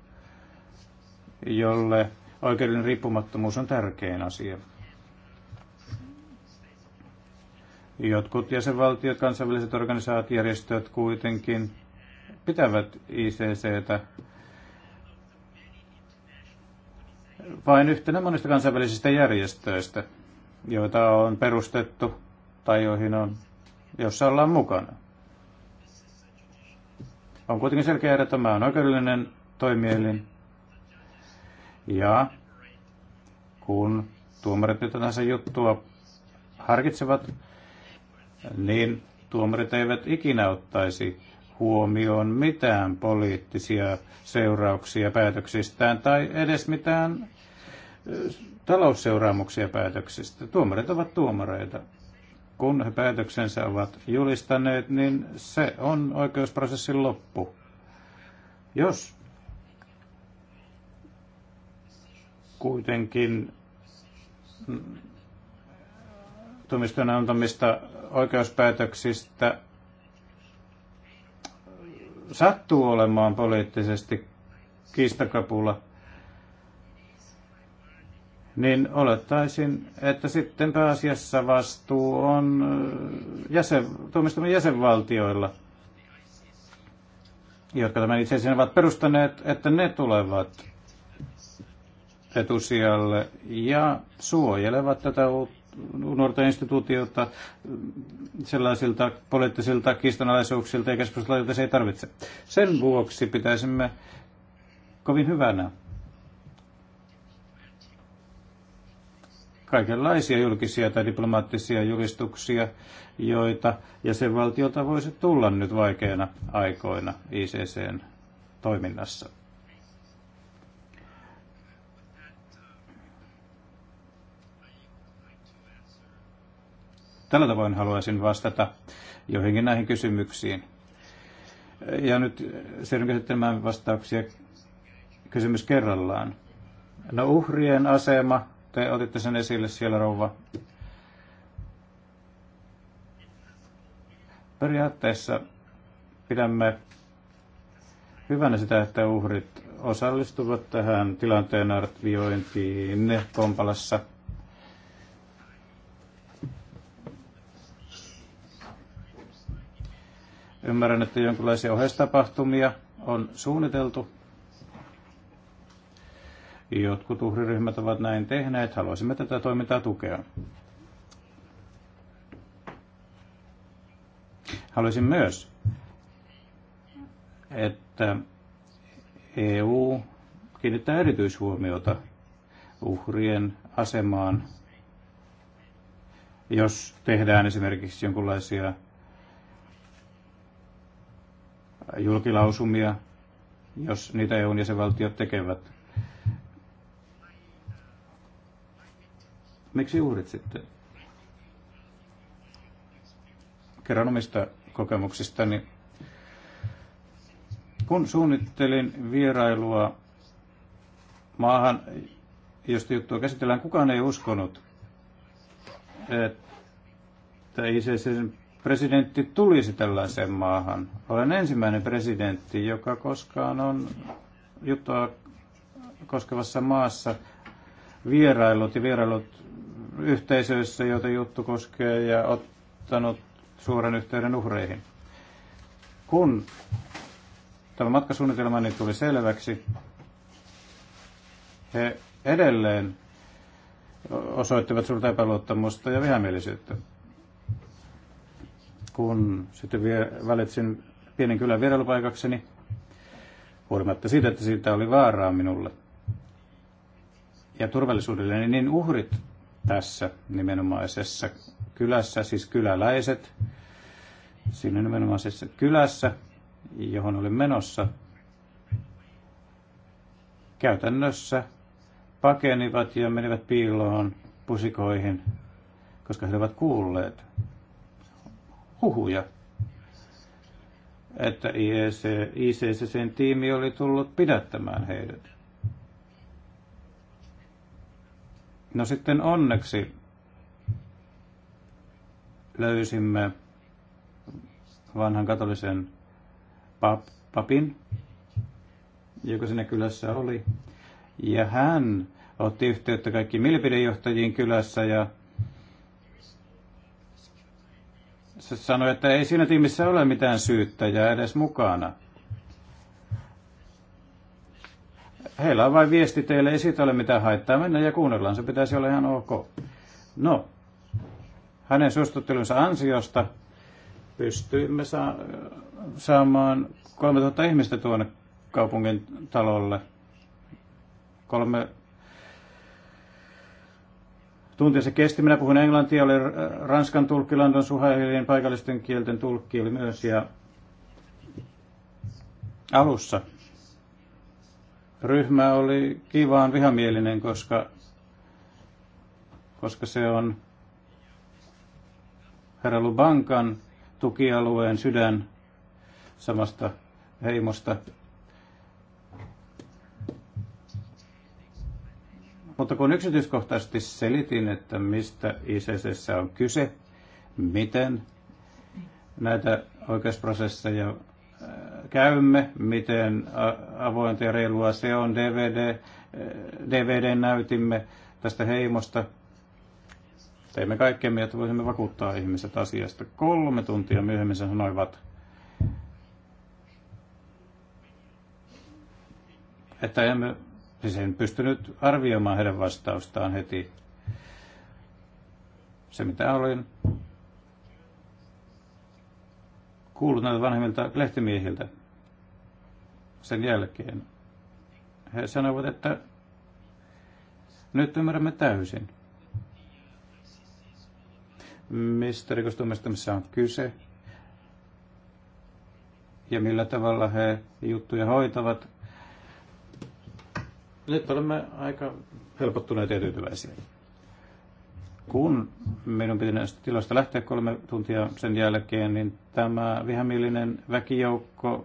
jolle oikeudellinen riippumattomuus on tärkein asia. Jotkut jäsenvaltiot, kansainväliset organisaatiojärjestöt kuitenkin pitävät ICCtä vain yhtenä monista kansainvälisistä järjestöistä, joita on perustettu tai joihin on, jossa ollaan mukana. On kuitenkin selkeää, että tämä on oikeudellinen toimielin. Ja kun tuomarit nyt tässä juttua harkitsevat, niin tuomarit eivät ikinä ottaisi huomioon mitään poliittisia seurauksia päätöksistään tai edes mitään talousseuraamuksia päätöksistä. Tuomarit ovat tuomareita. Kun he päätöksensä ovat julistaneet, niin se on oikeusprosessin loppu. Jos kuitenkin tuomistojen antamista oikeuspäätöksistä sattuu olemaan poliittisesti kiistakapula, niin olettaisin, että sitten pääasiassa vastuu on äh, jäsen, tuomistamme jäsenvaltioilla, jotka tämän itse asiassa ovat perustaneet, että ne tulevat etusijalle ja suojelevat tätä uutta nuorta instituutiota sellaisilta poliittisilta kiistanalaisuuksilta ja joita se ei tarvitse. Sen vuoksi pitäisimme kovin hyvänä kaikenlaisia julkisia tai diplomaattisia julistuksia, joita jäsenvaltiota voisi tulla nyt vaikeina aikoina ICCn toiminnassa. Tällä tavoin haluaisin vastata joihinkin näihin kysymyksiin. Ja nyt siirryn käsittelemään vastauksia kysymys kerrallaan. No uhrien asema, te otitte sen esille siellä rouva. Periaatteessa pidämme hyvänä sitä, että uhrit osallistuvat tähän tilanteen arviointiin Kompalassa – Ymmärrän, että jonkinlaisia ohjeistapahtumia on suunniteltu. Jotkut uhriryhmät ovat näin tehneet. Haluaisimme tätä toimintaa tukea. Haluaisin myös, että EU kiinnittää erityishuomiota uhrien asemaan, jos tehdään esimerkiksi jonkinlaisia julkilausumia, jos niitä EUn jäsenvaltiot tekevät. Miksi uhrit sitten? Kerron omista kokemuksistani. Kun suunnittelin vierailua maahan, josta juttua käsitellään, kukaan ei uskonut, että ICC presidentti tulisi tällaiseen maahan. Olen ensimmäinen presidentti, joka koskaan on juttua koskevassa maassa vierailut ja vierailut yhteisöissä, joita juttu koskee ja ottanut suoran yhteyden uhreihin. Kun tämä matkasuunnitelma niin tuli selväksi, he edelleen osoittivat suurta epäluottamusta ja vihamielisyyttä kun sitten vie, valitsin pienen kylän vierailupaikakseni, huolimatta siitä, että siitä oli vaaraa minulle ja turvallisuudelle, niin, niin, uhrit tässä nimenomaisessa kylässä, siis kyläläiset, siinä nimenomaisessa kylässä, johon olin menossa, käytännössä pakenivat ja menivät piiloon pusikoihin, koska he olivat kuulleet huhuja, että IEC, ICCCn tiimi oli tullut pidättämään heidät. No sitten onneksi löysimme vanhan katolisen pap, papin, joka siinä kylässä oli. Ja hän otti yhteyttä kaikki mielipidejohtajiin kylässä ja se sanoi, että ei siinä tiimissä ole mitään syyttäjää edes mukana. Heillä on vain viesti teille, ei siitä ole mitään haittaa mennä ja kuunnellaan, se pitäisi olla ihan ok. No, hänen suostuttelunsa ansiosta pystyimme sa- saamaan 3000 ihmistä tuonne kaupungin talolle. Kolme Tunti se kesti. Minä puhun englantia, oli ranskan tulkki, London suhailijan paikallisten kielten tulkki oli myös. Ja alussa ryhmä oli kivaan vihamielinen, koska, koska se on herra Lubankan tukialueen sydän samasta heimosta Mutta kun yksityiskohtaisesti selitin, että mistä ICCssä on kyse, miten näitä oikeusprosesseja äh, käymme, miten avointa ja reilua se on DVD, DVD-näytimme äh, tästä heimosta. Teimme kaikkemme, että voisimme vakuuttaa ihmiset asiasta. Kolme tuntia myöhemmin sanoivat, että emme Siis en pystynyt arvioimaan heidän vastaustaan heti. Se mitä olin kuullut näiltä vanhemmilta lehtimiehiltä sen jälkeen, he sanoivat, että nyt ymmärrämme täysin, mistä rikostuomistamisessa on kyse ja millä tavalla he juttuja hoitavat nyt olemme aika helpottuneet ja tyytyväisiä. Kun minun piti näistä tiloista lähteä kolme tuntia sen jälkeen, niin tämä vihamielinen väkijoukko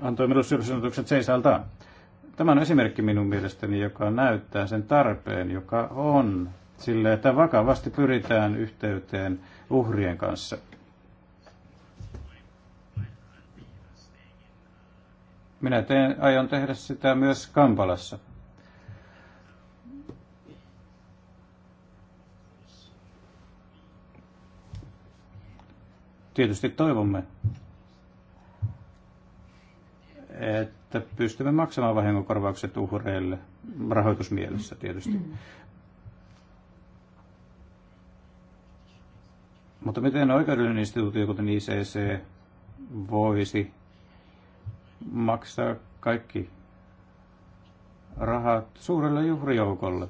antoi minulle syrjäsynnytyksen seisaltaan. Tämä on esimerkki minun mielestäni, joka näyttää sen tarpeen, joka on sille, että vakavasti pyritään yhteyteen uhrien kanssa. Minä teen, aion tehdä sitä myös Kampalassa. Tietysti toivomme, että pystymme maksamaan vahingokorvaukset uhreille rahoitusmielessä tietysti. Mutta miten oikeudellinen instituutio, kuten ICC, voisi maksaa kaikki rahat suurelle juhrijoukolle.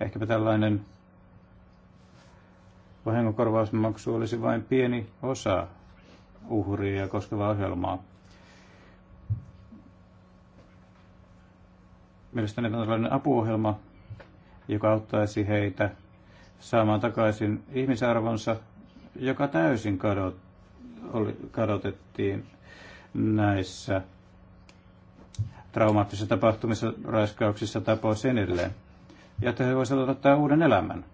Ehkäpä tällainen vahingonkorvausmaksu olisi vain pieni osa uhria koskevaa ohjelmaa. Mielestäni on tällainen apuohjelma, joka auttaisi heitä saamaan takaisin ihmisarvonsa joka täysin kadot, oli, kadotettiin näissä traumaattisissa tapahtumissa, raiskauksissa, tapoissa ja niin edelleen. Ja että he voisivat ottaa uuden elämän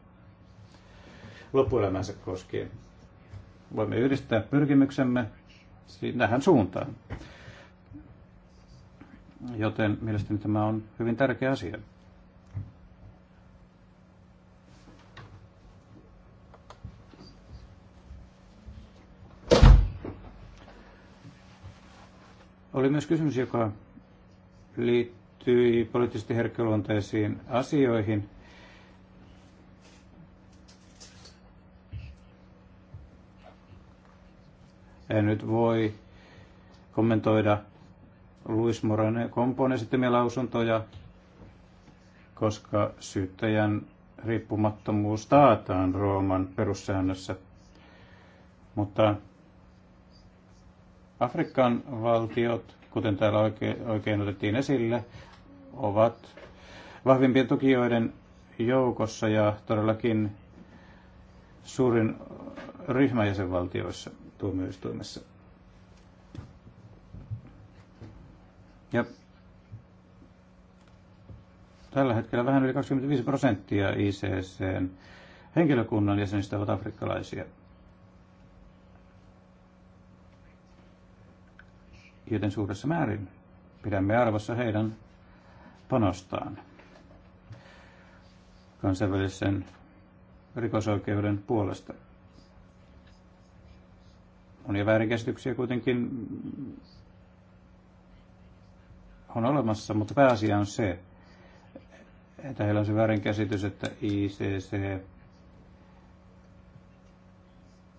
loppuelämänsä koskien. Voimme yhdistää pyrkimyksemme tähän suuntaan. Joten mielestäni tämä on hyvin tärkeä asia. Oli myös kysymys, joka liittyi poliittisesti herkkäluonteisiin asioihin. En nyt voi kommentoida Luis Morane Kompon esittämiä lausuntoja, koska syyttäjän riippumattomuus taataan Rooman perussäännössä. Mutta Afrikan valtiot, kuten täällä oikein, oikein otettiin esille, ovat vahvimpien tukijoiden joukossa ja todellakin suurin ryhmä jäsenvaltioissa tuomioistuimessa. Ja tällä hetkellä vähän yli 25 prosenttia ICCn henkilökunnan jäsenistä ovat afrikkalaisia. joten suuressa määrin pidämme arvossa heidän panostaan kansainvälisen rikosoikeuden puolesta. Monia väärinkäsityksiä kuitenkin on olemassa, mutta pääasia on se, että heillä on se väärinkäsitys, että ICC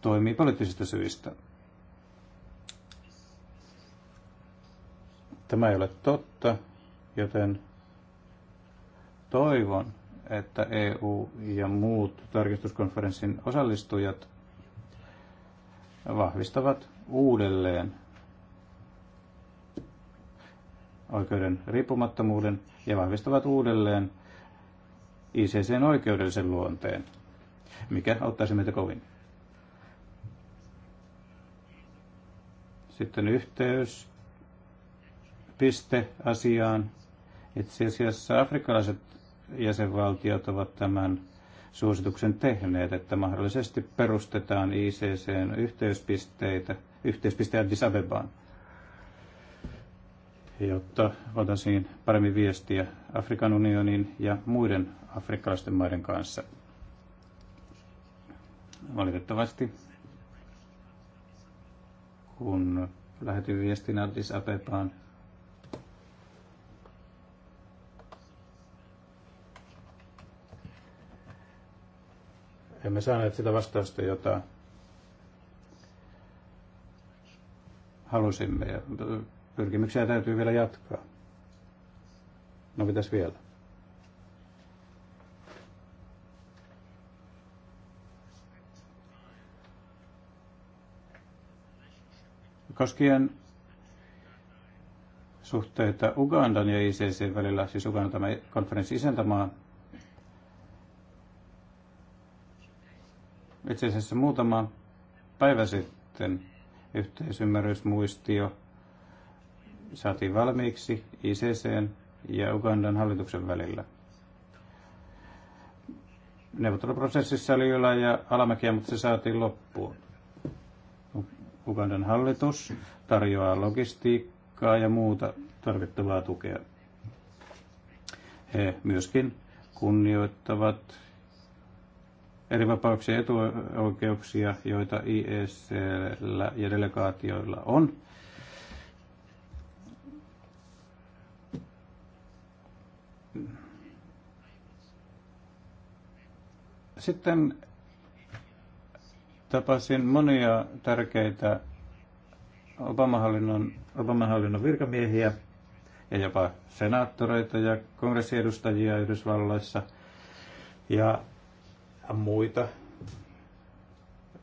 toimii poliittisista syistä – Tämä ei ole totta, joten toivon, että EU ja muut tarkistuskonferenssin osallistujat vahvistavat uudelleen oikeuden riippumattomuuden ja vahvistavat uudelleen ICCn oikeudellisen luonteen, mikä auttaisi meitä kovin. Sitten yhteys piste asiaan. Itse asiassa afrikkalaiset jäsenvaltiot ovat tämän suosituksen tehneet, että mahdollisesti perustetaan ICCn yhteyspisteitä, yhteyspisteitä Addis Abebaan, jotta voitaisiin paremmin viestiä Afrikan unionin ja muiden afrikkalaisten maiden kanssa. Valitettavasti, kun lähetin viestin Addis Abebaan, emme saaneet sitä vastausta, jota halusimme. Ja pyrkimyksiä täytyy vielä jatkaa. No mitäs vielä? Koskien suhteita Ugandan ja ICC välillä, siis Ugandan tämä konferenssi isäntämaa, Itse asiassa muutama päivä sitten yhteisymmärrysmuistio saatiin valmiiksi ICC ja Ugandan hallituksen välillä. Neuvotteluprosessissa oli ylä- ja alamäkiä, mutta se saatiin loppuun. Ugandan hallitus tarjoaa logistiikkaa ja muuta tarvittavaa tukea. He myöskin kunnioittavat eri vapauksia ja etuoikeuksia, joita IEC ja delegaatioilla on. Sitten tapasin monia tärkeitä Obama-hallinnon, Obama-hallinnon virkamiehiä ja jopa senaattoreita ja kongressiedustajia Yhdysvalloissa. Ja muita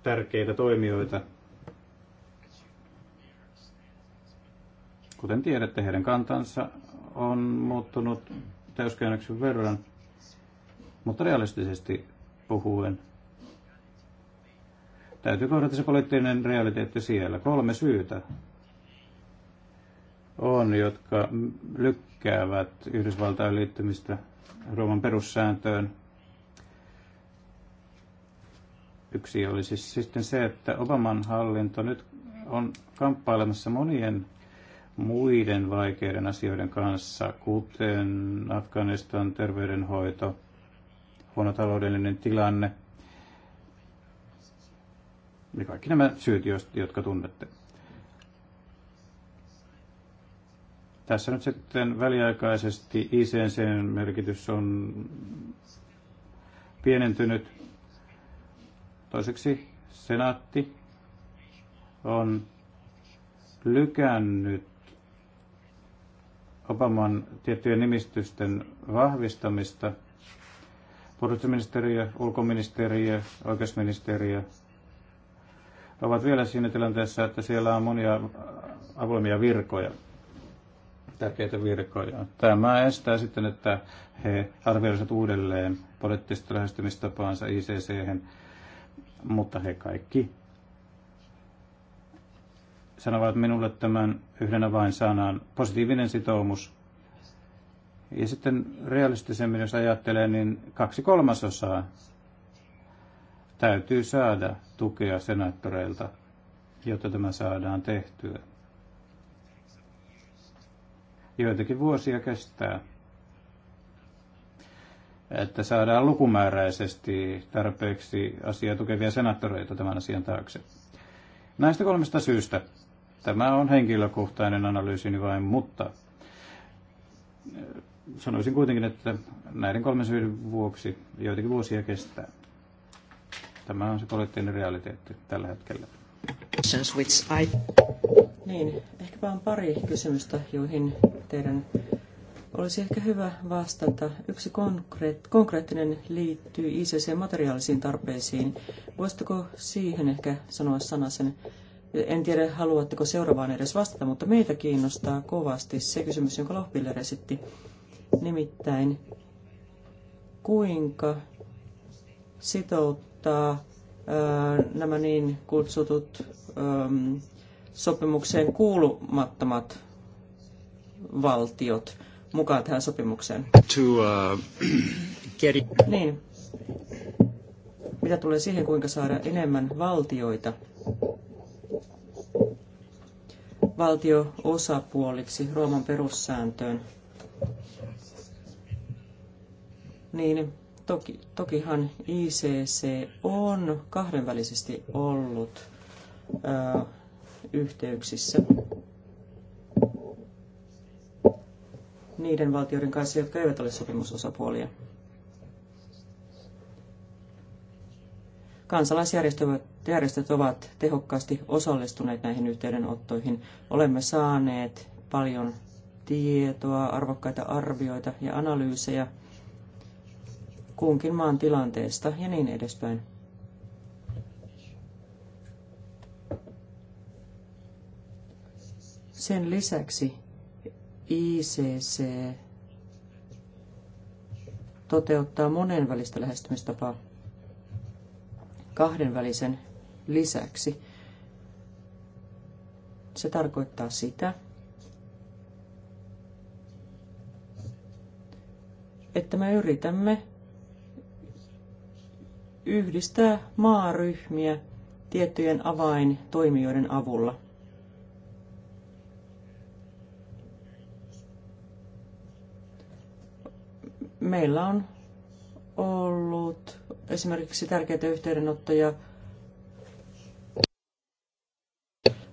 tärkeitä toimijoita. Kuten tiedätte, heidän kantansa on muuttunut täyskäännöksen verran, mutta realistisesti puhuen täytyy kohdata se poliittinen realiteetti siellä. Kolme syytä on, jotka lykkäävät Yhdysvaltain liittymistä Rooman perussääntöön – Yksi oli siis, siis sitten se, että Obaman hallinto nyt on kamppailemassa monien muiden vaikeiden asioiden kanssa, kuten Afganistan, terveydenhoito, huono taloudellinen tilanne ja kaikki nämä syyt, jotka tunnette. Tässä nyt sitten väliaikaisesti ICNCn merkitys on pienentynyt Toiseksi senaatti on lykännyt Obaman tiettyjen nimistysten vahvistamista. Puolustusministeriö, ulkoministeriö, oikeusministeriö ovat vielä siinä tilanteessa, että siellä on monia avoimia virkoja, tärkeitä virkoja. Tämä estää sitten, että he arvioisivat uudelleen poliittista lähestymistapaansa ICC, -hän mutta he kaikki sanovat minulle tämän yhden avainsanan positiivinen sitoumus. Ja sitten realistisemmin, jos ajattelee, niin kaksi kolmasosaa täytyy saada tukea senaattoreilta, jotta tämä saadaan tehtyä. Joitakin vuosia kestää että saadaan lukumääräisesti tarpeeksi asiaa tukevia senaattoreita tämän asian taakse. Näistä kolmesta syystä. Tämä on henkilökohtainen analyysini vain, mutta eh, sanoisin kuitenkin, että näiden kolmen syyden vuoksi joitakin vuosia kestää. Tämä on se poliittinen realiteetti tällä hetkellä. Niin, ehkäpä on pari kysymystä, joihin teidän olisi ehkä hyvä vastata. Yksi konkreettinen liittyy ICC-materiaalisiin tarpeisiin. Voisitko siihen ehkä sanoa sanasen? En tiedä, haluatteko seuraavaan edes vastata, mutta meitä kiinnostaa kovasti se kysymys, jonka Lohville esitti. Nimittäin, kuinka sitouttaa ää, nämä niin kutsutut ää, sopimukseen kuulumattomat valtiot – mukaan tähän sopimukseen. To, uh, *clears throat* get it. Niin. Mitä tulee siihen, kuinka saada enemmän valtioita valtio-osapuoliksi Rooman perussääntöön, niin toki, tokihan ICC on kahdenvälisesti ollut ää, yhteyksissä niiden valtioiden kanssa, jotka eivät ole sopimusosapuolia. Kansalaisjärjestöt ovat tehokkaasti osallistuneet näihin yhteydenottoihin. Olemme saaneet paljon tietoa, arvokkaita arvioita ja analyysejä kunkin maan tilanteesta ja niin edespäin. Sen lisäksi ICC toteuttaa monenvälistä lähestymistapaa kahdenvälisen lisäksi. Se tarkoittaa sitä, että me yritämme yhdistää maaryhmiä tiettyjen avaintoimijoiden avulla. Meillä on ollut esimerkiksi tärkeitä yhteydenottoja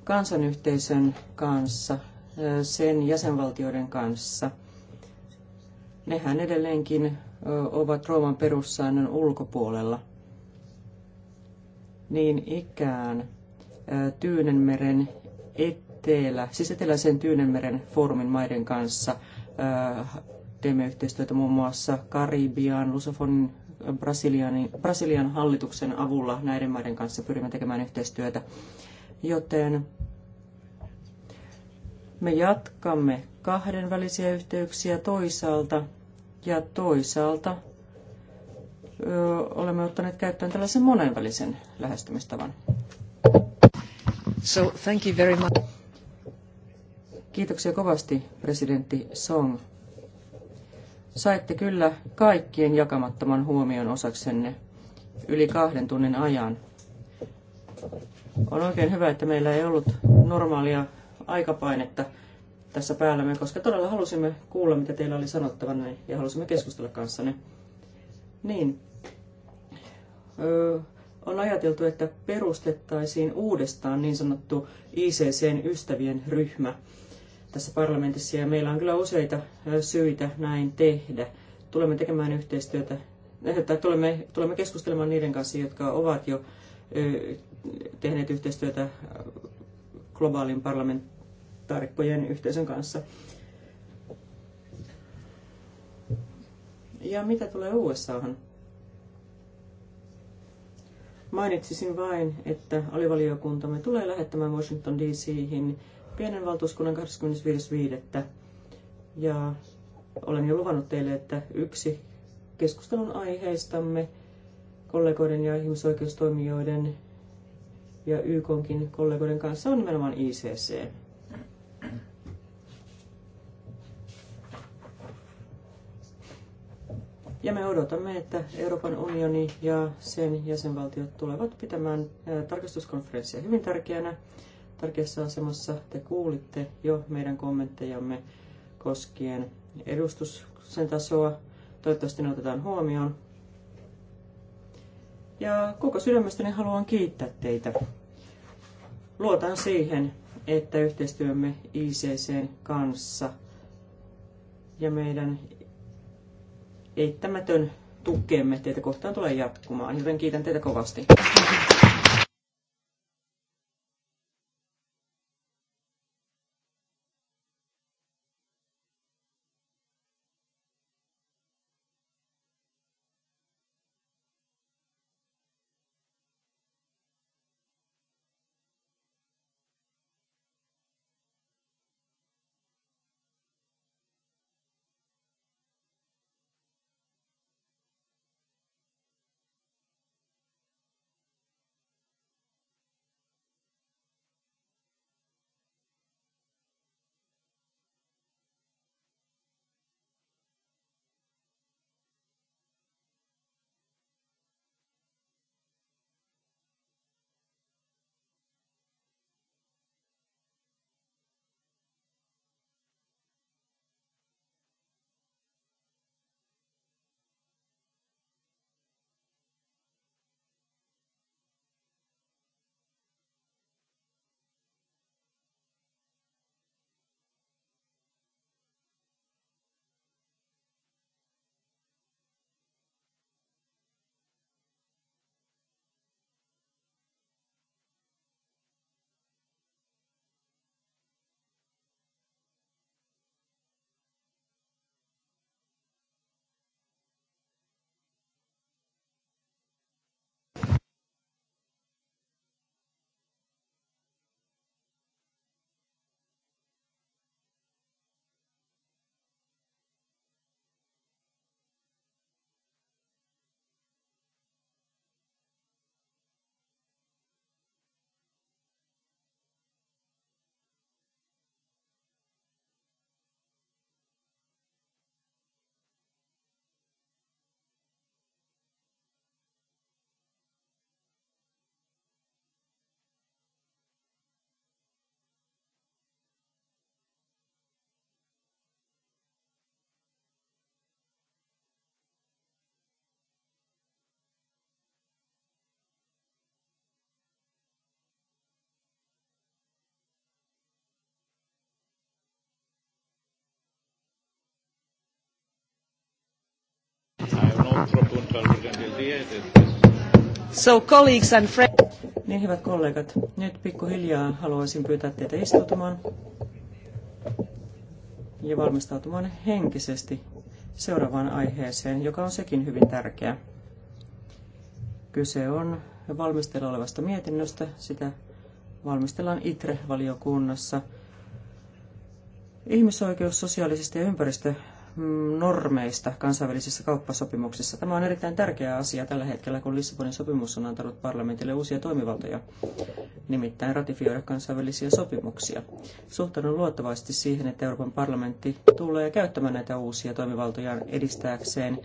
kansanyhteisön kanssa, sen jäsenvaltioiden kanssa. Nehän edelleenkin ovat Rooman perussäännön ulkopuolella. Niin ikään Tyynenmeren etelä, siis eteläisen Tyynenmeren foorumin maiden kanssa teemme yhteistyötä muun muassa Karibian, Lusofonin, Brasilian, Brasilian hallituksen avulla näiden maiden kanssa pyrimme tekemään yhteistyötä. Joten me jatkamme kahdenvälisiä yhteyksiä toisaalta ja toisaalta ö, olemme ottaneet käyttöön tällaisen monenvälisen lähestymistavan. So, thank you very much. Kiitoksia kovasti, presidentti Song. Saitte kyllä kaikkien jakamattoman huomion osaksenne yli kahden tunnin ajan. On oikein hyvä, että meillä ei ollut normaalia aikapainetta tässä päällämme, koska todella halusimme kuulla, mitä teillä oli sanottavana ja halusimme keskustella kanssanne. Niin. Öö, on ajateltu, että perustettaisiin uudestaan niin sanottu ICCn ystävien ryhmä tässä parlamentissa ja meillä on kyllä useita syitä näin tehdä. Tulemme tekemään yhteistyötä, eh, tai tulemme, tulemme keskustelemaan niiden kanssa, jotka ovat jo tehneet yhteistyötä globaalin parlamentaarikkojen yhteisön kanssa. Ja mitä tulee USAhan? Mainitsisin vain, että alivaliokuntamme tulee lähettämään Washington DC:hin pienen valtuuskunnan 25.5. Ja olen jo luvannut teille, että yksi keskustelun aiheistamme kollegoiden ja ihmisoikeustoimijoiden ja YKonkin kollegoiden kanssa on nimenomaan ICC. Ja me odotamme, että Euroopan unioni ja sen jäsenvaltiot tulevat pitämään tarkastuskonferenssia hyvin tärkeänä tärkeässä asemassa. Te kuulitte jo meidän kommenttejamme koskien edustuksen tasoa. Toivottavasti ne otetaan huomioon. Ja koko sydämestäni haluan kiittää teitä. Luotan siihen, että yhteistyömme ICCn kanssa ja meidän eittämätön tukemme teitä kohtaan tulee jatkumaan, joten kiitän teitä kovasti. So colleagues and friends. Niin hyvät kollegat, nyt pikkuhiljaa haluaisin pyytää teitä istutumaan ja valmistautumaan henkisesti seuraavaan aiheeseen, joka on sekin hyvin tärkeä. Kyse on valmistella olevasta mietinnöstä. Sitä valmistellaan ITRE-valiokunnassa. Ihmisoikeus sosiaalisesti ja ympäristö normeista kansainvälisissä kauppasopimuksissa. Tämä on erittäin tärkeä asia tällä hetkellä, kun Lissabonin sopimus on antanut parlamentille uusia toimivaltoja, nimittäin ratifioida kansainvälisiä sopimuksia. Suhtaudun luottavaisesti siihen, että Euroopan parlamentti tulee käyttämään näitä uusia toimivaltoja edistääkseen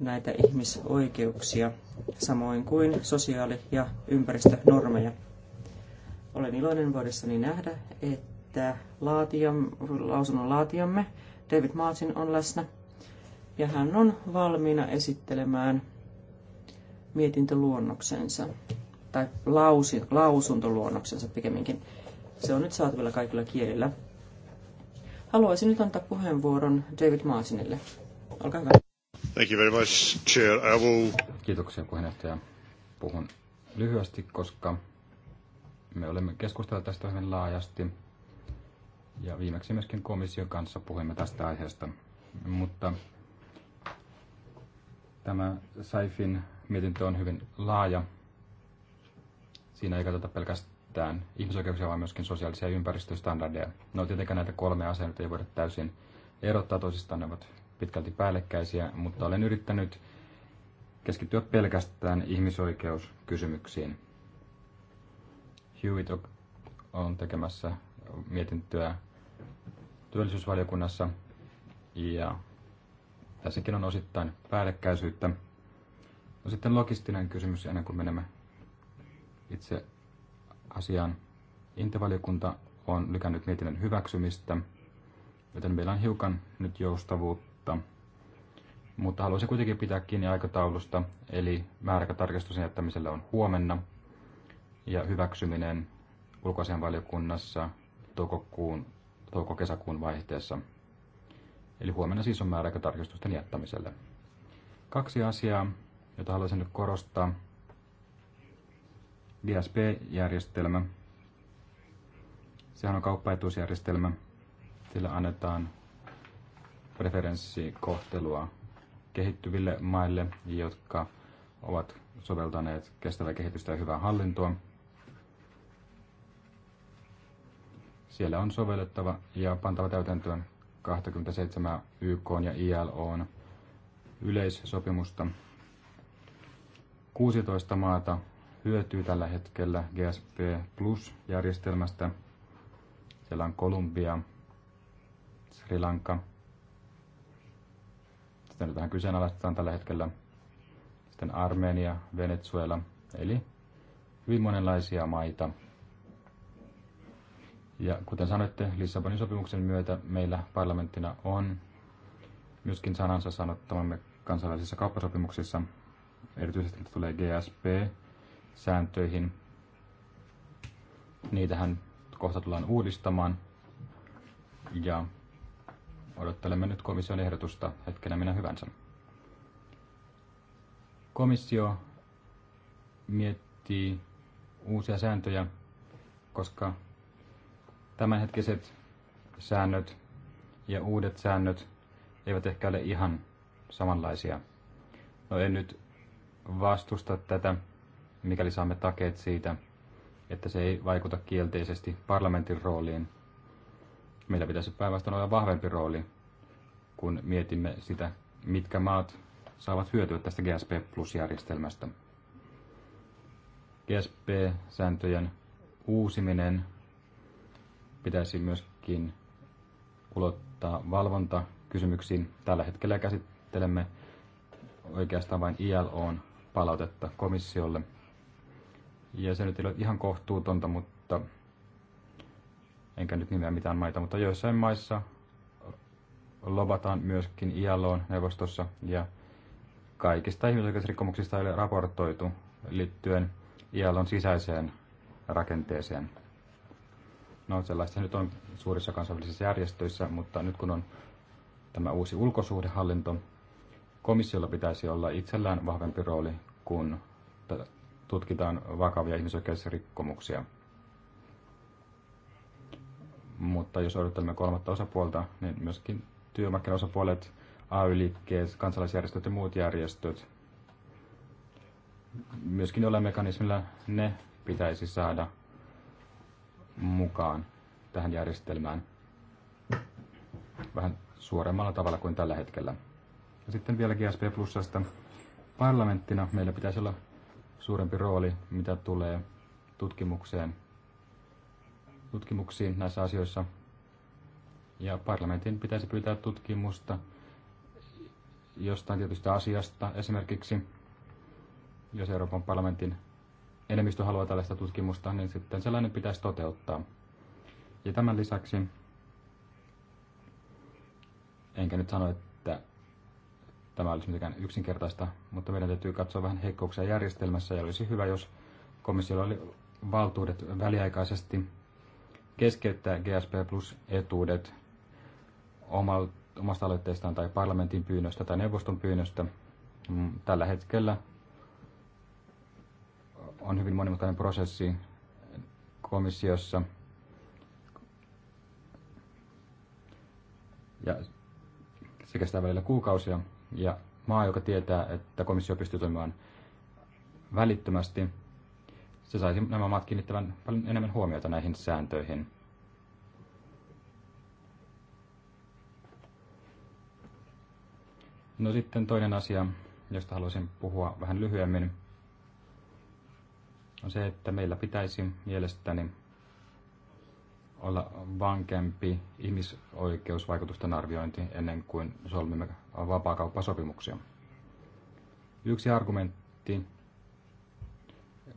näitä ihmisoikeuksia, samoin kuin sosiaali- ja ympäristönormeja. Olen iloinen voidessani nähdä, että laatijam, lausunnon laatiamme David Martin on läsnä ja hän on valmiina esittelemään mietintöluonnoksensa tai lausi, lausuntoluonnoksensa pikemminkin. Se on nyt saatavilla kaikilla kielillä. Haluaisin nyt antaa puheenvuoron David Martinille. Olkaa hyvä. Thank you very much, Chair. I will... Kiitoksia puheenjohtaja. Puhun lyhyesti, koska me olemme keskustelleet tästä hyvin laajasti ja viimeksi myöskin komission kanssa puhuimme tästä aiheesta. Mutta tämä Saifin mietintö on hyvin laaja. Siinä ei katsota pelkästään ihmisoikeuksia, vaan myöskin sosiaalisia ympäristöstandardeja. No tietenkään näitä kolmea asiaa ei voida täysin erottaa toisistaan, ne ovat pitkälti päällekkäisiä, mutta olen yrittänyt keskittyä pelkästään ihmisoikeuskysymyksiin. Hewitt on tekemässä mietintöä työllisyysvaliokunnassa ja tässäkin on osittain päällekkäisyyttä. No sitten logistinen kysymys ennen kuin menemme itse asiaan. Intevaliokunta on lykännyt mietinnön hyväksymistä, joten meillä on hiukan nyt joustavuutta. Mutta haluaisin kuitenkin pitää kiinni aikataulusta, eli määräkatarkistuksen jättämisellä on huomenna ja hyväksyminen ulkoasianvaliokunnassa toukokuun touko-kesäkuun vaihteessa. Eli huomenna siis on määräaika tarkistusten jättämiselle. Kaksi asiaa, jota haluaisin nyt korostaa. DSP-järjestelmä. Sehän on kauppaetuusjärjestelmä. Sillä annetaan preferenssikohtelua kehittyville maille, jotka ovat soveltaneet kestävää kehitystä ja hyvää hallintoa. Siellä on sovellettava ja pantava täytäntöön 27 YK ja ILOn yleissopimusta. 16 maata hyötyy tällä hetkellä GSP Plus-järjestelmästä. Siellä on Kolumbia, Sri Lanka. Sitten nyt vähän kyseenalaistetaan tällä hetkellä. Sitten Armenia, Venezuela, eli hyvin monenlaisia maita – ja kuten sanoitte, Lissabonin sopimuksen myötä meillä parlamenttina on myöskin sanansa sanottamamme kansainvälisissä kauppasopimuksissa, erityisesti tulee GSP-sääntöihin. Niitähän kohta tullaan uudistamaan ja odottelemme nyt komission ehdotusta hetkenä minä hyvänsä. Komissio miettii uusia sääntöjä, koska tämänhetkiset säännöt ja uudet säännöt eivät ehkä ole ihan samanlaisia. No en nyt vastusta tätä, mikäli saamme takeet siitä, että se ei vaikuta kielteisesti parlamentin rooliin. Meillä pitäisi päinvastoin olla vahvempi rooli, kun mietimme sitä, mitkä maat saavat hyötyä tästä GSP Plus-järjestelmästä. GSP-sääntöjen uusiminen pitäisi myöskin ulottaa valvontakysymyksiin. Tällä hetkellä käsittelemme oikeastaan vain ILOn palautetta komissiolle. Ja se nyt ei ole ihan kohtuutonta, mutta enkä nyt nimeä mitään maita, mutta joissain maissa lobataan myöskin ILOn neuvostossa ja kaikista ihmisoikeusrikkomuksista ei ole raportoitu liittyen ILOn sisäiseen rakenteeseen. No sellaista nyt on suurissa kansainvälisissä järjestöissä, mutta nyt kun on tämä uusi ulkosuhdehallinto, komissiolla pitäisi olla itsellään vahvempi rooli, kun tutkitaan vakavia ihmisoikeusrikkomuksia. Mutta jos odotamme kolmatta osapuolta, niin myöskin työmarkkinaosapuolet, AY-liikkeet, kansalaisjärjestöt ja muut järjestöt, myöskin jollain mekanismilla ne pitäisi saada mukaan tähän järjestelmään vähän suoremmalla tavalla kuin tällä hetkellä. Ja sitten vielä GSP Plusasta. Parlamenttina meillä pitäisi olla suurempi rooli, mitä tulee tutkimukseen, tutkimuksiin näissä asioissa. Ja parlamentin pitäisi pyytää tutkimusta jostain tietystä asiasta, esimerkiksi jos Euroopan parlamentin enemmistö haluaa tällaista tutkimusta, niin sitten sellainen pitäisi toteuttaa. Ja tämän lisäksi, enkä nyt sano, että tämä olisi mitenkään yksinkertaista, mutta meidän täytyy katsoa vähän heikkouksia järjestelmässä ja olisi hyvä, jos komissiolla oli valtuudet väliaikaisesti keskeyttää GSP plus etuudet omasta aloitteestaan tai parlamentin pyynnöstä tai neuvoston pyynnöstä. Mm, tällä hetkellä on hyvin monimutkainen prosessi komissiossa. Ja se kestää välillä kuukausia. Ja maa, joka tietää, että komissio pystyy toimimaan välittömästi, se saisi nämä maat kiinnittävän paljon enemmän huomiota näihin sääntöihin. No sitten toinen asia, josta haluaisin puhua vähän lyhyemmin on se, että meillä pitäisi mielestäni olla vankempi ihmisoikeusvaikutusten arviointi ennen kuin solmimme vapaakauppasopimuksia. Yksi argumentti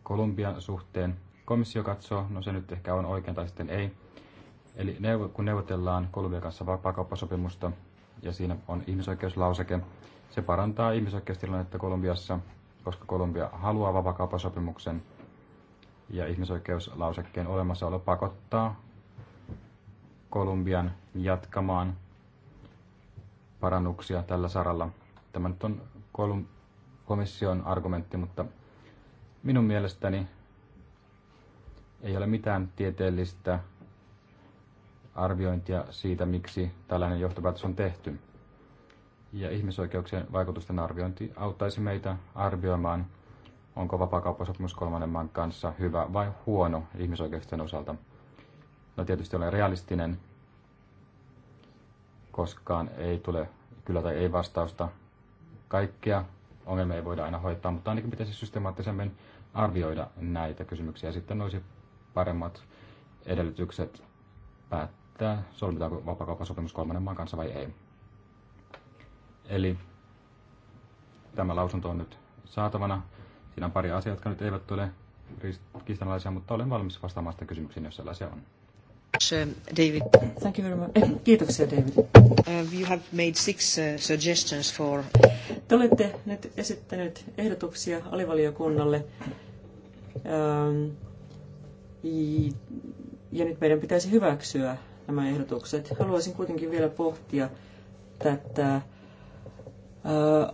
Kolumbian suhteen. Komissio katsoo, no se nyt ehkä on oikein tai sitten ei. Eli kun neuvotellaan Kolumbian kanssa vapaakauppasopimusta ja siinä on ihmisoikeuslauseke, se parantaa ihmisoikeustilannetta Kolumbiassa, koska Kolumbia haluaa vapaakauppasopimuksen – ja ihmisoikeuslausekkeen olemassaolo pakottaa Kolumbian jatkamaan parannuksia tällä saralla. Tämä nyt on kolum- komission argumentti, mutta minun mielestäni ei ole mitään tieteellistä arviointia siitä, miksi tällainen johtopäätös on tehty. Ja ihmisoikeuksien vaikutusten arviointi auttaisi meitä arvioimaan, onko vapakauppasopimus kolmannen maan kanssa hyvä vai huono ihmisoikeuksien osalta. No tietysti olen realistinen, koskaan ei tule kyllä tai ei vastausta kaikkea. Ongelmia ei voida aina hoitaa, mutta ainakin pitäisi systemaattisemmin arvioida näitä kysymyksiä. Sitten olisi paremmat edellytykset päättää, solmitaanko vapakauppasopimus kolmannen maan kanssa vai ei. Eli tämä lausunto on nyt saatavana Siinä on pari asiaa, jotka nyt eivät ole kiistanalaisia, mutta olen valmis vastaamaan sitä kysymyksiin, jos sellaisia on. David. Thank you very much. Eh, kiitoksia, David. Uh, you have made six uh, suggestions for... Te olette nyt esittäneet ehdotuksia alivaliokunnalle. Um, ja nyt meidän pitäisi hyväksyä nämä ehdotukset. Haluaisin kuitenkin vielä pohtia tätä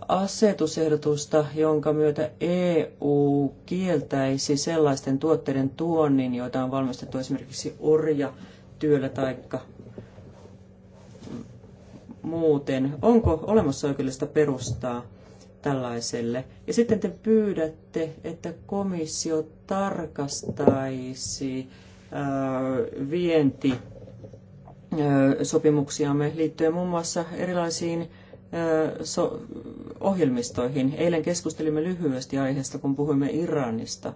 asetusehdotusta, jonka myötä EU kieltäisi sellaisten tuotteiden tuonnin, joita on valmistettu esimerkiksi orja työllä tai muuten. Onko olemassa oikeudellista perustaa tällaiselle? Ja sitten te pyydätte, että komissio tarkastaisi vienti sopimuksiamme liittyen muun muassa erilaisiin ohjelmistoihin. Eilen keskustelimme lyhyesti aiheesta, kun puhuimme Iranista.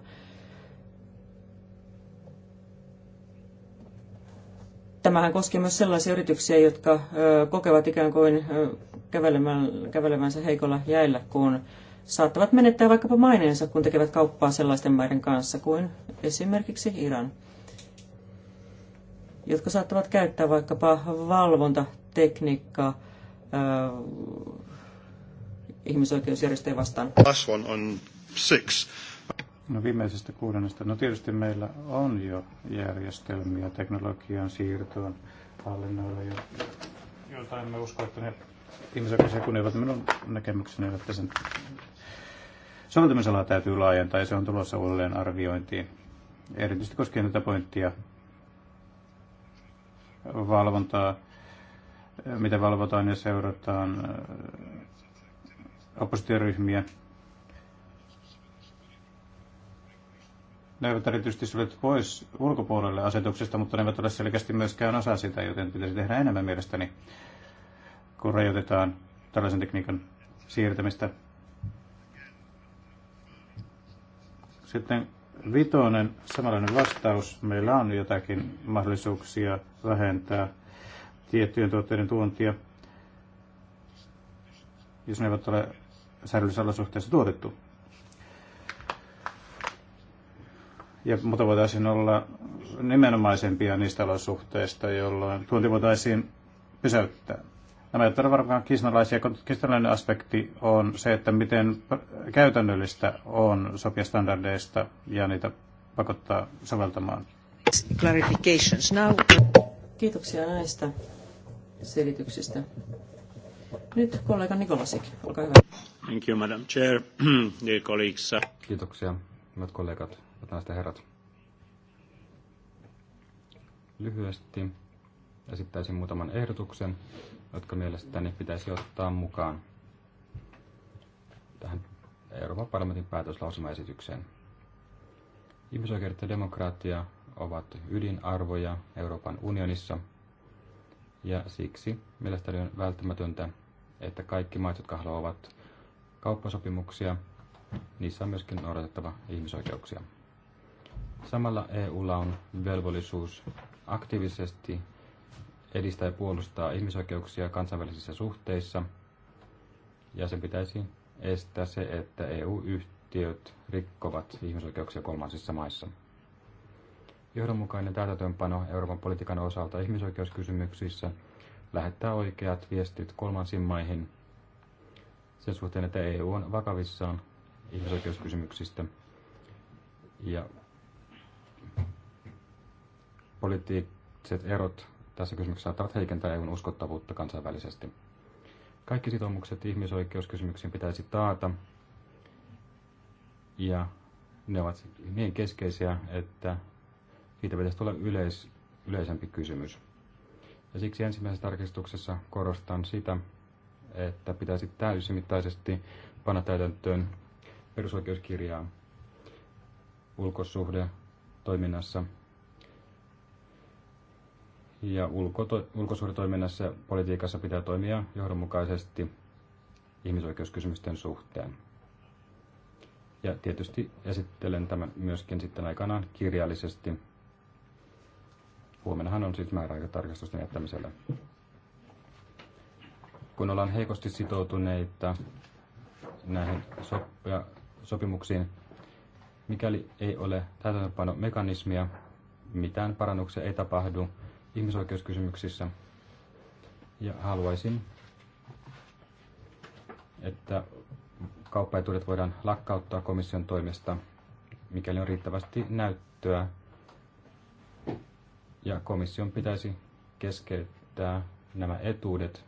Tämähän koskee myös sellaisia yrityksiä, jotka kokevat ikään kuin kävelemänsä heikolla jäillä, kun saattavat menettää vaikkapa maineensa, kun tekevät kauppaa sellaisten maiden kanssa kuin esimerkiksi Iran, jotka saattavat käyttää vaikkapa valvontatekniikkaa Äh, ihmisoikeusjärjestöjä vastaan. No viimeisestä kuudennesta. No tietysti meillä on jo järjestelmiä teknologian siirtoon hallinnoilla jo, joilta emme usko, että ne ihmisoikeuksia kunnioivat minun näkemykseni, että sen soveltamisalaa täytyy laajentaa ja se on tulossa uudelleen arviointiin. Erityisesti koskien tätä pointtia valvontaa mitä valvotaan ja seurataan oppositioryhmiä. Ne eivät erityisesti suljettu pois ulkopuolelle asetuksesta, mutta ne eivät ole selkeästi myöskään osa sitä, joten pitäisi tehdä enemmän mielestäni, kun rajoitetaan tällaisen tekniikan siirtämistä. Sitten vitonen, samanlainen vastaus. Meillä on jotakin mahdollisuuksia vähentää tiettyjen tuotteiden tuontia, jos ne eivät ole säädöllisissä olosuhteissa tuotettu. Ja, mutta voitaisiin olla nimenomaisempia niistä olosuhteista, jolloin tuonti voitaisiin pysäyttää. Nämä eivät ole varmaan kiistanalaisia. Kiistanalainen aspekti on se, että miten käytännöllistä on sopia standardeista ja niitä pakottaa soveltamaan. Clarifications now. Kiitoksia näistä selityksistä. Nyt kollega Nikolasik, olkaa hyvä. Thank you, Madam Chair, *clears throat* dear colleagues. Uh, Kiitoksia, hyvät kollegat, hyvät naiset ja herrat. Lyhyesti esittäisin muutaman ehdotuksen, jotka mielestäni pitäisi ottaa mukaan tähän Euroopan parlamentin päätöslausumaesitykseen. Ihmisoikeudet ja demokratia ovat ydinarvoja Euroopan unionissa – ja siksi mielestäni on välttämätöntä, että kaikki maat, jotka haluavat kauppasopimuksia, niissä on myöskin noudatettava ihmisoikeuksia. Samalla EUlla on velvollisuus aktiivisesti edistää ja puolustaa ihmisoikeuksia kansainvälisissä suhteissa, ja sen pitäisi estää se, että EU-yhtiöt rikkovat ihmisoikeuksia kolmansissa maissa. Johdonmukainen täytäntöönpano Euroopan politiikan osalta ihmisoikeuskysymyksissä lähettää oikeat viestit kolmansiin maihin sen suhteen, että EU on vakavissaan ihmisoikeuskysymyksistä. Ja poliittiset erot tässä kysymyksessä saattavat heikentää EUn uskottavuutta kansainvälisesti. Kaikki sitoumukset ihmisoikeuskysymyksiin pitäisi taata, ja ne ovat niin keskeisiä, että siitä pitäisi tulla yleis, yleisempi kysymys. Ja siksi ensimmäisessä tarkistuksessa korostan sitä, että pitäisi täysimittaisesti panna täytäntöön perusoikeuskirjaa ulkosuhde toiminnassa ja ulko- ulkosuhdetoiminnassa ja politiikassa pitää toimia johdonmukaisesti ihmisoikeuskysymysten suhteen. Ja tietysti esittelen tämän myöskin sitten aikanaan kirjallisesti Huomennahan on sitten siis määräaika tarkastusten jättämiselle. Kun ollaan heikosti sitoutuneita näihin sop- sopimuksiin, mikäli ei ole mekanismia, mitään parannuksia ei tapahdu ihmisoikeuskysymyksissä. Ja haluaisin, että kauppaetuudet voidaan lakkauttaa komission toimesta, mikäli on riittävästi näyttöä ja komission pitäisi keskeyttää nämä etuudet,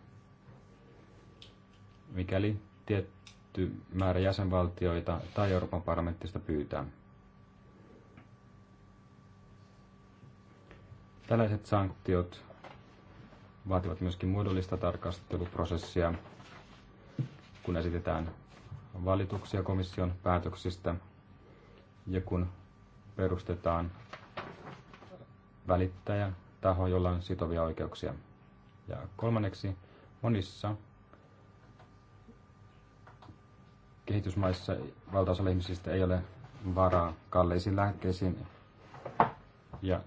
mikäli tietty määrä jäsenvaltioita tai Euroopan parlamenttista pyytää. Tällaiset sanktiot vaativat myöskin muodollista tarkasteluprosessia, kun esitetään valituksia komission päätöksistä ja kun perustetaan välittäjä, taho, jolla on sitovia oikeuksia. Ja kolmanneksi, monissa kehitysmaissa valtaosalla ihmisistä ei ole varaa kalleisiin lääkkeisiin ja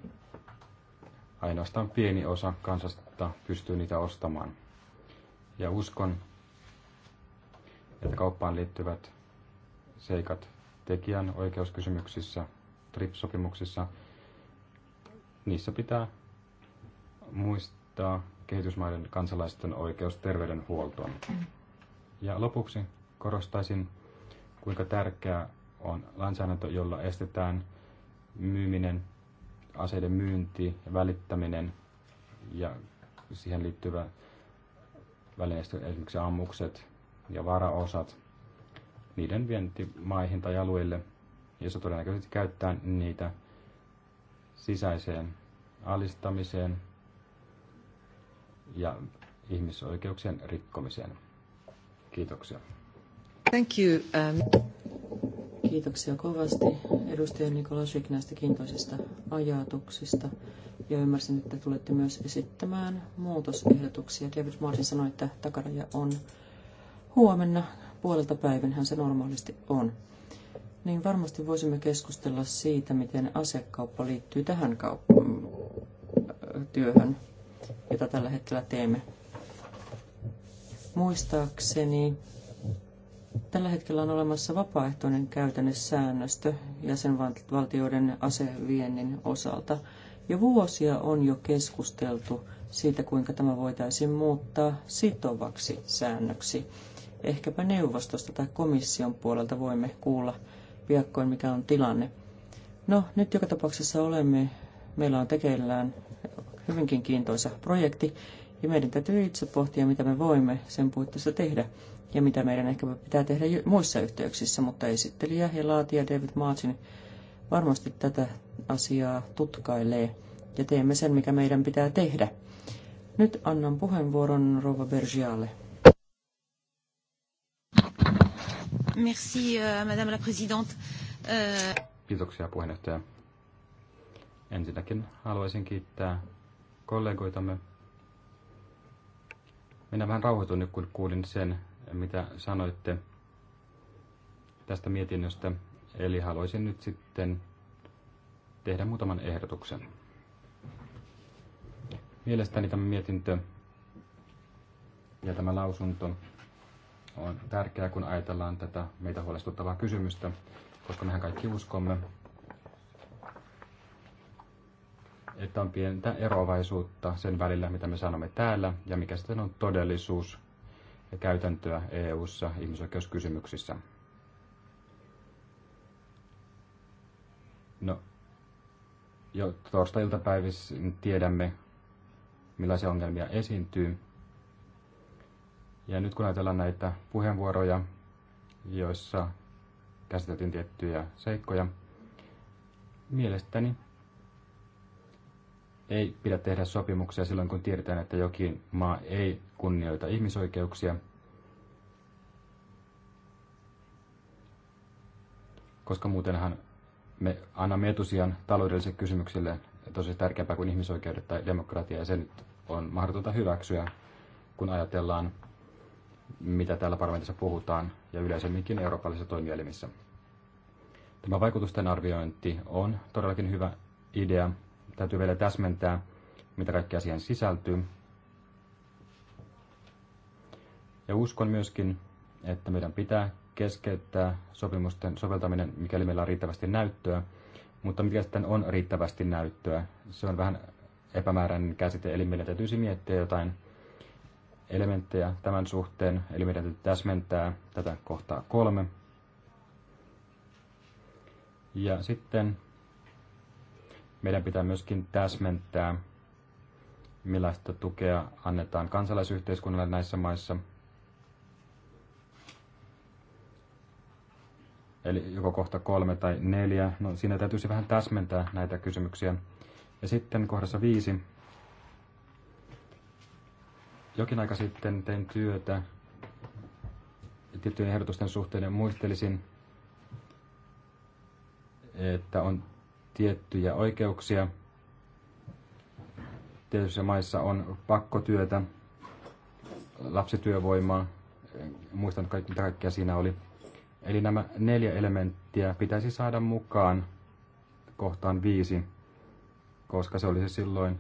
ainoastaan pieni osa kansasta pystyy niitä ostamaan. Ja uskon, että kauppaan liittyvät seikat tekijän oikeuskysymyksissä, trip – niissä pitää muistaa kehitysmaiden kansalaisten oikeus terveydenhuoltoon. Ja lopuksi korostaisin, kuinka tärkeää on lainsäädäntö, jolla estetään myyminen, aseiden myynti, välittäminen ja siihen liittyvä välineistö, esimerkiksi ammukset ja varaosat, niiden vienti maihin tai alueille, joissa todennäköisesti käyttää niitä sisäiseen alistamiseen ja ihmisoikeuksien rikkomiseen. Kiitoksia. Thank you. Um, kiitoksia kovasti edustaja Nikola Schick näistä kiintoisista ajatuksista. Ja ymmärsin, että tulette myös esittämään muutosehdotuksia. David Martin sanoi, että takaraja on huomenna puolelta päivän, hän se normaalisti on niin varmasti voisimme keskustella siitä, miten asekauppa liittyy tähän kaup- äh, työhön, jota tällä hetkellä teemme. Muistaakseni tällä hetkellä on olemassa vapaaehtoinen käytännössäännöstö jäsenvaltioiden aseviennin osalta. Jo vuosia on jo keskusteltu siitä, kuinka tämä voitaisiin muuttaa sitovaksi säännöksi. Ehkäpä neuvostosta tai komission puolelta voimme kuulla piakkoin, mikä on tilanne. No, nyt joka tapauksessa olemme, meillä on tekeillään hyvinkin kiintoisa projekti, ja meidän täytyy itse pohtia, mitä me voimme sen puitteissa tehdä, ja mitä meidän ehkä pitää tehdä muissa yhteyksissä, mutta esittelijä ja laatija David Martin varmasti tätä asiaa tutkailee, ja teemme sen, mikä meidän pitää tehdä. Nyt annan puheenvuoron Rova Bergialle. Merci, euh, Madame la Présidente. Euh, Kiitoksia puheenjohtaja. Ensinnäkin haluaisin kiittää kollegoitamme. Minä vähän rauhoitun nyt, kun kuulin sen, mitä sanoitte tästä mietinnöstä. Eli haluaisin nyt sitten tehdä muutaman ehdotuksen. Mielestäni tämä mietintö ja tämä lausunto on tärkeää, kun ajatellaan tätä meitä huolestuttavaa kysymystä, koska mehän kaikki uskomme, että on pientä eroavaisuutta sen välillä, mitä me sanomme täällä ja mikä sitten on todellisuus ja käytäntöä EU-ssa ihmisoikeuskysymyksissä. No, jo torstai-iltapäivissä tiedämme, millaisia ongelmia esiintyy ja nyt kun ajatellaan näitä puheenvuoroja, joissa käsiteltiin tiettyjä seikkoja, mielestäni ei pidä tehdä sopimuksia silloin, kun tiedetään, että jokin maa ei kunnioita ihmisoikeuksia, koska muutenhan me annamme etusijan taloudellisille kysymyksille tosi siis tärkeämpää kuin ihmisoikeudet tai demokratia, ja se nyt on mahdotonta hyväksyä, kun ajatellaan mitä täällä parlamentissa puhutaan ja yleisemminkin eurooppalaisissa toimielimissä. Tämä vaikutusten arviointi on todellakin hyvä idea. Täytyy vielä täsmentää, mitä kaikkea siihen sisältyy. Ja uskon myöskin, että meidän pitää keskeyttää sopimusten soveltaminen, mikäli meillä on riittävästi näyttöä. Mutta mikä sitten on riittävästi näyttöä? Se on vähän epämääräinen käsite, eli meidän täytyisi miettiä jotain elementtejä tämän suhteen, eli meidän täytyy täsmentää tätä kohtaa kolme. Ja sitten meidän pitää myöskin täsmentää, millaista tukea annetaan kansalaisyhteiskunnalle näissä maissa. Eli joko kohta kolme tai neljä. No, siinä täytyisi vähän täsmentää näitä kysymyksiä. Ja sitten kohdassa viisi jokin aika sitten tein työtä tiettyjen ehdotusten suhteen ja muistelisin, että on tiettyjä oikeuksia. Tietyissä maissa on pakkotyötä, lapsityövoimaa, muistan kaikki mitä kaikkea siinä oli. Eli nämä neljä elementtiä pitäisi saada mukaan kohtaan viisi, koska se olisi silloin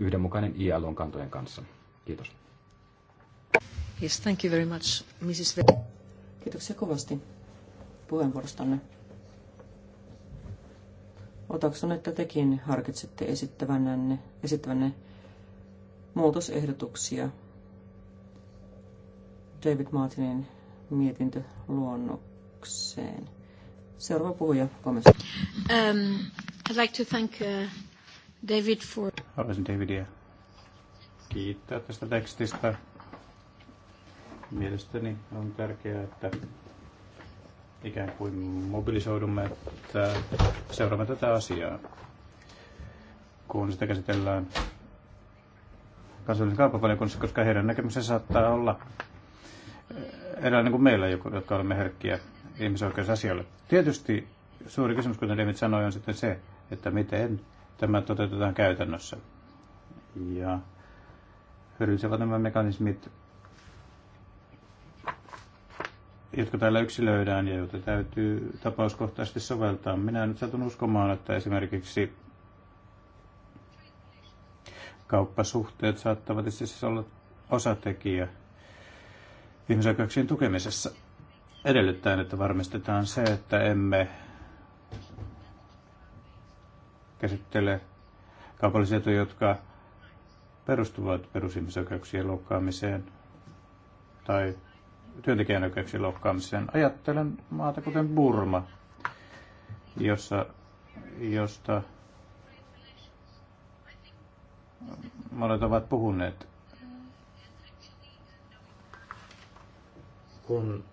yhdenmukainen ILOn kantojen kanssa. Kiitos. Yes, thank you very much, Mrs. Ve- Kiitoksia kovasti puheenvuorostanne. Otaksun, että tekin harkitsette esittävänne, esittävänne muutosehdotuksia David Martinin mietintöluonnokseen. Seuraava puhuja, komissio. Um, I'd like to thank uh, David Ford. Haluaisin Davidia kiittää tästä tekstistä. Mielestäni on tärkeää, että ikään kuin mobilisoidumme, että seuraamme tätä asiaa, kun sitä käsitellään kansallisen kauppavaliokunnassa, koska heidän näkemyksensä saattaa olla eh, eräänlainen kuin meillä, jotka olemme herkkiä ihmisoikeusasioille. Tietysti suuri kysymys, kuten David sanoi, on sitten se, että miten tämä toteutetaan käytännössä. Ja hyödyllisiä ovat nämä mekanismit, jotka täällä yksilöidään ja joita täytyy tapauskohtaisesti soveltaa. Minä nyt satun uskomaan, että esimerkiksi kauppasuhteet saattavat itse asiassa olla osatekijä ihmisoikeuksien tukemisessa edellyttäen, että varmistetaan se, että emme käsittele kaupallisia etuja, jotka perustuvat perusihmisoikeuksien loukkaamiseen tai työntekijän oikeuksien loukkaamiseen. Ajattelen maata kuten Burma, jossa, josta monet ovat puhuneet. Kun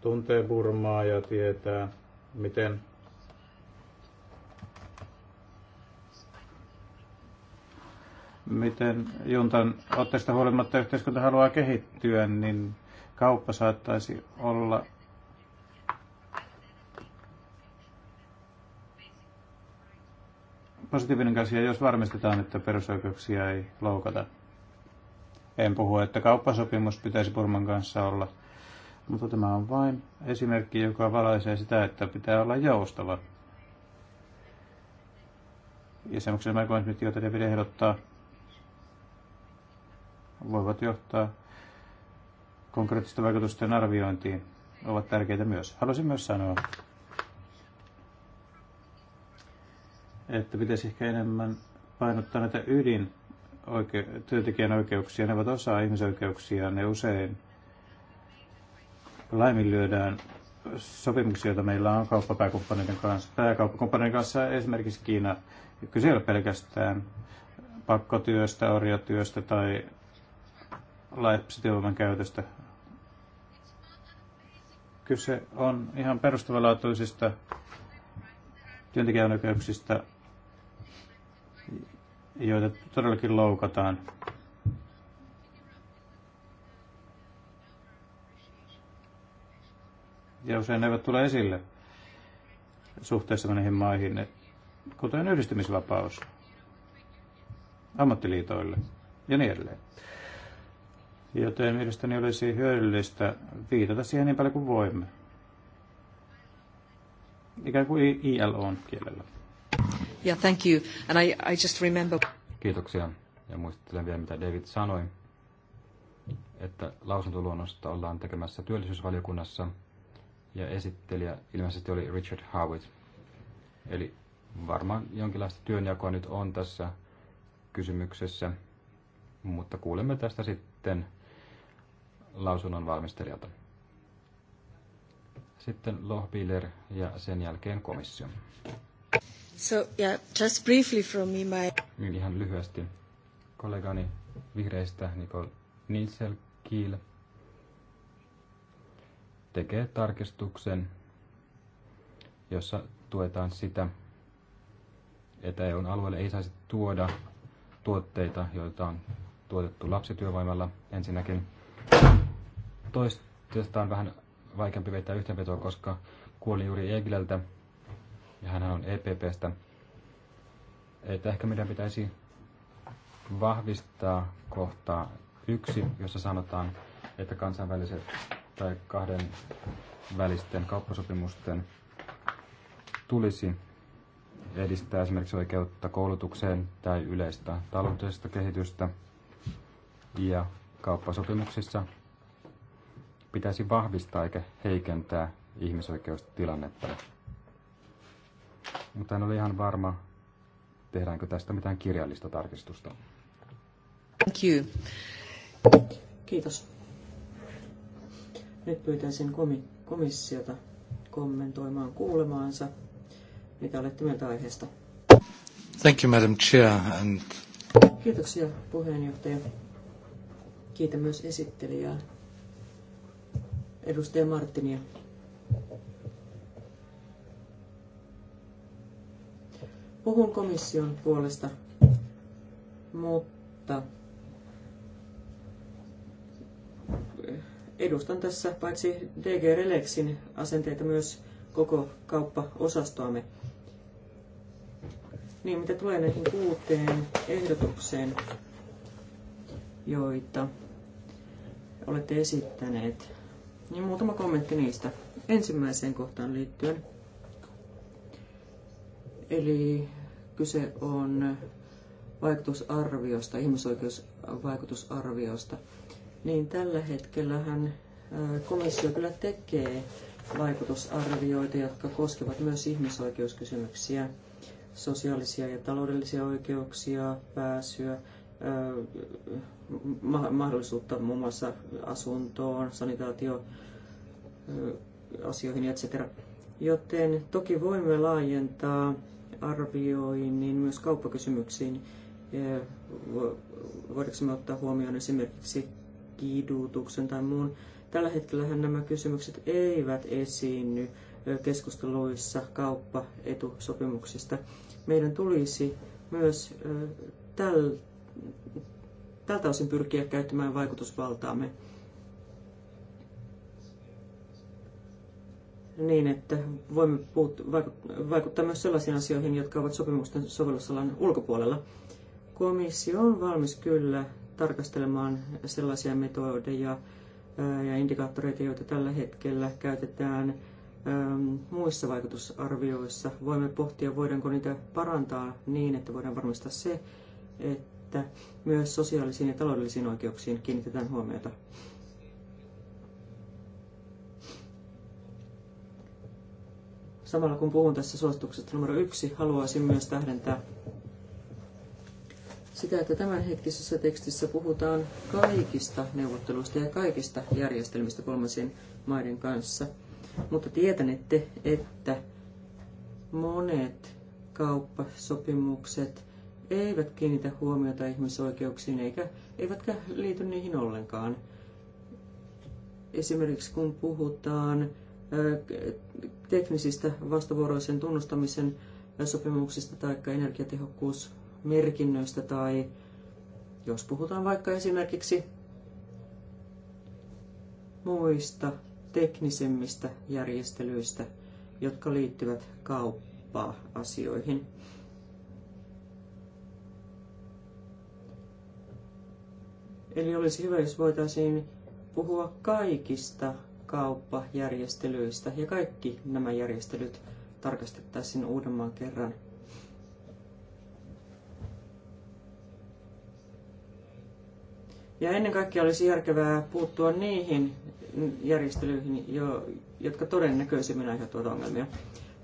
tuntee Burmaa ja tietää, miten miten juntan otteesta huolimatta yhteiskunta haluaa kehittyä, niin kauppa saattaisi olla positiivinen asia, jos varmistetaan, että perusoikeuksia ei loukata. En puhu, että kauppasopimus pitäisi Burman kanssa olla, mutta tämä on vain esimerkki, joka valaisee sitä, että pitää olla joustava. Ja semmoisen mä nyt, joita David ehdottaa, voivat johtaa konkreettisten vaikutusten arviointiin, ovat tärkeitä myös. Haluaisin myös sanoa, että pitäisi ehkä enemmän painottaa näitä ydin oike- työntekijän oikeuksia. Ne ovat osa ihmisoikeuksia, ne usein laiminlyödään sopimuksia, joita meillä on kauppapääkumppaneiden kanssa. Pääkauppakumppaneiden kanssa esimerkiksi Kiina. Kyse ei ole pelkästään pakkotyöstä, orjatyöstä tai lapsityövoiman käytöstä. Kyse on ihan perustavanlaatuisista työntekijän oikeuksista, joita todellakin loukataan. Ja usein ne eivät tule esille suhteessa näihin maihin, kuten yhdistymisvapaus ammattiliitoille ja niin edelleen. Joten mielestäni olisi hyödyllistä viitata siihen niin paljon kuin voimme. Ikään kuin ILOn kielellä. Yeah, thank you. And I, I just remember... Kiitoksia. Ja muistelen vielä, mitä David sanoi, että lausuntoluonnosta ollaan tekemässä työllisyysvaliokunnassa ja esittelijä ilmeisesti oli Richard Howitt. Eli varmaan jonkinlaista työnjakoa nyt on tässä kysymyksessä, mutta kuulemme tästä sitten lausunnon valmistelijalta. Sitten Lohbiller ja sen jälkeen komissio. So, yeah, just briefly from me, my... Niin ihan lyhyesti. Kollegani vihreistä Nicole Nilsel Kiel tekee tarkistuksen, jossa tuetaan sitä, että EUn alueelle ei saisi tuoda tuotteita, joita on tuotettu lapsityövoimalla ensinnäkin toista on vähän vaikeampi vetää yhteenvetoa, koska kuoli juuri Egleltä ja hän on EPPstä. Että ehkä meidän pitäisi vahvistaa kohtaa yksi, jossa sanotaan, että kansainväliset tai kahden välisten kauppasopimusten tulisi edistää esimerkiksi oikeutta koulutukseen tai yleistä taloudellista kehitystä. Ja kauppasopimuksissa pitäisi vahvistaa eikä heikentää ihmisoikeustilannetta. Mutta en ole ihan varma, tehdäänkö tästä mitään kirjallista tarkistusta. Thank you. Kiitos. Nyt pyytäisin komissiota kommentoimaan kuulemaansa, mitä olette mieltä aiheesta. Thank you, Madam Chair. And... Kiitoksia puheenjohtaja. Kiitän myös esittelijää edustaja Martinia. Puhun komission puolesta, mutta edustan tässä paitsi DG Relexin asenteita myös koko kauppaosastoamme. Niin, mitä tulee näihin kuuteen ehdotukseen, joita olette esittäneet, niin muutama kommentti niistä. Ensimmäiseen kohtaan liittyen. Eli kyse on vaikutusarviosta, ihmisoikeusvaikutusarviosta. Niin tällä hetkellä komissio kyllä tekee vaikutusarvioita, jotka koskevat myös ihmisoikeuskysymyksiä, sosiaalisia ja taloudellisia oikeuksia, pääsyä mahdollisuutta muun muassa asuntoon, sanitaatio, asioihin, etc. Joten toki voimme laajentaa arvioinnin myös kauppakysymyksiin. Voidaanko me ottaa huomioon esimerkiksi kidutuksen tai muun. Tällä hetkellä nämä kysymykset eivät esiinny keskusteluissa kauppaetusopimuksista. Meidän tulisi myös tältä tältä osin pyrkiä käyttämään vaikutusvaltaamme niin, että voimme vaikuttaa myös sellaisiin asioihin, jotka ovat sopimusten sovellusalan ulkopuolella. Komissio on valmis kyllä tarkastelemaan sellaisia metodeja ja indikaattoreita, joita tällä hetkellä käytetään muissa vaikutusarvioissa. Voimme pohtia, voidaanko niitä parantaa niin, että voidaan varmistaa se, että että myös sosiaalisiin ja taloudellisiin oikeuksiin kiinnitetään huomiota. Samalla kun puhun tässä suosituksesta numero yksi, haluaisin myös tähdentää sitä, että tämänhetkisessä tekstissä puhutaan kaikista neuvotteluista ja kaikista järjestelmistä kolmansien maiden kanssa. Mutta tietänette, että monet kauppasopimukset eivät kiinnitä huomiota ihmisoikeuksiin eikä, eivätkä liity niihin ollenkaan. Esimerkiksi kun puhutaan teknisistä vastavuoroisen tunnustamisen sopimuksista tai energiatehokkuusmerkinnöistä tai jos puhutaan vaikka esimerkiksi muista teknisemmistä järjestelyistä, jotka liittyvät kauppa-asioihin. Eli olisi hyvä, jos voitaisiin puhua kaikista kauppajärjestelyistä ja kaikki nämä järjestelyt tarkastettaisiin uudemman kerran. Ja ennen kaikkea olisi järkevää puuttua niihin järjestelyihin, jo, jotka todennäköisimmin aiheuttavat ongelmia.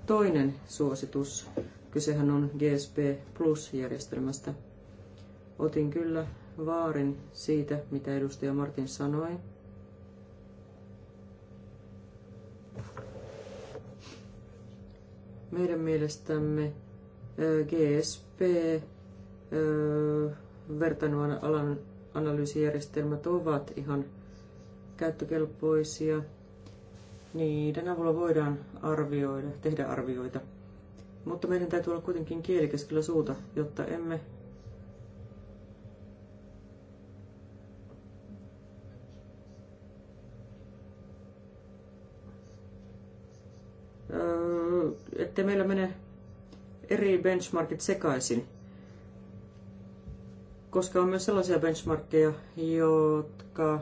Toinen suositus, kysehän on GSP Plus-järjestelmästä. Otin kyllä vaarin siitä, mitä edustaja Martin sanoi. Meidän mielestämme GSP vertailualan analyysijärjestelmät ovat ihan käyttökelpoisia. Niiden avulla voidaan arvioida, tehdä arvioita. Mutta meidän täytyy olla kuitenkin kielikeskellä suuta, jotta emme ettei meillä mene eri benchmarkit sekaisin, koska on myös sellaisia benchmarkkeja, jotka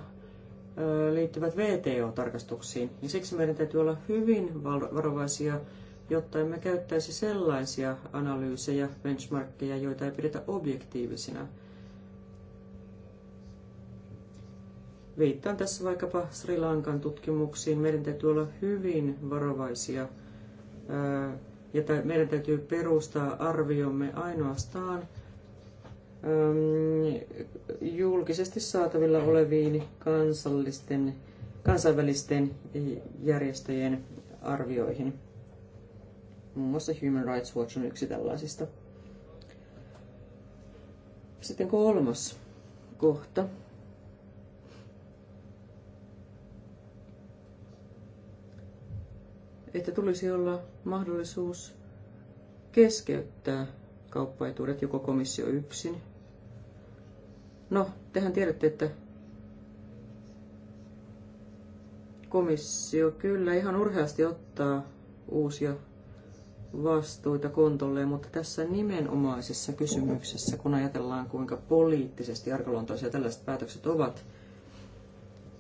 liittyvät VTO-tarkastuksiin. Ja siksi meidän täytyy olla hyvin varovaisia, jotta emme käyttäisi sellaisia analyysejä, benchmarkkeja, joita ei pidetä objektiivisina. Viittaan tässä vaikkapa Sri Lankan tutkimuksiin. Meidän täytyy olla hyvin varovaisia – ja meidän täytyy perustaa arviomme ainoastaan julkisesti saatavilla oleviin kansallisten, kansainvälisten järjestöjen arvioihin. Muun muassa Human Rights Watch on yksi tällaisista. Sitten kolmas kohta että tulisi olla mahdollisuus keskeyttää kauppaetuudet joko komissio yksin. No, tehän tiedätte, että komissio kyllä ihan urheasti ottaa uusia vastuita kontolleen, mutta tässä nimenomaisessa kysymyksessä, kun ajatellaan kuinka poliittisesti arkaluontoisia tällaiset päätökset ovat,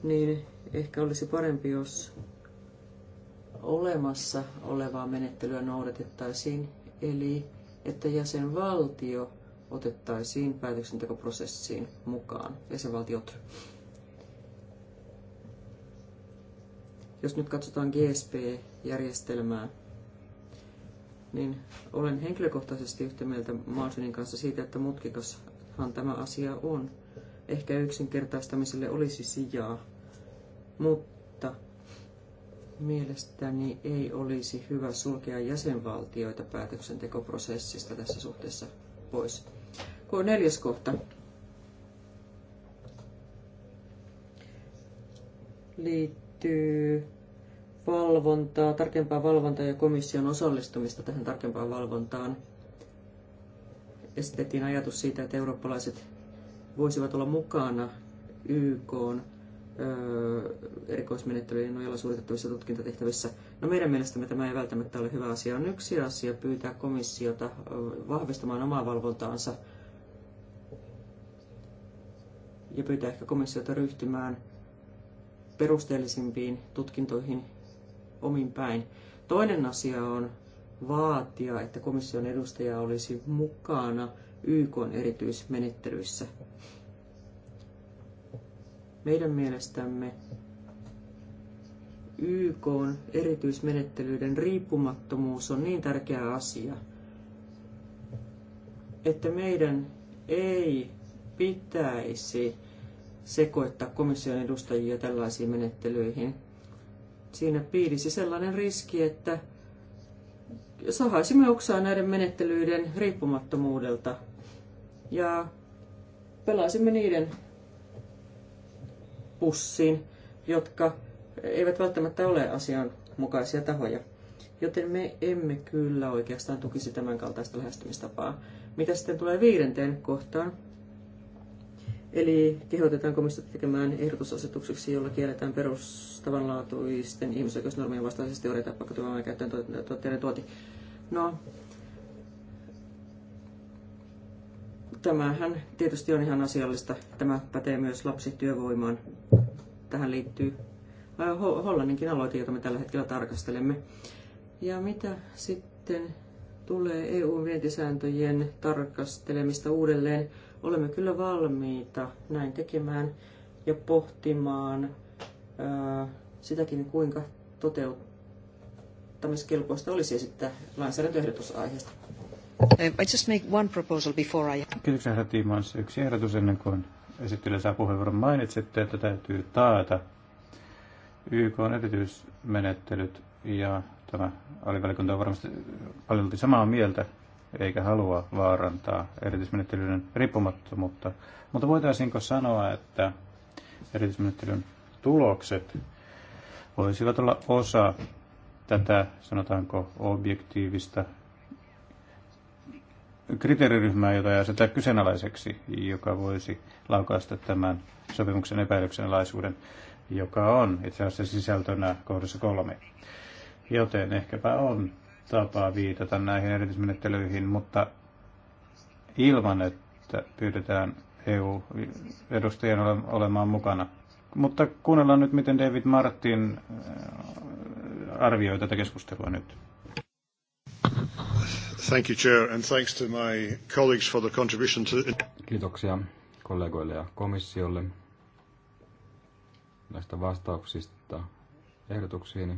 niin ehkä olisi parempi, jos olemassa olevaa menettelyä noudatettaisiin, eli että jäsenvaltio otettaisiin päätöksentekoprosessiin mukaan, jäsenvaltiot. Jos nyt katsotaan GSP-järjestelmää, niin olen henkilökohtaisesti yhtä mieltä Martinin kanssa siitä, että mutkikashan tämä asia on. Ehkä yksinkertaistamiselle olisi sijaa, mutta Mielestäni ei olisi hyvä sulkea jäsenvaltioita päätöksentekoprosessista tässä suhteessa pois. Neljäs kohta. liittyy valvontaa, tarkempaa valvontaa ja komission osallistumista tähän tarkempaan valvontaan. Esitettiin ajatus siitä, että eurooppalaiset voisivat olla mukana YK erikoismenettelyjen nojalla suoritettavissa tutkintatehtävissä. No meidän mielestämme tämä ei välttämättä ole hyvä asia. On yksi asia pyytää komissiota vahvistamaan omaa valvontaansa ja pyytää ehkä komissiota ryhtymään perusteellisimpiin tutkintoihin omin päin. Toinen asia on vaatia, että komission edustaja olisi mukana YK erityismenettelyissä – meidän mielestämme YK erityismenettelyiden riippumattomuus on niin tärkeä asia, että meidän ei pitäisi sekoittaa komission edustajia tällaisiin menettelyihin. Siinä piilisi sellainen riski, että sahaisimme oksaa näiden menettelyiden riippumattomuudelta ja pelaisimme niiden pussiin, jotka eivät välttämättä ole asianmukaisia tahoja. Joten me emme kyllä oikeastaan tukisi tämän kaltaista lähestymistapaa. Mitä sitten tulee viidenteen kohtaan? Eli kehotetaan komissiota tekemään ehdotusasetukseksi, jolla kielletään perustavanlaatuisten ihmisoikeusnormien vastaisesti orjatappakotuvan käyttöön tuotteiden tuoti. No, tämähän tietysti on ihan asiallista. Tämä pätee myös lapsityövoimaan. Tähän liittyy Hollanninkin aloite, jota me tällä hetkellä tarkastelemme. Ja mitä sitten tulee EU-vientisääntöjen tarkastelemista uudelleen, olemme kyllä valmiita näin tekemään ja pohtimaan ää, sitäkin, kuinka toteuttamiskelpoista olisi esittää lainsäädäntöehdotusaiheesta. Uh, I just make one proposal before I... Kiitoksia herra Tiimans. Yksi ehdotus ennen kuin esittelijä saa puheenvuoron. Mainitsette, että täytyy taata YK on erityismenettelyt ja tämä alivälikunta on varmasti paljon samaa mieltä eikä halua vaarantaa erityismenettelyiden riippumattomuutta. Mutta voitaisiinko sanoa, että erityismenettelyn tulokset voisivat olla osa tätä, sanotaanko, objektiivista kriteeriryhmää, jota ei aseta kyseenalaiseksi, joka voisi laukaista tämän sopimuksen laisuuden, joka on itse asiassa sisältönä kohdassa kolme. Joten ehkäpä on tapaa viitata näihin erityismenettelyihin, mutta ilman, että pyydetään EU-edustajien olemaan mukana. Mutta kuunnellaan nyt, miten David Martin arvioi tätä keskustelua nyt. Thank you, Chair, and thanks to my colleagues for the contribution to... Kiitoksia kollegoille ja komissiolle näistä vastauksista ehdotuksiini.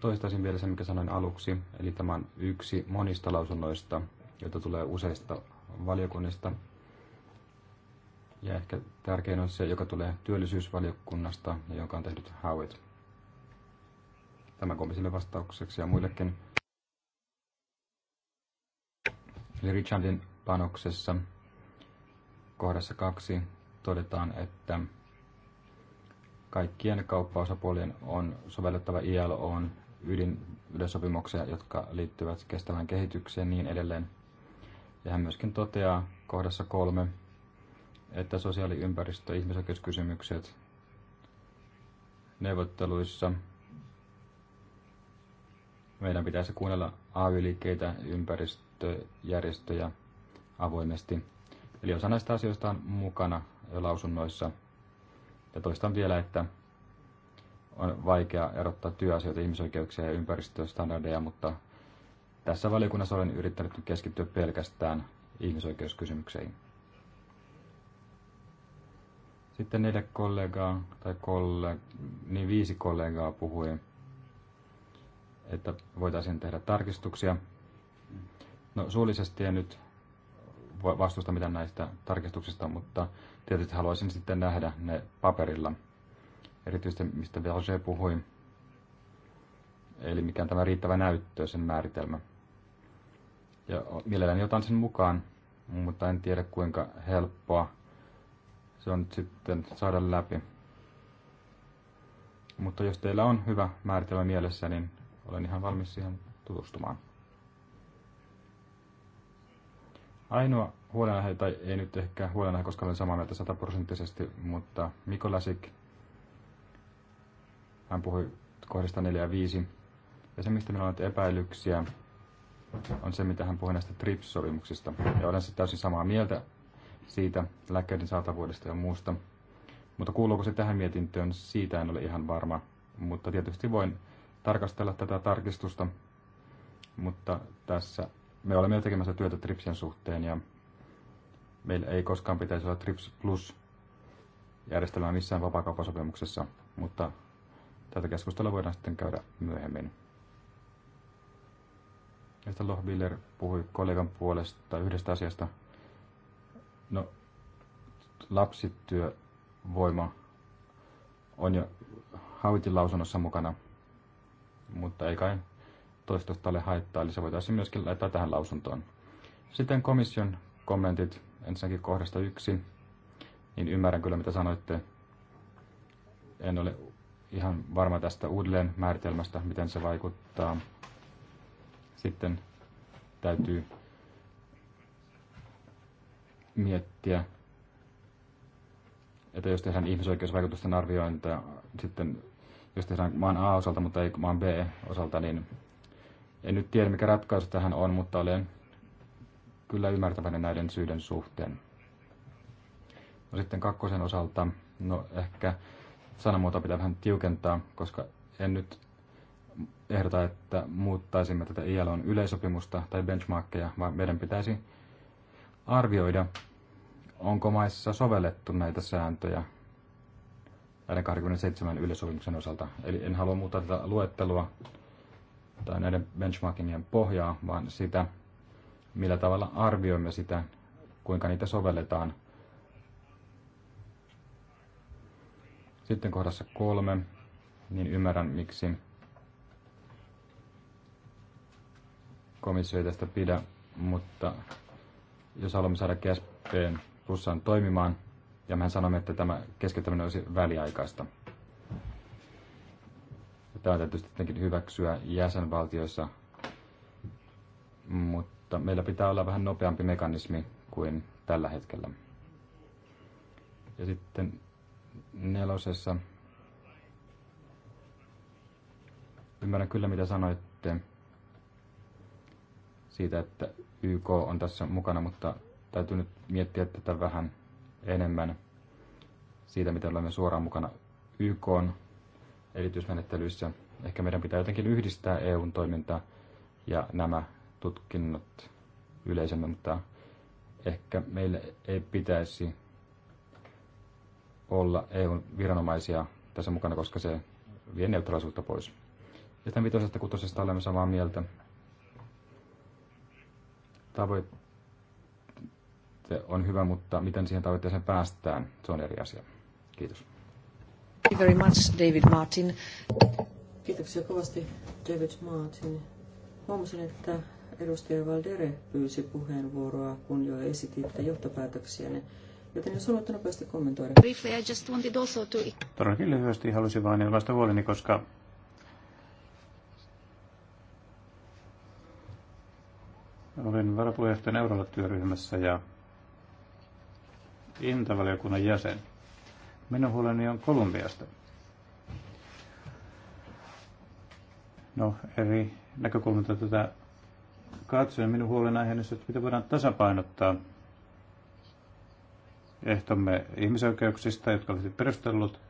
toistaisin vielä sen, mikä sanoin aluksi, eli tämä on yksi monista lausunnoista, joita tulee useista valiokunnista. Ja ehkä tärkein on se, joka tulee työllisyysvaliokunnasta ja jonka on tehnyt Howard. Tämä komissiolle vastaukseksi ja muillekin. Eli Richardin panoksessa kohdassa kaksi todetaan, että kaikkien kauppaosapuolien on sovellettava ILOn ydinyleissopimuksia, jotka liittyvät kestävään kehitykseen niin edelleen. Ja hän myöskin toteaa kohdassa kolme, että sosiaaliympäristö- ja ihmisoikeuskysymykset neuvotteluissa meidän pitäisi kuunnella AY-liikkeitä, ympäristö- järjestöjä avoimesti. Eli osa näistä asioista on mukana jo lausunnoissa. Ja toistan vielä, että on vaikea erottaa työasioita, ihmisoikeuksia ja ympäristöstandardeja, mutta tässä valiokunnassa olen yrittänyt keskittyä pelkästään ihmisoikeuskysymyksiin. Sitten neljä kollegaa, tai kollega, niin viisi kollegaa puhui, että voitaisiin tehdä tarkistuksia. No suullisesti en nyt vastusta mitään näistä tarkistuksista, mutta tietysti haluaisin sitten nähdä ne paperilla. Erityisesti mistä Verge puhui, eli mikä on tämä riittävä näyttö, sen määritelmä. Ja mielelläni otan sen mukaan, mutta en tiedä kuinka helppoa se on nyt sitten saada läpi. Mutta jos teillä on hyvä määritelmä mielessä, niin olen ihan valmis siihen tutustumaan. Ainoa huolenaihe, tai ei nyt ehkä huolenaihe, koska olen samaa mieltä sataprosenttisesti, mutta Mikko Läsik, hän puhui kohdista 4 ja 5. Ja se, mistä minulla on epäilyksiä, on se, mitä hän puhui näistä TRIPS-sopimuksista. Ja olen täysin samaa mieltä siitä lääkkeiden saatavuudesta ja muusta. Mutta kuuluuko se tähän mietintöön, siitä en ole ihan varma. Mutta tietysti voin tarkastella tätä tarkistusta, mutta tässä me olemme jo tekemässä työtä TRIPSien suhteen ja meillä ei koskaan pitäisi olla TRIPS Plus järjestelmää missään vapaakauppasopimuksessa, mutta tätä keskustelua voidaan sitten käydä myöhemmin. Ja Lohbiller puhui kollegan puolesta yhdestä asiasta. No, lapsityövoima on jo Hauitin lausunnossa mukana, mutta ei kai toistosta ole haittaa, eli se voitaisiin myöskin laittaa tähän lausuntoon. Sitten komission kommentit ensinnäkin kohdasta yksi, niin ymmärrän kyllä mitä sanoitte. En ole ihan varma tästä uudelleen määritelmästä, miten se vaikuttaa. Sitten täytyy miettiä, että jos tehdään ihmisoikeusvaikutusten arviointia, sitten jos tehdään maan A-osalta, mutta ei maan B-osalta, niin en nyt tiedä, mikä ratkaisu tähän on, mutta olen kyllä ymmärtäväinen näiden syiden suhteen. No sitten kakkosen osalta, no ehkä sanamuoto pitää vähän tiukentaa, koska en nyt ehdota, että muuttaisimme tätä ILOn yleisopimusta tai benchmarkkeja, vaan meidän pitäisi arvioida, onko maissa sovellettu näitä sääntöjä näiden 27 yleisopimuksen osalta. Eli en halua muuttaa tätä luettelua, tai näiden benchmarkingien pohjaa, vaan sitä, millä tavalla arvioimme sitä, kuinka niitä sovelletaan. Sitten kohdassa kolme, niin ymmärrän miksi komissio ei tästä pidä, mutta jos haluamme saada GSP plussaan toimimaan, ja mehän sanomme, että tämä keskittäminen olisi väliaikaista. Tämä täytyy tietysti tietenkin hyväksyä jäsenvaltioissa, mutta meillä pitää olla vähän nopeampi mekanismi kuin tällä hetkellä. Ja sitten nelosessa. Ymmärrän kyllä, mitä sanoitte siitä, että YK on tässä mukana, mutta täytyy nyt miettiä tätä vähän enemmän siitä, miten olemme suoraan mukana YK on erityismenettelyissä. Ehkä meidän pitää jotenkin yhdistää EUn toiminta ja nämä tutkinnot yleisemmin, mutta ehkä meillä ei pitäisi olla EUn viranomaisia tässä mukana, koska se vie neutraalisuutta pois. Ja tämän viitosesta kutosesta olemme samaa mieltä. Tavoitte on hyvä, mutta miten siihen tavoitteeseen päästään, se on eri asia. Kiitos you very much, David Martin. Kiitoksia kovasti, David Martin. Huomasin, että edustaja Valdere pyysi puheenvuoroa, kun jo esititte johtopäätöksiänne. Joten jos haluatte nopeasti kommentoida. Briefly, I just wanted also to... Todellakin lyhyesti halusin vain ilmaista huoleni, koska olin varapuheenjohtajan eurolla työryhmässä ja intavaliokunnan jäsen. Minun huoleni on Kolumbiasta. No, eri näkökulmasta tätä katsoen minun huolenaiheeni on, että miten voidaan tasapainottaa ehtomme ihmisoikeuksista, jotka olisi perustellut,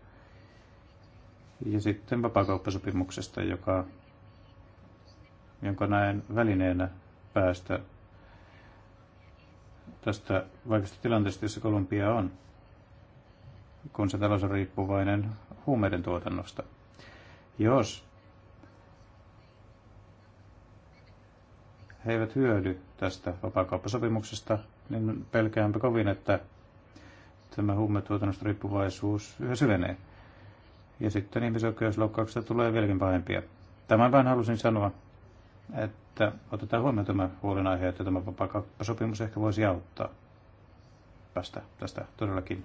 ja sitten vapaakauppasopimuksesta, joka, jonka näen välineenä päästä tästä vaikeasta tilanteesta, jossa Kolumbia on kun se talous on riippuvainen huumeiden tuotannosta. Jos he eivät hyödy tästä vapaakauppasopimuksesta, niin pelkäänpä kovin, että tämä huumetuotannosta riippuvaisuus yhä syvenee. Ja sitten ihmisoikeusloukkauksista tulee vieläkin pahempia. Tämän vain halusin sanoa, että otetaan huomioon tämä huolenaihe, että tämä vapaakauppasopimus ehkä voisi auttaa päästä tästä todellakin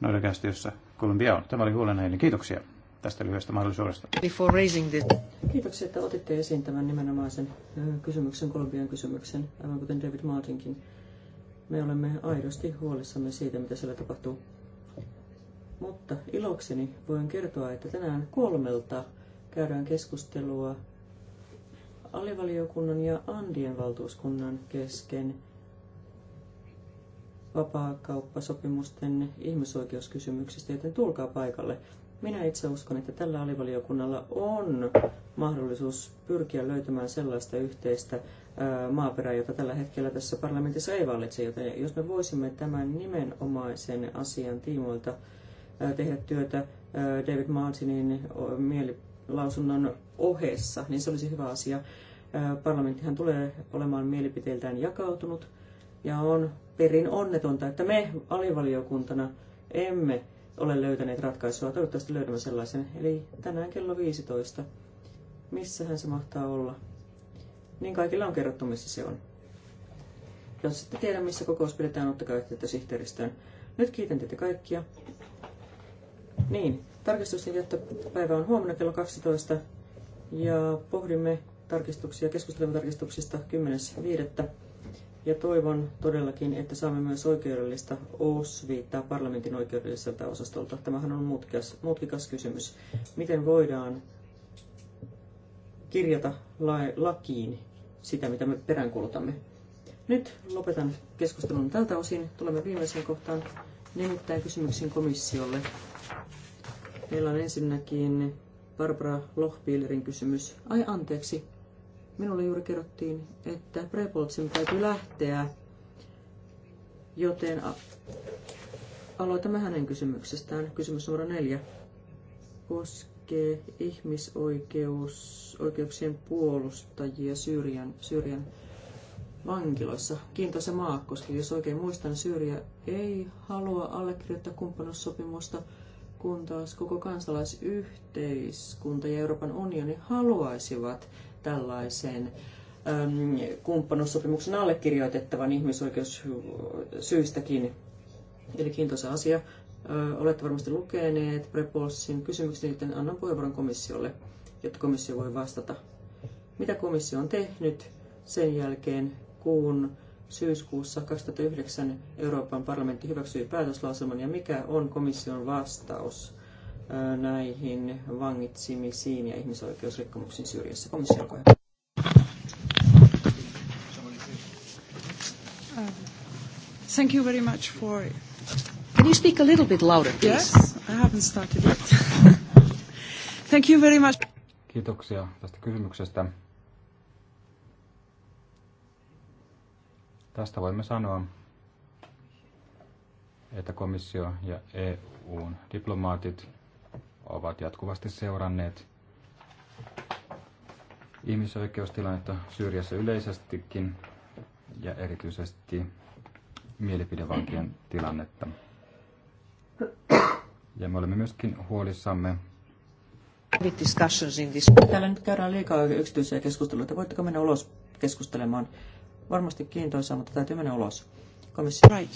noidakäistä, jossa Kolumbia on. Tämä oli huolenaiheeni. Kiitoksia tästä lyhyestä mahdollisuudesta. Kiitoksia, että otitte esiin tämän nimenomaisen kysymyksen, Kolumbian kysymyksen, aivan kuten David Martinkin. Me olemme aidosti huolissamme siitä, mitä siellä tapahtuu. Mutta ilokseni voin kertoa, että tänään kolmelta käydään keskustelua alivaliokunnan ja Andien valtuuskunnan kesken – vapaakauppasopimusten ihmisoikeuskysymyksistä, joten tulkaa paikalle. Minä itse uskon, että tällä alivaliokunnalla on mahdollisuus pyrkiä löytämään sellaista yhteistä maaperää, jota tällä hetkellä tässä parlamentissa ei vallitse. Joten jos me voisimme tämän nimenomaisen asian tiimoilta tehdä työtä David Martinin mielilausunnon ohessa, niin se olisi hyvä asia. Parlamenttihan tulee olemaan mielipiteiltään jakautunut ja on perin onnetonta, että me alivaliokuntana emme ole löytäneet ratkaisua. Toivottavasti löydämme sellaisen. Eli tänään kello 15. Missähän se mahtaa olla? Niin kaikilla on kerrottu, missä se on. Jos sitten tiedä, missä kokous pidetään, ottakaa yhteyttä sihteeristöön. Nyt kiitän teitä kaikkia. Niin, tarkistusten päivä on huomenna kello 12 ja pohdimme tarkistuksia, keskustelemme tarkistuksista 10.5. Ja toivon todellakin, että saamme myös oikeudellista osviittaa parlamentin oikeudelliselta osastolta. Tämähän on mutkikas, mutkikas kysymys. Miten voidaan kirjata lakiin sitä, mitä me peräänkuulutamme? Nyt lopetan keskustelun tältä osin. Tulemme viimeiseen kohtaan, nimittäin kysymyksiin komissiolle. Meillä on ensinnäkin Barbara Lohpiilerin kysymys. Ai anteeksi, Minulle juuri kerrottiin, että prepolitsin täytyy lähteä, joten aloitamme hänen kysymyksestään. Kysymys numero neljä koskee ihmisoikeuksien puolustajia Syyrian, Syyrian vankiloissa. Kiintoisa maa, koska jos oikein muistan, Syyria ei halua allekirjoittaa kumppanussopimusta, kun taas koko kansalaisyhteiskunta ja Euroopan unioni haluaisivat tällaisen kumppanussopimuksen allekirjoitettavan ihmisoikeussyistäkin. Eli kiintoisa asia. Olette varmasti lukeneet Prepolsin kysymyksen, joten annan puheenvuoron komissiolle, jotta komissio voi vastata. Mitä komissio on tehnyt sen jälkeen, kun syyskuussa 2009 Euroopan parlamentti hyväksyi päätöslauselman ja mikä on komission vastaus näihin vangitsimisiin ja ihmisoikeusrikkomuksiin Syyriassa. Komissio, olkaa hyvä. Thank you very much for... Can you speak a little bit louder, please? Yes, I haven't started yet. *laughs* Thank you very much. Kiitoksia tästä kysymyksestä. Tästä voimme sanoa, että komissio ja EUn diplomaatit ovat jatkuvasti seuranneet ihmisoikeustilannetta Syyriassa yleisestikin ja erityisesti mielipidevankien tilannetta. Ja me olemme myöskin huolissamme Täällä nyt käydään liikaa yksityisiä keskusteluita. Voitteko mennä ulos keskustelemaan? Varmasti kiintoisaa, mutta täytyy mennä ulos. Komissio. Right.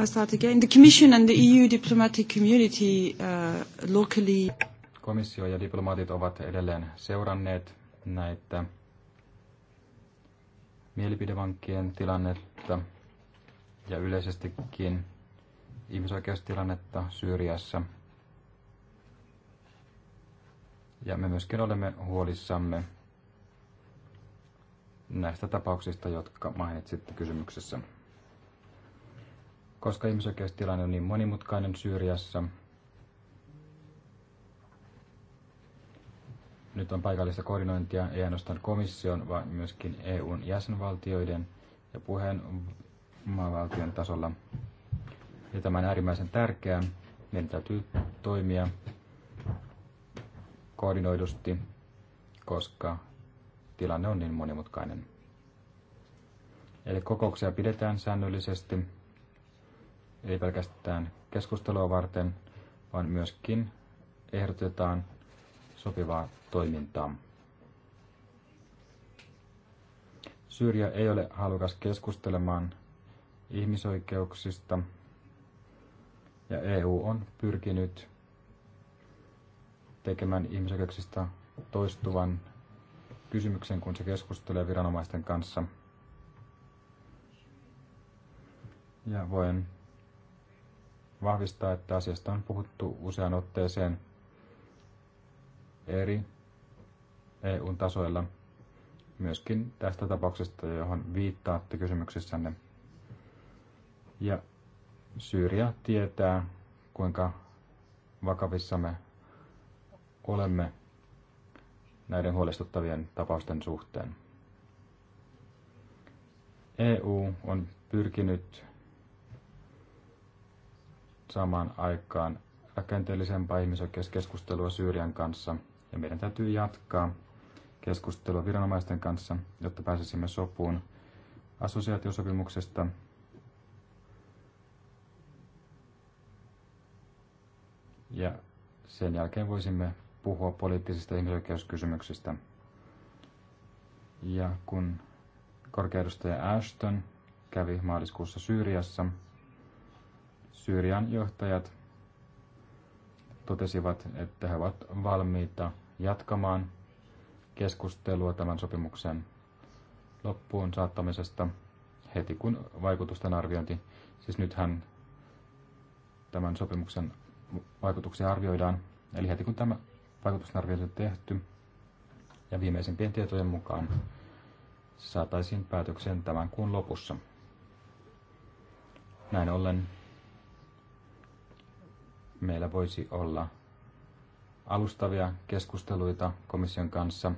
I start again. The Commission and the EU diplomatic community uh, locally... Komissio ja diplomaatit ovat edelleen seuranneet näitä mielipidevankien tilannetta ja yleisestikin ihmisoikeustilannetta Syyriassa. Ja me myöskin olemme huolissamme näistä tapauksista, jotka mainitsitte kysymyksessä koska ihmisoikeustilanne on niin monimutkainen Syyriassa. Nyt on paikallista koordinointia ei ainoastaan komission, vaan myöskin EUn jäsenvaltioiden ja puheenmaavaltion tasolla. Ja tämä on äärimmäisen tärkeää. Meidän täytyy toimia koordinoidusti, koska tilanne on niin monimutkainen. Eli kokouksia pidetään säännöllisesti ei pelkästään keskustelua varten, vaan myöskin ehdotetaan sopivaa toimintaa. Syyria ei ole halukas keskustelemaan ihmisoikeuksista ja EU on pyrkinyt tekemään ihmisoikeuksista toistuvan kysymyksen, kun se keskustelee viranomaisten kanssa. Ja voin vahvistaa, että asiasta on puhuttu usean otteeseen eri EUn tasoilla, myöskin tästä tapauksesta, johon viittaatte kysymyksessänne. Ja Syyria tietää, kuinka vakavissa me olemme näiden huolestuttavien tapausten suhteen. EU on pyrkinyt samaan aikaan rakenteellisempaa ihmisoikeuskeskustelua Syyrian kanssa, ja meidän täytyy jatkaa keskustelua viranomaisten kanssa, jotta pääsisimme sopuun assosiaatiosopimuksesta. Ja sen jälkeen voisimme puhua poliittisista ihmisoikeuskysymyksistä. Ja kun korkeudustaja Ashton kävi maaliskuussa Syyriassa, Syyrian johtajat totesivat, että he ovat valmiita jatkamaan keskustelua tämän sopimuksen loppuun saattamisesta heti kun vaikutusten arviointi, siis nythän tämän sopimuksen vaikutuksia arvioidaan, eli heti kun tämä vaikutusten arviointi on tehty ja viimeisimpien tietojen mukaan saataisiin päätöksen tämän kuun lopussa. Näin ollen meillä voisi olla alustavia keskusteluita komission kanssa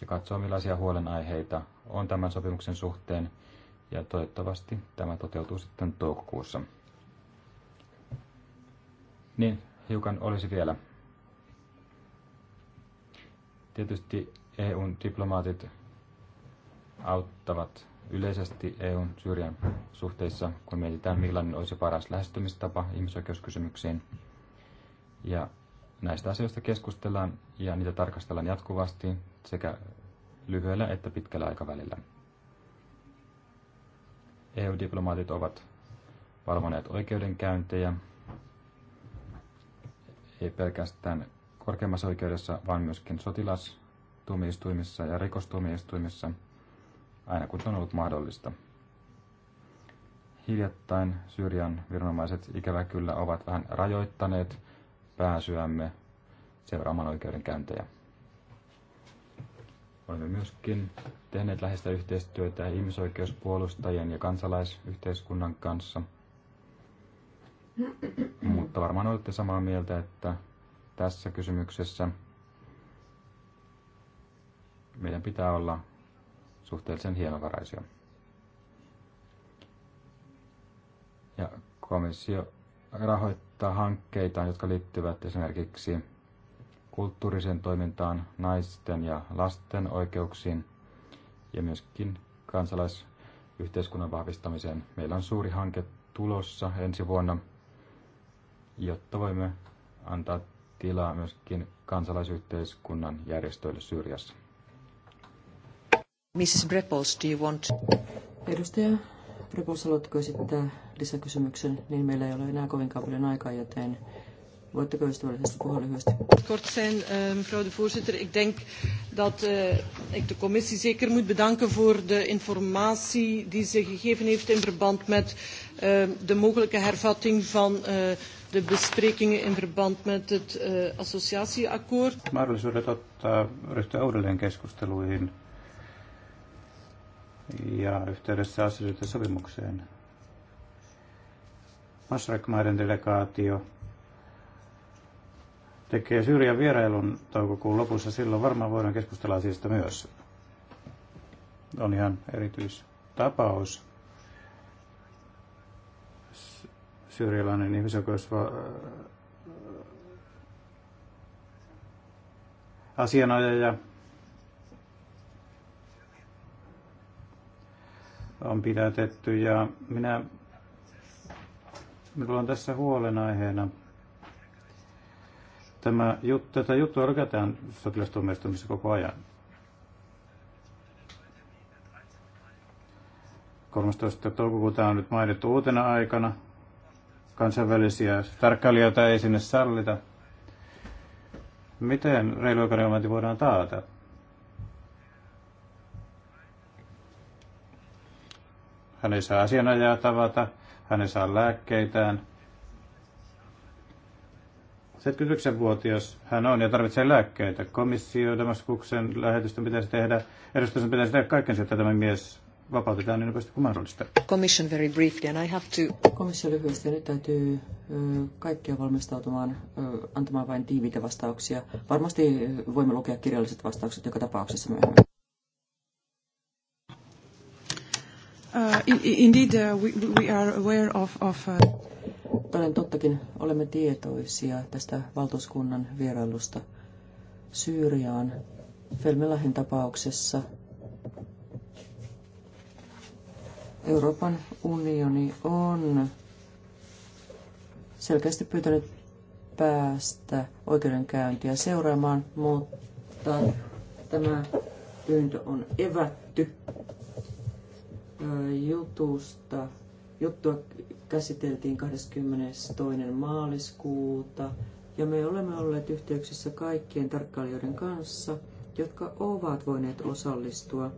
ja katsoa millaisia huolenaiheita on tämän sopimuksen suhteen ja toivottavasti tämä toteutuu sitten toukokuussa. Niin, hiukan olisi vielä. Tietysti EUn diplomaatit auttavat yleisesti EUn Syyrian suhteissa, kun mietitään millainen olisi paras lähestymistapa ihmisoikeuskysymyksiin. Ja näistä asioista keskustellaan ja niitä tarkastellaan jatkuvasti sekä lyhyellä että pitkällä aikavälillä. EU-diplomaatit ovat valvoneet oikeudenkäyntejä, ei pelkästään korkeimmassa oikeudessa, vaan myöskin sotilastuomioistuimissa ja rikostuomioistuimissa – aina kun se on ollut mahdollista. Hiljattain Syyrian viranomaiset ikävä kyllä ovat vähän rajoittaneet pääsyämme seuraamaan oikeudenkäyntejä. Olemme myöskin tehneet läheistä yhteistyötä ihmisoikeuspuolustajien ja kansalaisyhteiskunnan kanssa. Mutta varmaan olette samaa mieltä, että tässä kysymyksessä meidän pitää olla suhteellisen hienovaraisia. Ja komissio rahoittaa hankkeita, jotka liittyvät esimerkiksi kulttuuriseen toimintaan, naisten ja lasten oikeuksiin ja myöskin kansalaisyhteiskunnan vahvistamiseen. Meillä on suuri hanke tulossa ensi vuonna, jotta voimme antaa tilaa myöskin kansalaisyhteiskunnan järjestöille Syyriassa. Mrs. Brepos, do you want... Edustaja Brepos, haluatteko esittää lisäkysymyksen? Niin meillä ei ole enää kovinkaan paljon aikaa, joten voitteko ystävällisesti puhua lyhyesti? Kort zijn, ehm, mevrouw de voorzitter. Ik denk dat eh, ik de commissie zeker moet bedanken voor de informatie die ze gegeven heeft in verband met ehm, de mogelijke hervatting van eh, de besprekingen in verband met het eh, associatieakkoord. Mahdollisuudet ottaa, ryhtyä uudelleen keskusteluihin ja yhteydessä asioiden sopimukseen. Masrakmaiden delegaatio tekee Syyrian vierailun toukokuun lopussa. Silloin varmaan voidaan keskustella asiasta myös. On ihan erityistapaus. Syyrialainen ihmisoikeusasianajaja. asianajaja on pidätetty ja minä, minulla on tässä huolenaiheena tämä jut, tätä juttua lykätään sotilastuomioistuimessa koko ajan. 13. toukokuuta on nyt mainittu uutena aikana. Kansainvälisiä tarkkailijoita ei sinne sallita. Miten reilu voidaan taata? Hän ei saa asianajaa tavata, hän ei saa lääkkeitään. 79-vuotias hän on ja tarvitsee lääkkeitä. Komissio Damaskuksen lähetystä pitäisi tehdä, edustuksen pitäisi tehdä kaiken että tämä mies vapautetaan niin nopeasti kuin mahdollista. Commission very briefly and I have to... Komissio lyhyesti nyt täytyy kaikkia valmistautumaan antamaan vain tiiviitä vastauksia. Varmasti voimme lukea kirjalliset vastaukset joka tapauksessa myöhemmin. Uh, indeed, uh, we, we are aware of, of uh... Toden tottakin olemme tietoisia tästä valtuuskunnan vierailusta Syyriaan Felmelahin tapauksessa. Euroopan unioni on selkeästi pyytänyt päästä oikeudenkäyntiä seuraamaan, mutta tämä pyyntö on evätty jutusta. Juttua käsiteltiin 22. maaliskuuta ja me olemme olleet yhteyksissä kaikkien tarkkailijoiden kanssa, jotka ovat voineet osallistua.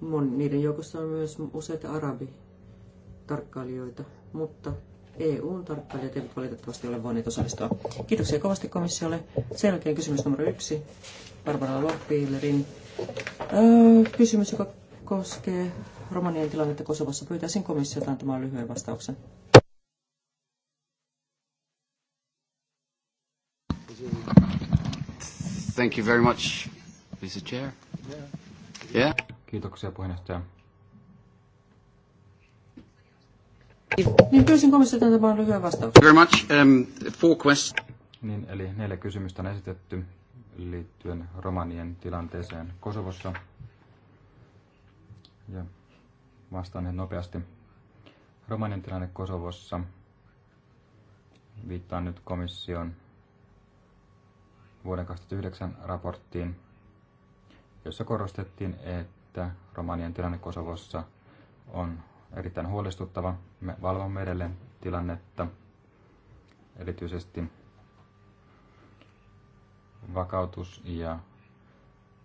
Mon, niiden joukossa on myös useita arabitarkkailijoita, mutta EUn tarkkailijat eivät valitettavasti ole voineet osallistua. Kiitoksia kovasti komissiolle. Sen jälkeen kysymys numero yksi Barbara Lockbillerin Kysymys, joka koskee romanien tilannetta Kosovossa. Pyytäisin komissiota antamaan lyhyen vastauksen. Thank you very much, Mr. Chair. Yeah. Kiitoksia puheenjohtaja. Niin pyysin komissiota antamaan lyhyen vastauksen. Very much. Um, four questions. Niin, eli neljä kysymystä on esitetty liittyen romanien tilanteeseen Kosovossa. Ja vastaan nopeasti. Romanien tilanne Kosovossa. Viittaan nyt komission vuoden 2009 raporttiin, jossa korostettiin, että romanien tilanne Kosovossa on erittäin huolestuttava. Me valvomme edelleen tilannetta, erityisesti vakautus- ja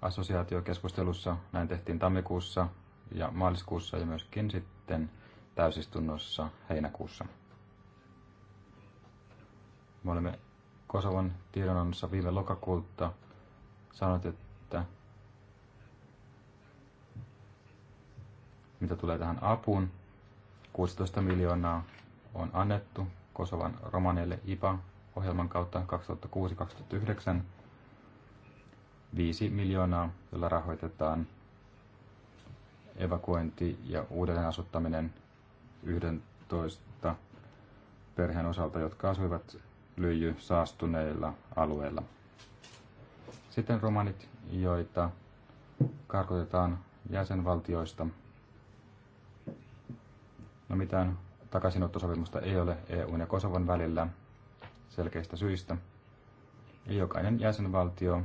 assosiaatiokeskustelussa. Näin tehtiin tammikuussa ja maaliskuussa ja myöskin sitten täysistunnossa heinäkuussa. Me olemme Kosovan tiedonannossa viime lokakuulta sanoneet, että mitä tulee tähän apuun, 16 miljoonaa on annettu Kosovan romaneille IPA-ohjelman kautta 2006-2009 5 miljoonaa, jolla rahoitetaan evakuointi ja uudelleenasuttaminen asuttaminen 11 perheen osalta, jotka asuivat lyijy saastuneilla alueilla. Sitten romanit, joita karkotetaan jäsenvaltioista. No mitään takaisinottosopimusta ei ole EUn ja Kosovon välillä selkeistä syistä. Ja jokainen jäsenvaltio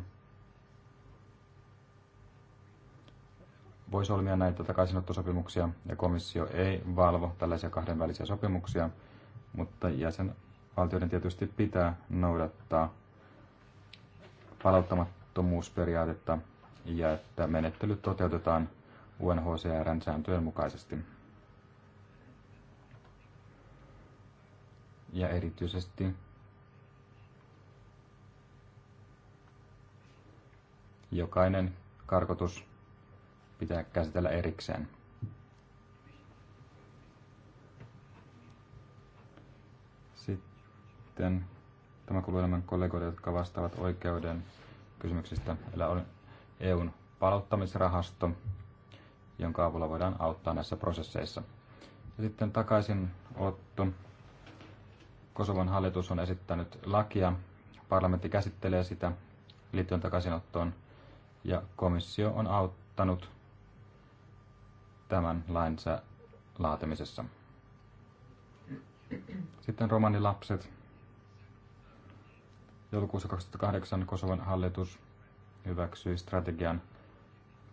voi solmia näitä takaisinottosopimuksia ja komissio ei valvo tällaisia kahdenvälisiä sopimuksia, mutta jäsenvaltioiden tietysti pitää noudattaa palauttamattomuusperiaatetta ja että menettely toteutetaan UNHCRn sääntöjen mukaisesti. Ja erityisesti jokainen karkotus pitää käsitellä erikseen. Sitten tämä kuuluu enemmän kollegoille, jotka vastaavat oikeuden kysymyksistä. eli on EUn palauttamisrahasto, jonka avulla voidaan auttaa näissä prosesseissa. Ja sitten takaisin Otto. Kosovon hallitus on esittänyt lakia. Parlamentti käsittelee sitä liittyen takaisinottoon ja komissio on auttanut tämän lainsä laatimisessa. Sitten romanilapset. Joulukuussa 2008 Kosovan hallitus hyväksyi strategian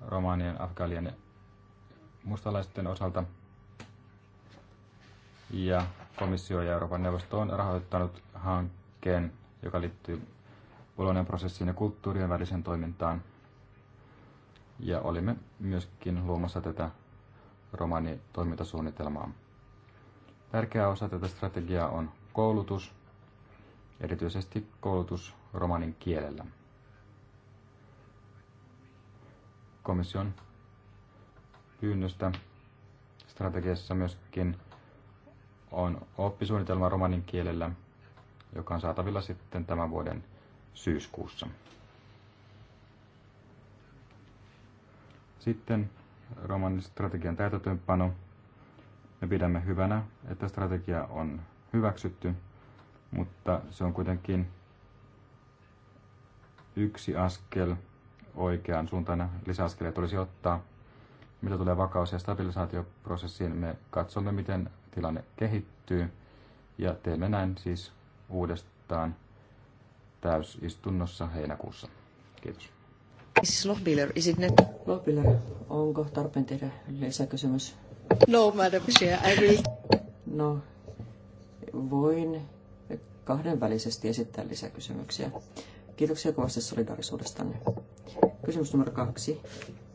Romanien afgaalien ja mustalaisten osalta. Ja komissio ja Euroopan neuvosto on rahoittanut hankkeen, joka liittyy Bolonian prosessiin ja kulttuurien väliseen toimintaan. Ja olimme myöskin luomassa tätä romanitoimintasuunnitelmaa. Tärkeä osa tätä strategiaa on koulutus, erityisesti koulutus romanin kielellä. Komission pyynnöstä strategiassa myöskin on oppisuunnitelma romanin kielellä, joka on saatavilla sitten tämän vuoden syyskuussa. Sitten Romanin strategian täytäntöönpano. Me pidämme hyvänä, että strategia on hyväksytty, mutta se on kuitenkin yksi askel oikeaan suuntaan. Lisäaskelia tulisi ottaa. Mitä tulee vakaus- ja stabilisaatioprosessiin, me katsomme, miten tilanne kehittyy ja teemme näin siis uudestaan täysistunnossa heinäkuussa. Kiitos. Mrs. Lohbiller, is it Lohbiller, onko tarpeen tehdä lisäkysymys? No, Madam Chair, I will... No, voin kahdenvälisesti esittää lisäkysymyksiä. Kiitoksia kovasti solidaarisuudestanne. Kysymys numero kaksi.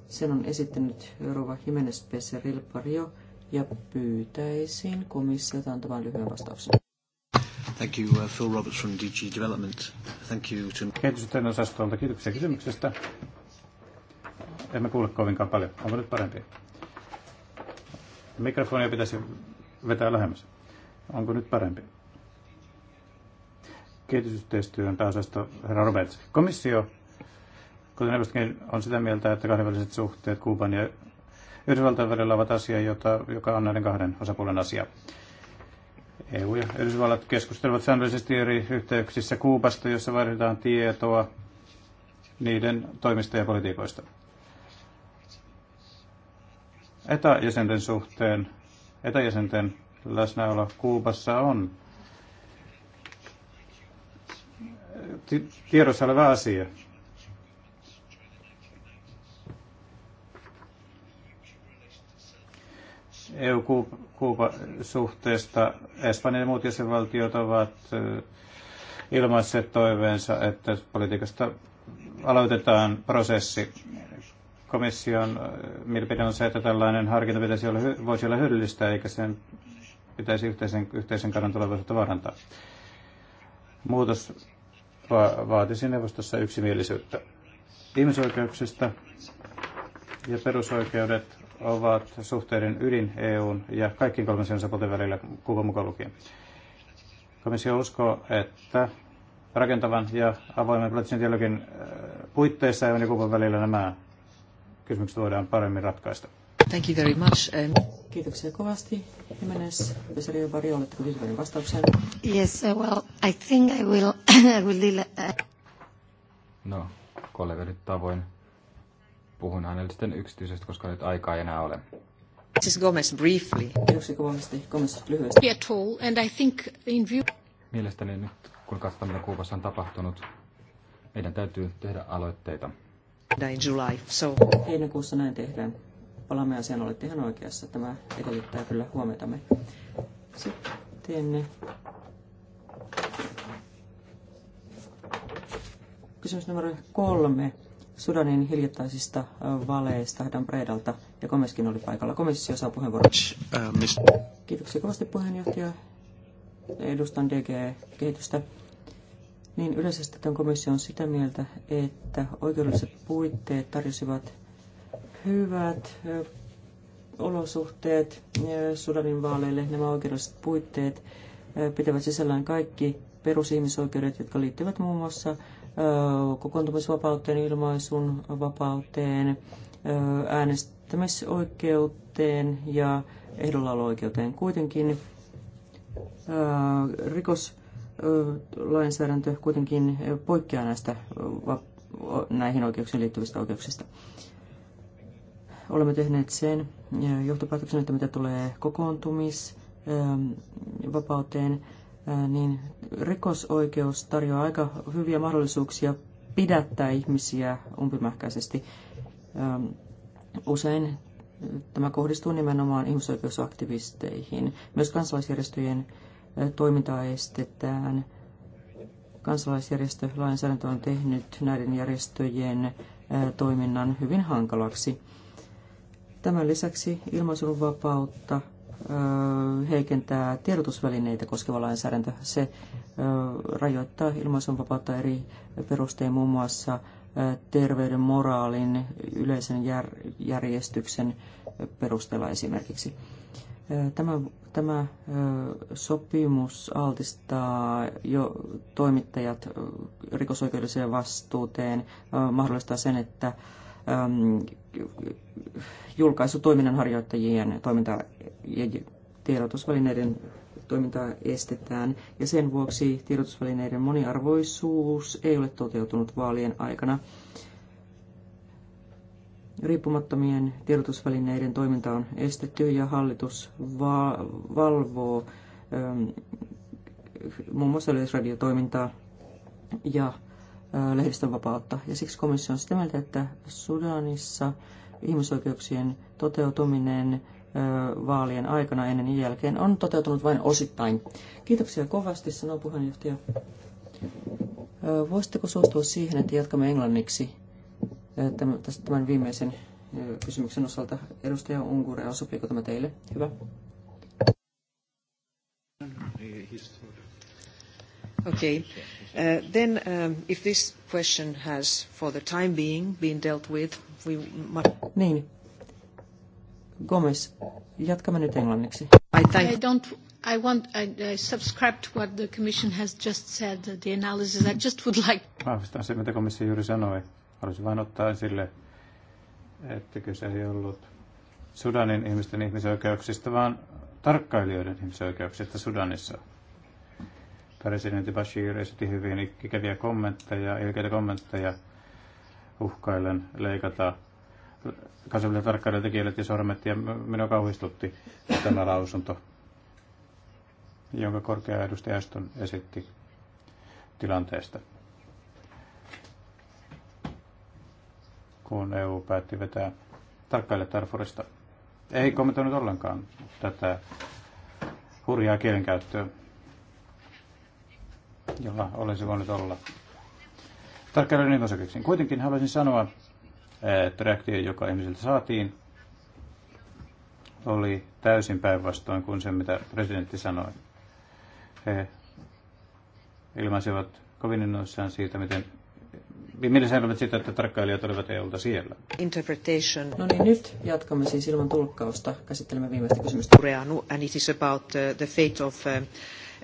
Sen on esittänyt Rova Jimenez Peseril ja pyytäisin komissiota antamaan lyhyen vastauksen. Thank you, uh, Phil Roberts from DG Development. Thank you to... Kiitos Kehitysten osastolta kiitoksia kysymyksestä. Emme kuule kovinkaan paljon. Onko nyt parempi? Mikrofonia pitäisi vetää lähemmäs. Onko nyt parempi? Kehitysyhteistyön pääosasto herra Roberts. Komissio, kuten neuvostokin, on sitä mieltä, että kahdenväliset suhteet Kuuban ja Yhdysvaltain välillä ovat asia, jota, joka on näiden kahden osapuolen asia. EU ja Yhdysvallat keskustelevat säännöllisesti eri yhteyksissä Kuubasta, jossa vaihdetaan tietoa niiden toimista ja politiikoista. Etäjäsenten suhteen, etäjäsenten läsnäolo Kuubassa on tiedossa oleva asia. EU-Kuuba Kuuba-suhteesta Espanjan ja muut jäsenvaltiot ovat ilmaisseet toiveensa, että politiikasta aloitetaan prosessi. Komission mielipide on se, että tällainen harkinta pitäisi olla, voisi olla hyödyllistä, eikä sen pitäisi yhteisen, yhteisen kannan tulevaisuutta vaarantaa. Muutos va- vaatisi neuvostossa yksimielisyyttä. Ihmisoikeuksista ja perusoikeudet ovat suhteiden ydin EUn ja kaikkien kolmansien osapuolten välillä Kuuban mukaan lukien. Komissio uskoo, että rakentavan ja avoimen poliittisen dialogin äh, puitteissa EUn ja Kuuban välillä nämä kysymykset voidaan paremmin ratkaista. Thank you very much. Um, Kiitoksia kovasti. Jimenez, Vesario Barrio, oletteko tyytyväinen vastaukseen? Yes, uh, well, I think I will, *coughs* I will deal... Uh, no, kollegoiden tavoin puhun hänelle sitten yksityisestä, koska nyt aikaa ei enää ole. Mrs. Gomez, briefly. Gomez, niin At all, and I think in view... Mielestäni nyt, kun katsotaan, mitä Kuubassa on tapahtunut, meidän täytyy tehdä aloitteita. In July, so... Heinäkuussa näin tehdään. Palaamme asiaan, olette ihan oikeassa. Tämä edellyttää kyllä huomiotamme. Sitten kysymys numero kolme. Sudanin hiljattaisista äh, vaaleista Hadan Predalta, ja Komeskin oli paikalla. Komissio saa puheenvuoron. Kiitoksia kovasti puheenjohtaja. Edustan DG-kehitystä. Niin yleisesti tämän komissio on sitä mieltä, että oikeudelliset puitteet tarjosivat hyvät olosuhteet Sudanin vaaleille. Nämä oikeudelliset puitteet pitävät sisällään kaikki perusihmisoikeudet, jotka liittyvät muun muassa kokoontumisvapauteen, ilmaisun vapauteen, äänestämisoikeuteen ja ehdollaoloikeuteen. Kuitenkin rikoslainsäädäntö kuitenkin poikkeaa näistä näihin oikeuksiin liittyvistä oikeuksista. Olemme tehneet sen johtopäätöksen, että mitä tulee kokoontumisvapauteen, niin rikosoikeus tarjoaa aika hyviä mahdollisuuksia pidättää ihmisiä umpimähkäisesti. Usein tämä kohdistuu nimenomaan ihmisoikeusaktivisteihin. Myös kansalaisjärjestöjen toimintaa estetään. Kansalaisjärjestölainsäädäntö on tehnyt näiden järjestöjen toiminnan hyvin hankalaksi. Tämän lisäksi ilmaisunvapautta heikentää tiedotusvälineitä koskeva lainsäädäntö. Se rajoittaa ilmaisunvapautta eri perustein, muun muassa terveyden, moraalin, yleisen järjestyksen perusteella esimerkiksi. Tämä, tämä sopimus altistaa jo toimittajat rikosoikeudelliseen vastuuteen, mahdollistaa sen, että Ähm, julkaisu toiminnanharjoittajien toiminta- ja tiedotusvälineiden toimintaa estetään, ja sen vuoksi tiedotusvälineiden moniarvoisuus ei ole toteutunut vaalien aikana. Riippumattomien tiedotusvälineiden toiminta on estetty ja hallitus va- valvoo ähm, muun muassa yleisradiotoimintaa ja Äh, lehdistön vapautta. Ja siksi komissio on sitä mieltä, että Sudanissa ihmisoikeuksien toteutuminen äh, vaalien aikana ennen ja jälkeen on toteutunut vain osittain. Kiitoksia kovasti, sanoo puheenjohtaja. Äh, voisitteko suostua siihen, että jatkamme englanniksi tämän viimeisen kysymyksen osalta? Edustaja Ungure, sopiiko tämä teille? Hyvä. Okei. Okay. Uh, then, um, if this question has, for the time being, been dealt with, we might... Niin. Gomez, jatkamme nyt englanniksi. I, thank... I don't... I want... I, I subscribe to what the commission has just said, the analysis. I just would like... Vahvistan se, mitä komissio juuri sanoi. Haluaisin vain ottaa esille, että kyse ei ollut Sudanin ihmisten ihmisoikeuksista, vaan tarkkailijoiden ihmisoikeuksista Sudanissa. Presidentti Bashir esitti hyvin ikäviä kommentteja, ilkeitä kommentteja uhkaillen leikata kansainvälisen tarkkailijan kielet ja sormet, ja minua kauhistutti tämä lausunto, jonka korkea edustaja Aston esitti tilanteesta. Kun EU päätti vetää tarkkaille Tarforista. Ei kommentoinut ollenkaan tätä hurjaa kielenkäyttöä jolla olisi voinut olla tarkkailun ihmisoikeuksiin. Kuitenkin haluaisin sanoa, että reaktio, joka ihmisiltä saatiin, oli täysin päinvastoin kuin se, mitä presidentti sanoi. He ilmaisivat kovin innoissaan siitä, miten Mielisään olivat sitä, että tarkkailijat olivat EUlta siellä. Interpretation. No niin, nyt jatkamme siis ilman tulkkausta. Käsittelemme viimeistä kysymystä. Koreanu, and it is about uh, the fate of um,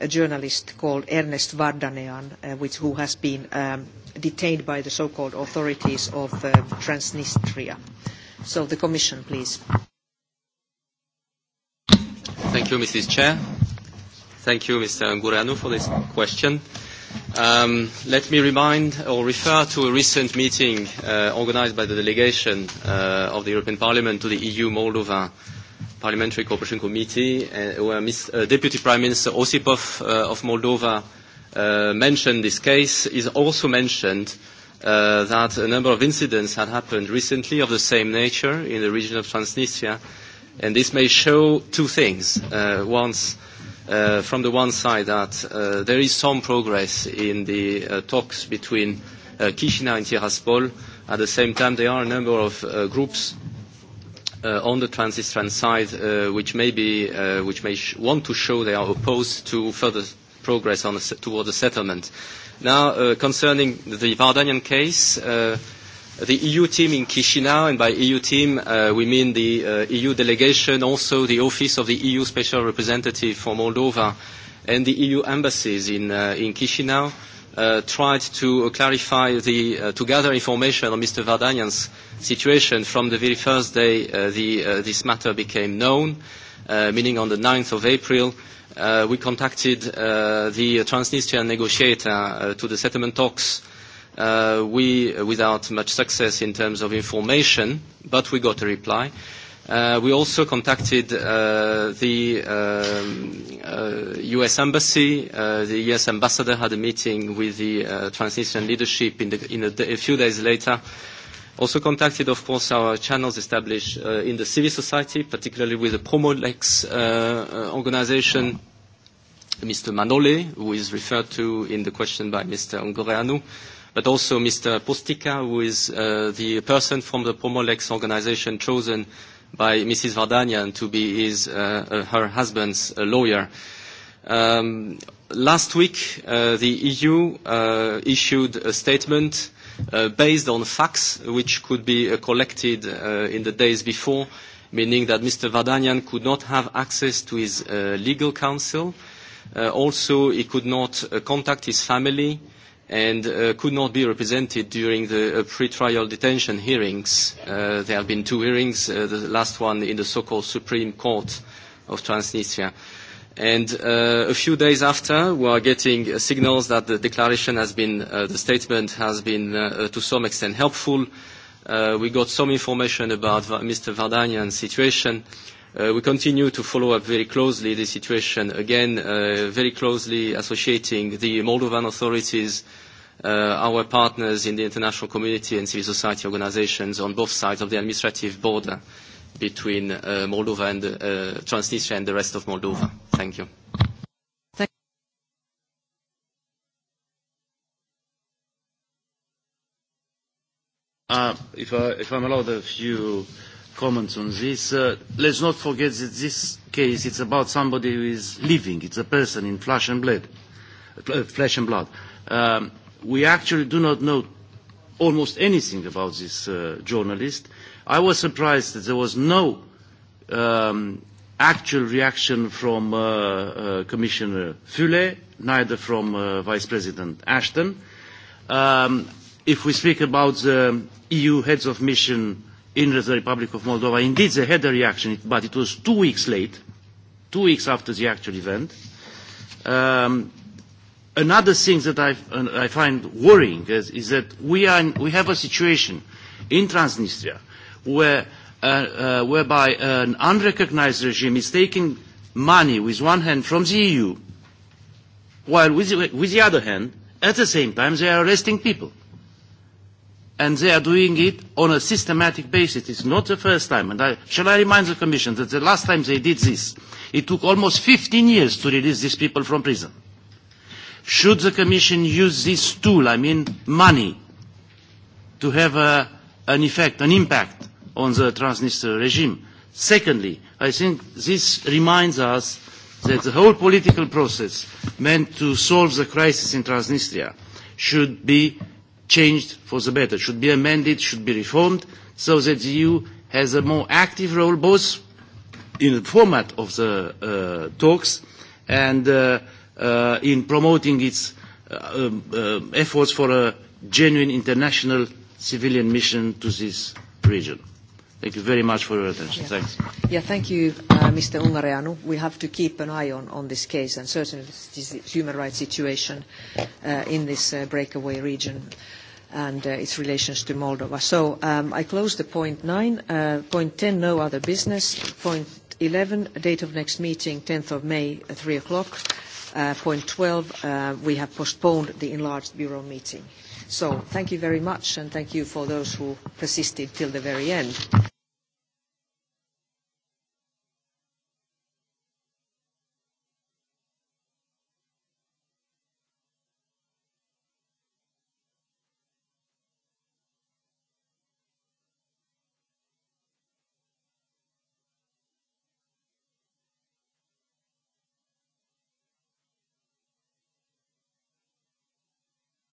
a journalist called Ernest Vardanean, which, uh, who has been um, detained by the so-called authorities of uh, Transnistria. So the Commission, please. Thank you, Mrs. Chair. Thank you, Mr. Nguranu, for this question. Um, let me remind or refer to a recent meeting uh, organized by the delegation uh, of the European Parliament to the EU-Moldova Parliamentary Cooperation Committee, uh, where Ms., uh, Deputy Prime Minister Osipov uh, of Moldova uh, mentioned this case. is also mentioned uh, that a number of incidents had happened recently of the same nature in the region of Transnistria, and this may show two things. Uh, once, Uh, from the one side that uh, there is some progress in the uh, talks between uh, Chisinau and Tiraspol. At the same time, there are a number of uh, groups uh, on the Transnistrian side uh, which may, be, uh, which may sh- want to show they are opposed to further progress on a, a settlement. Now, uh, concerning the Vardanian case, uh, the EU team in Chisinau, and by EU team uh, we mean the uh, EU delegation, also the office of the EU Special Representative for Moldova, and the EU embassies in, uh, in Chisinau, uh, tried to uh, clarify the, uh, to gather information on Mr. Vardanyan's situation from the very first day uh, the, uh, this matter became known, uh, meaning on the 9th of April. Uh, we contacted uh, the Transnistrian negotiator uh, to the settlement talks uh, uh, we, without much success in terms of information, but we got a reply. Uh, we also contacted uh, the um, uh, U.S. Embassy. Uh, the U.S. ambassador had a meeting with the uh, leadership in, the, in a, a few days later. Also contacted, of course, our channels established uh, in the civil society, particularly with the Promolex uh, organization, Mr. Manole, who is referred to in the question by Mr. Ungoreanu. Uh, but also Mr. Postica, who is uh, the person from the Promolex organization chosen by Mrs. Vardanian to be his, uh, uh, her husband's uh, lawyer. Um, last week, uh, the EU uh, issued a statement uh, based on facts which could be uh, collected uh, in the days before, meaning that Mr. Vardanian could not have access to his uh, legal counsel. Uh, also, he could not uh, contact his family. uh, and uh, could not be represented during the uh, pre-trial detention hearings. Uh, there have been two hearings, uh, the last one in the so-called Supreme Court of Transnistria. And uh, a few days after, we are getting uh, signals that the declaration has been, uh, the statement has been uh, uh to some extent helpful. Uh, we got some information about Mr. Vardanyan's situation. Uh, Uh, we continue to follow up very closely the situation, again, uh, very closely associating the Moldovan authorities, uh, our partners in the international community and civil society organizations on both sides of the administrative border between Moldova and Transnistria and the rest of Moldova. Thank you. if, I, if I'm allowed a few comments on this. Uh, let's not forget that this case, it's about somebody who is living. It's a person in flesh and blood. Uh, flesh and blood. Um, we actually do not know almost anything about this uh, journalist. I was surprised that there was no um, actual reaction from uh, uh, Commissioner Füle, neither from uh, Vice President Ashton. Um, if we speak about the EU heads of mission uh, in the Republic of Moldova. Indeed, they had a reaction, but it was two weeks late, two weeks after the actual event. Um, another thing that I, uh, I find worrying is, is that we, are in, we have a situation in Transnistria where, uh, uh, whereby an unrecognized regime is taking money with one hand from the EU, while with, with the other hand, at the same time, they are arresting people and they are doing it on a systematic basis. It's not the first time. And I, shall I remind the Commission that the last time they did this, it took almost 15 years to release these people from prison. Should the Commission use this tool, I mean money, to have a, an effect, an impact on the Transnistria regime? Secondly, I think this reminds us that the whole political process meant to solve the crisis in Transnistria should be changed for the better, should be amended, should be reformed, so that the EU has a more active role, both in the format of the uh, talks and uh, uh, in promoting its uh, um, uh, efforts for a genuine international civilian mission to this region. Thank you very much for your attention. Yeah. Thanks. Yeah, thank you, uh, Mr. Ungareanu. We have to keep an eye on, on this case and certainly the human rights situation uh, in this uh, breakaway region and uh, its relations to Moldova. So um, I close the point 9. Uh, point 10, no other business. Point 11, date of next meeting, 10th of May, at 3 o'clock. Uh, point 12, uh, we have postponed the enlarged bureau meeting. So thank you very much, and thank you for those who persisted till the very end.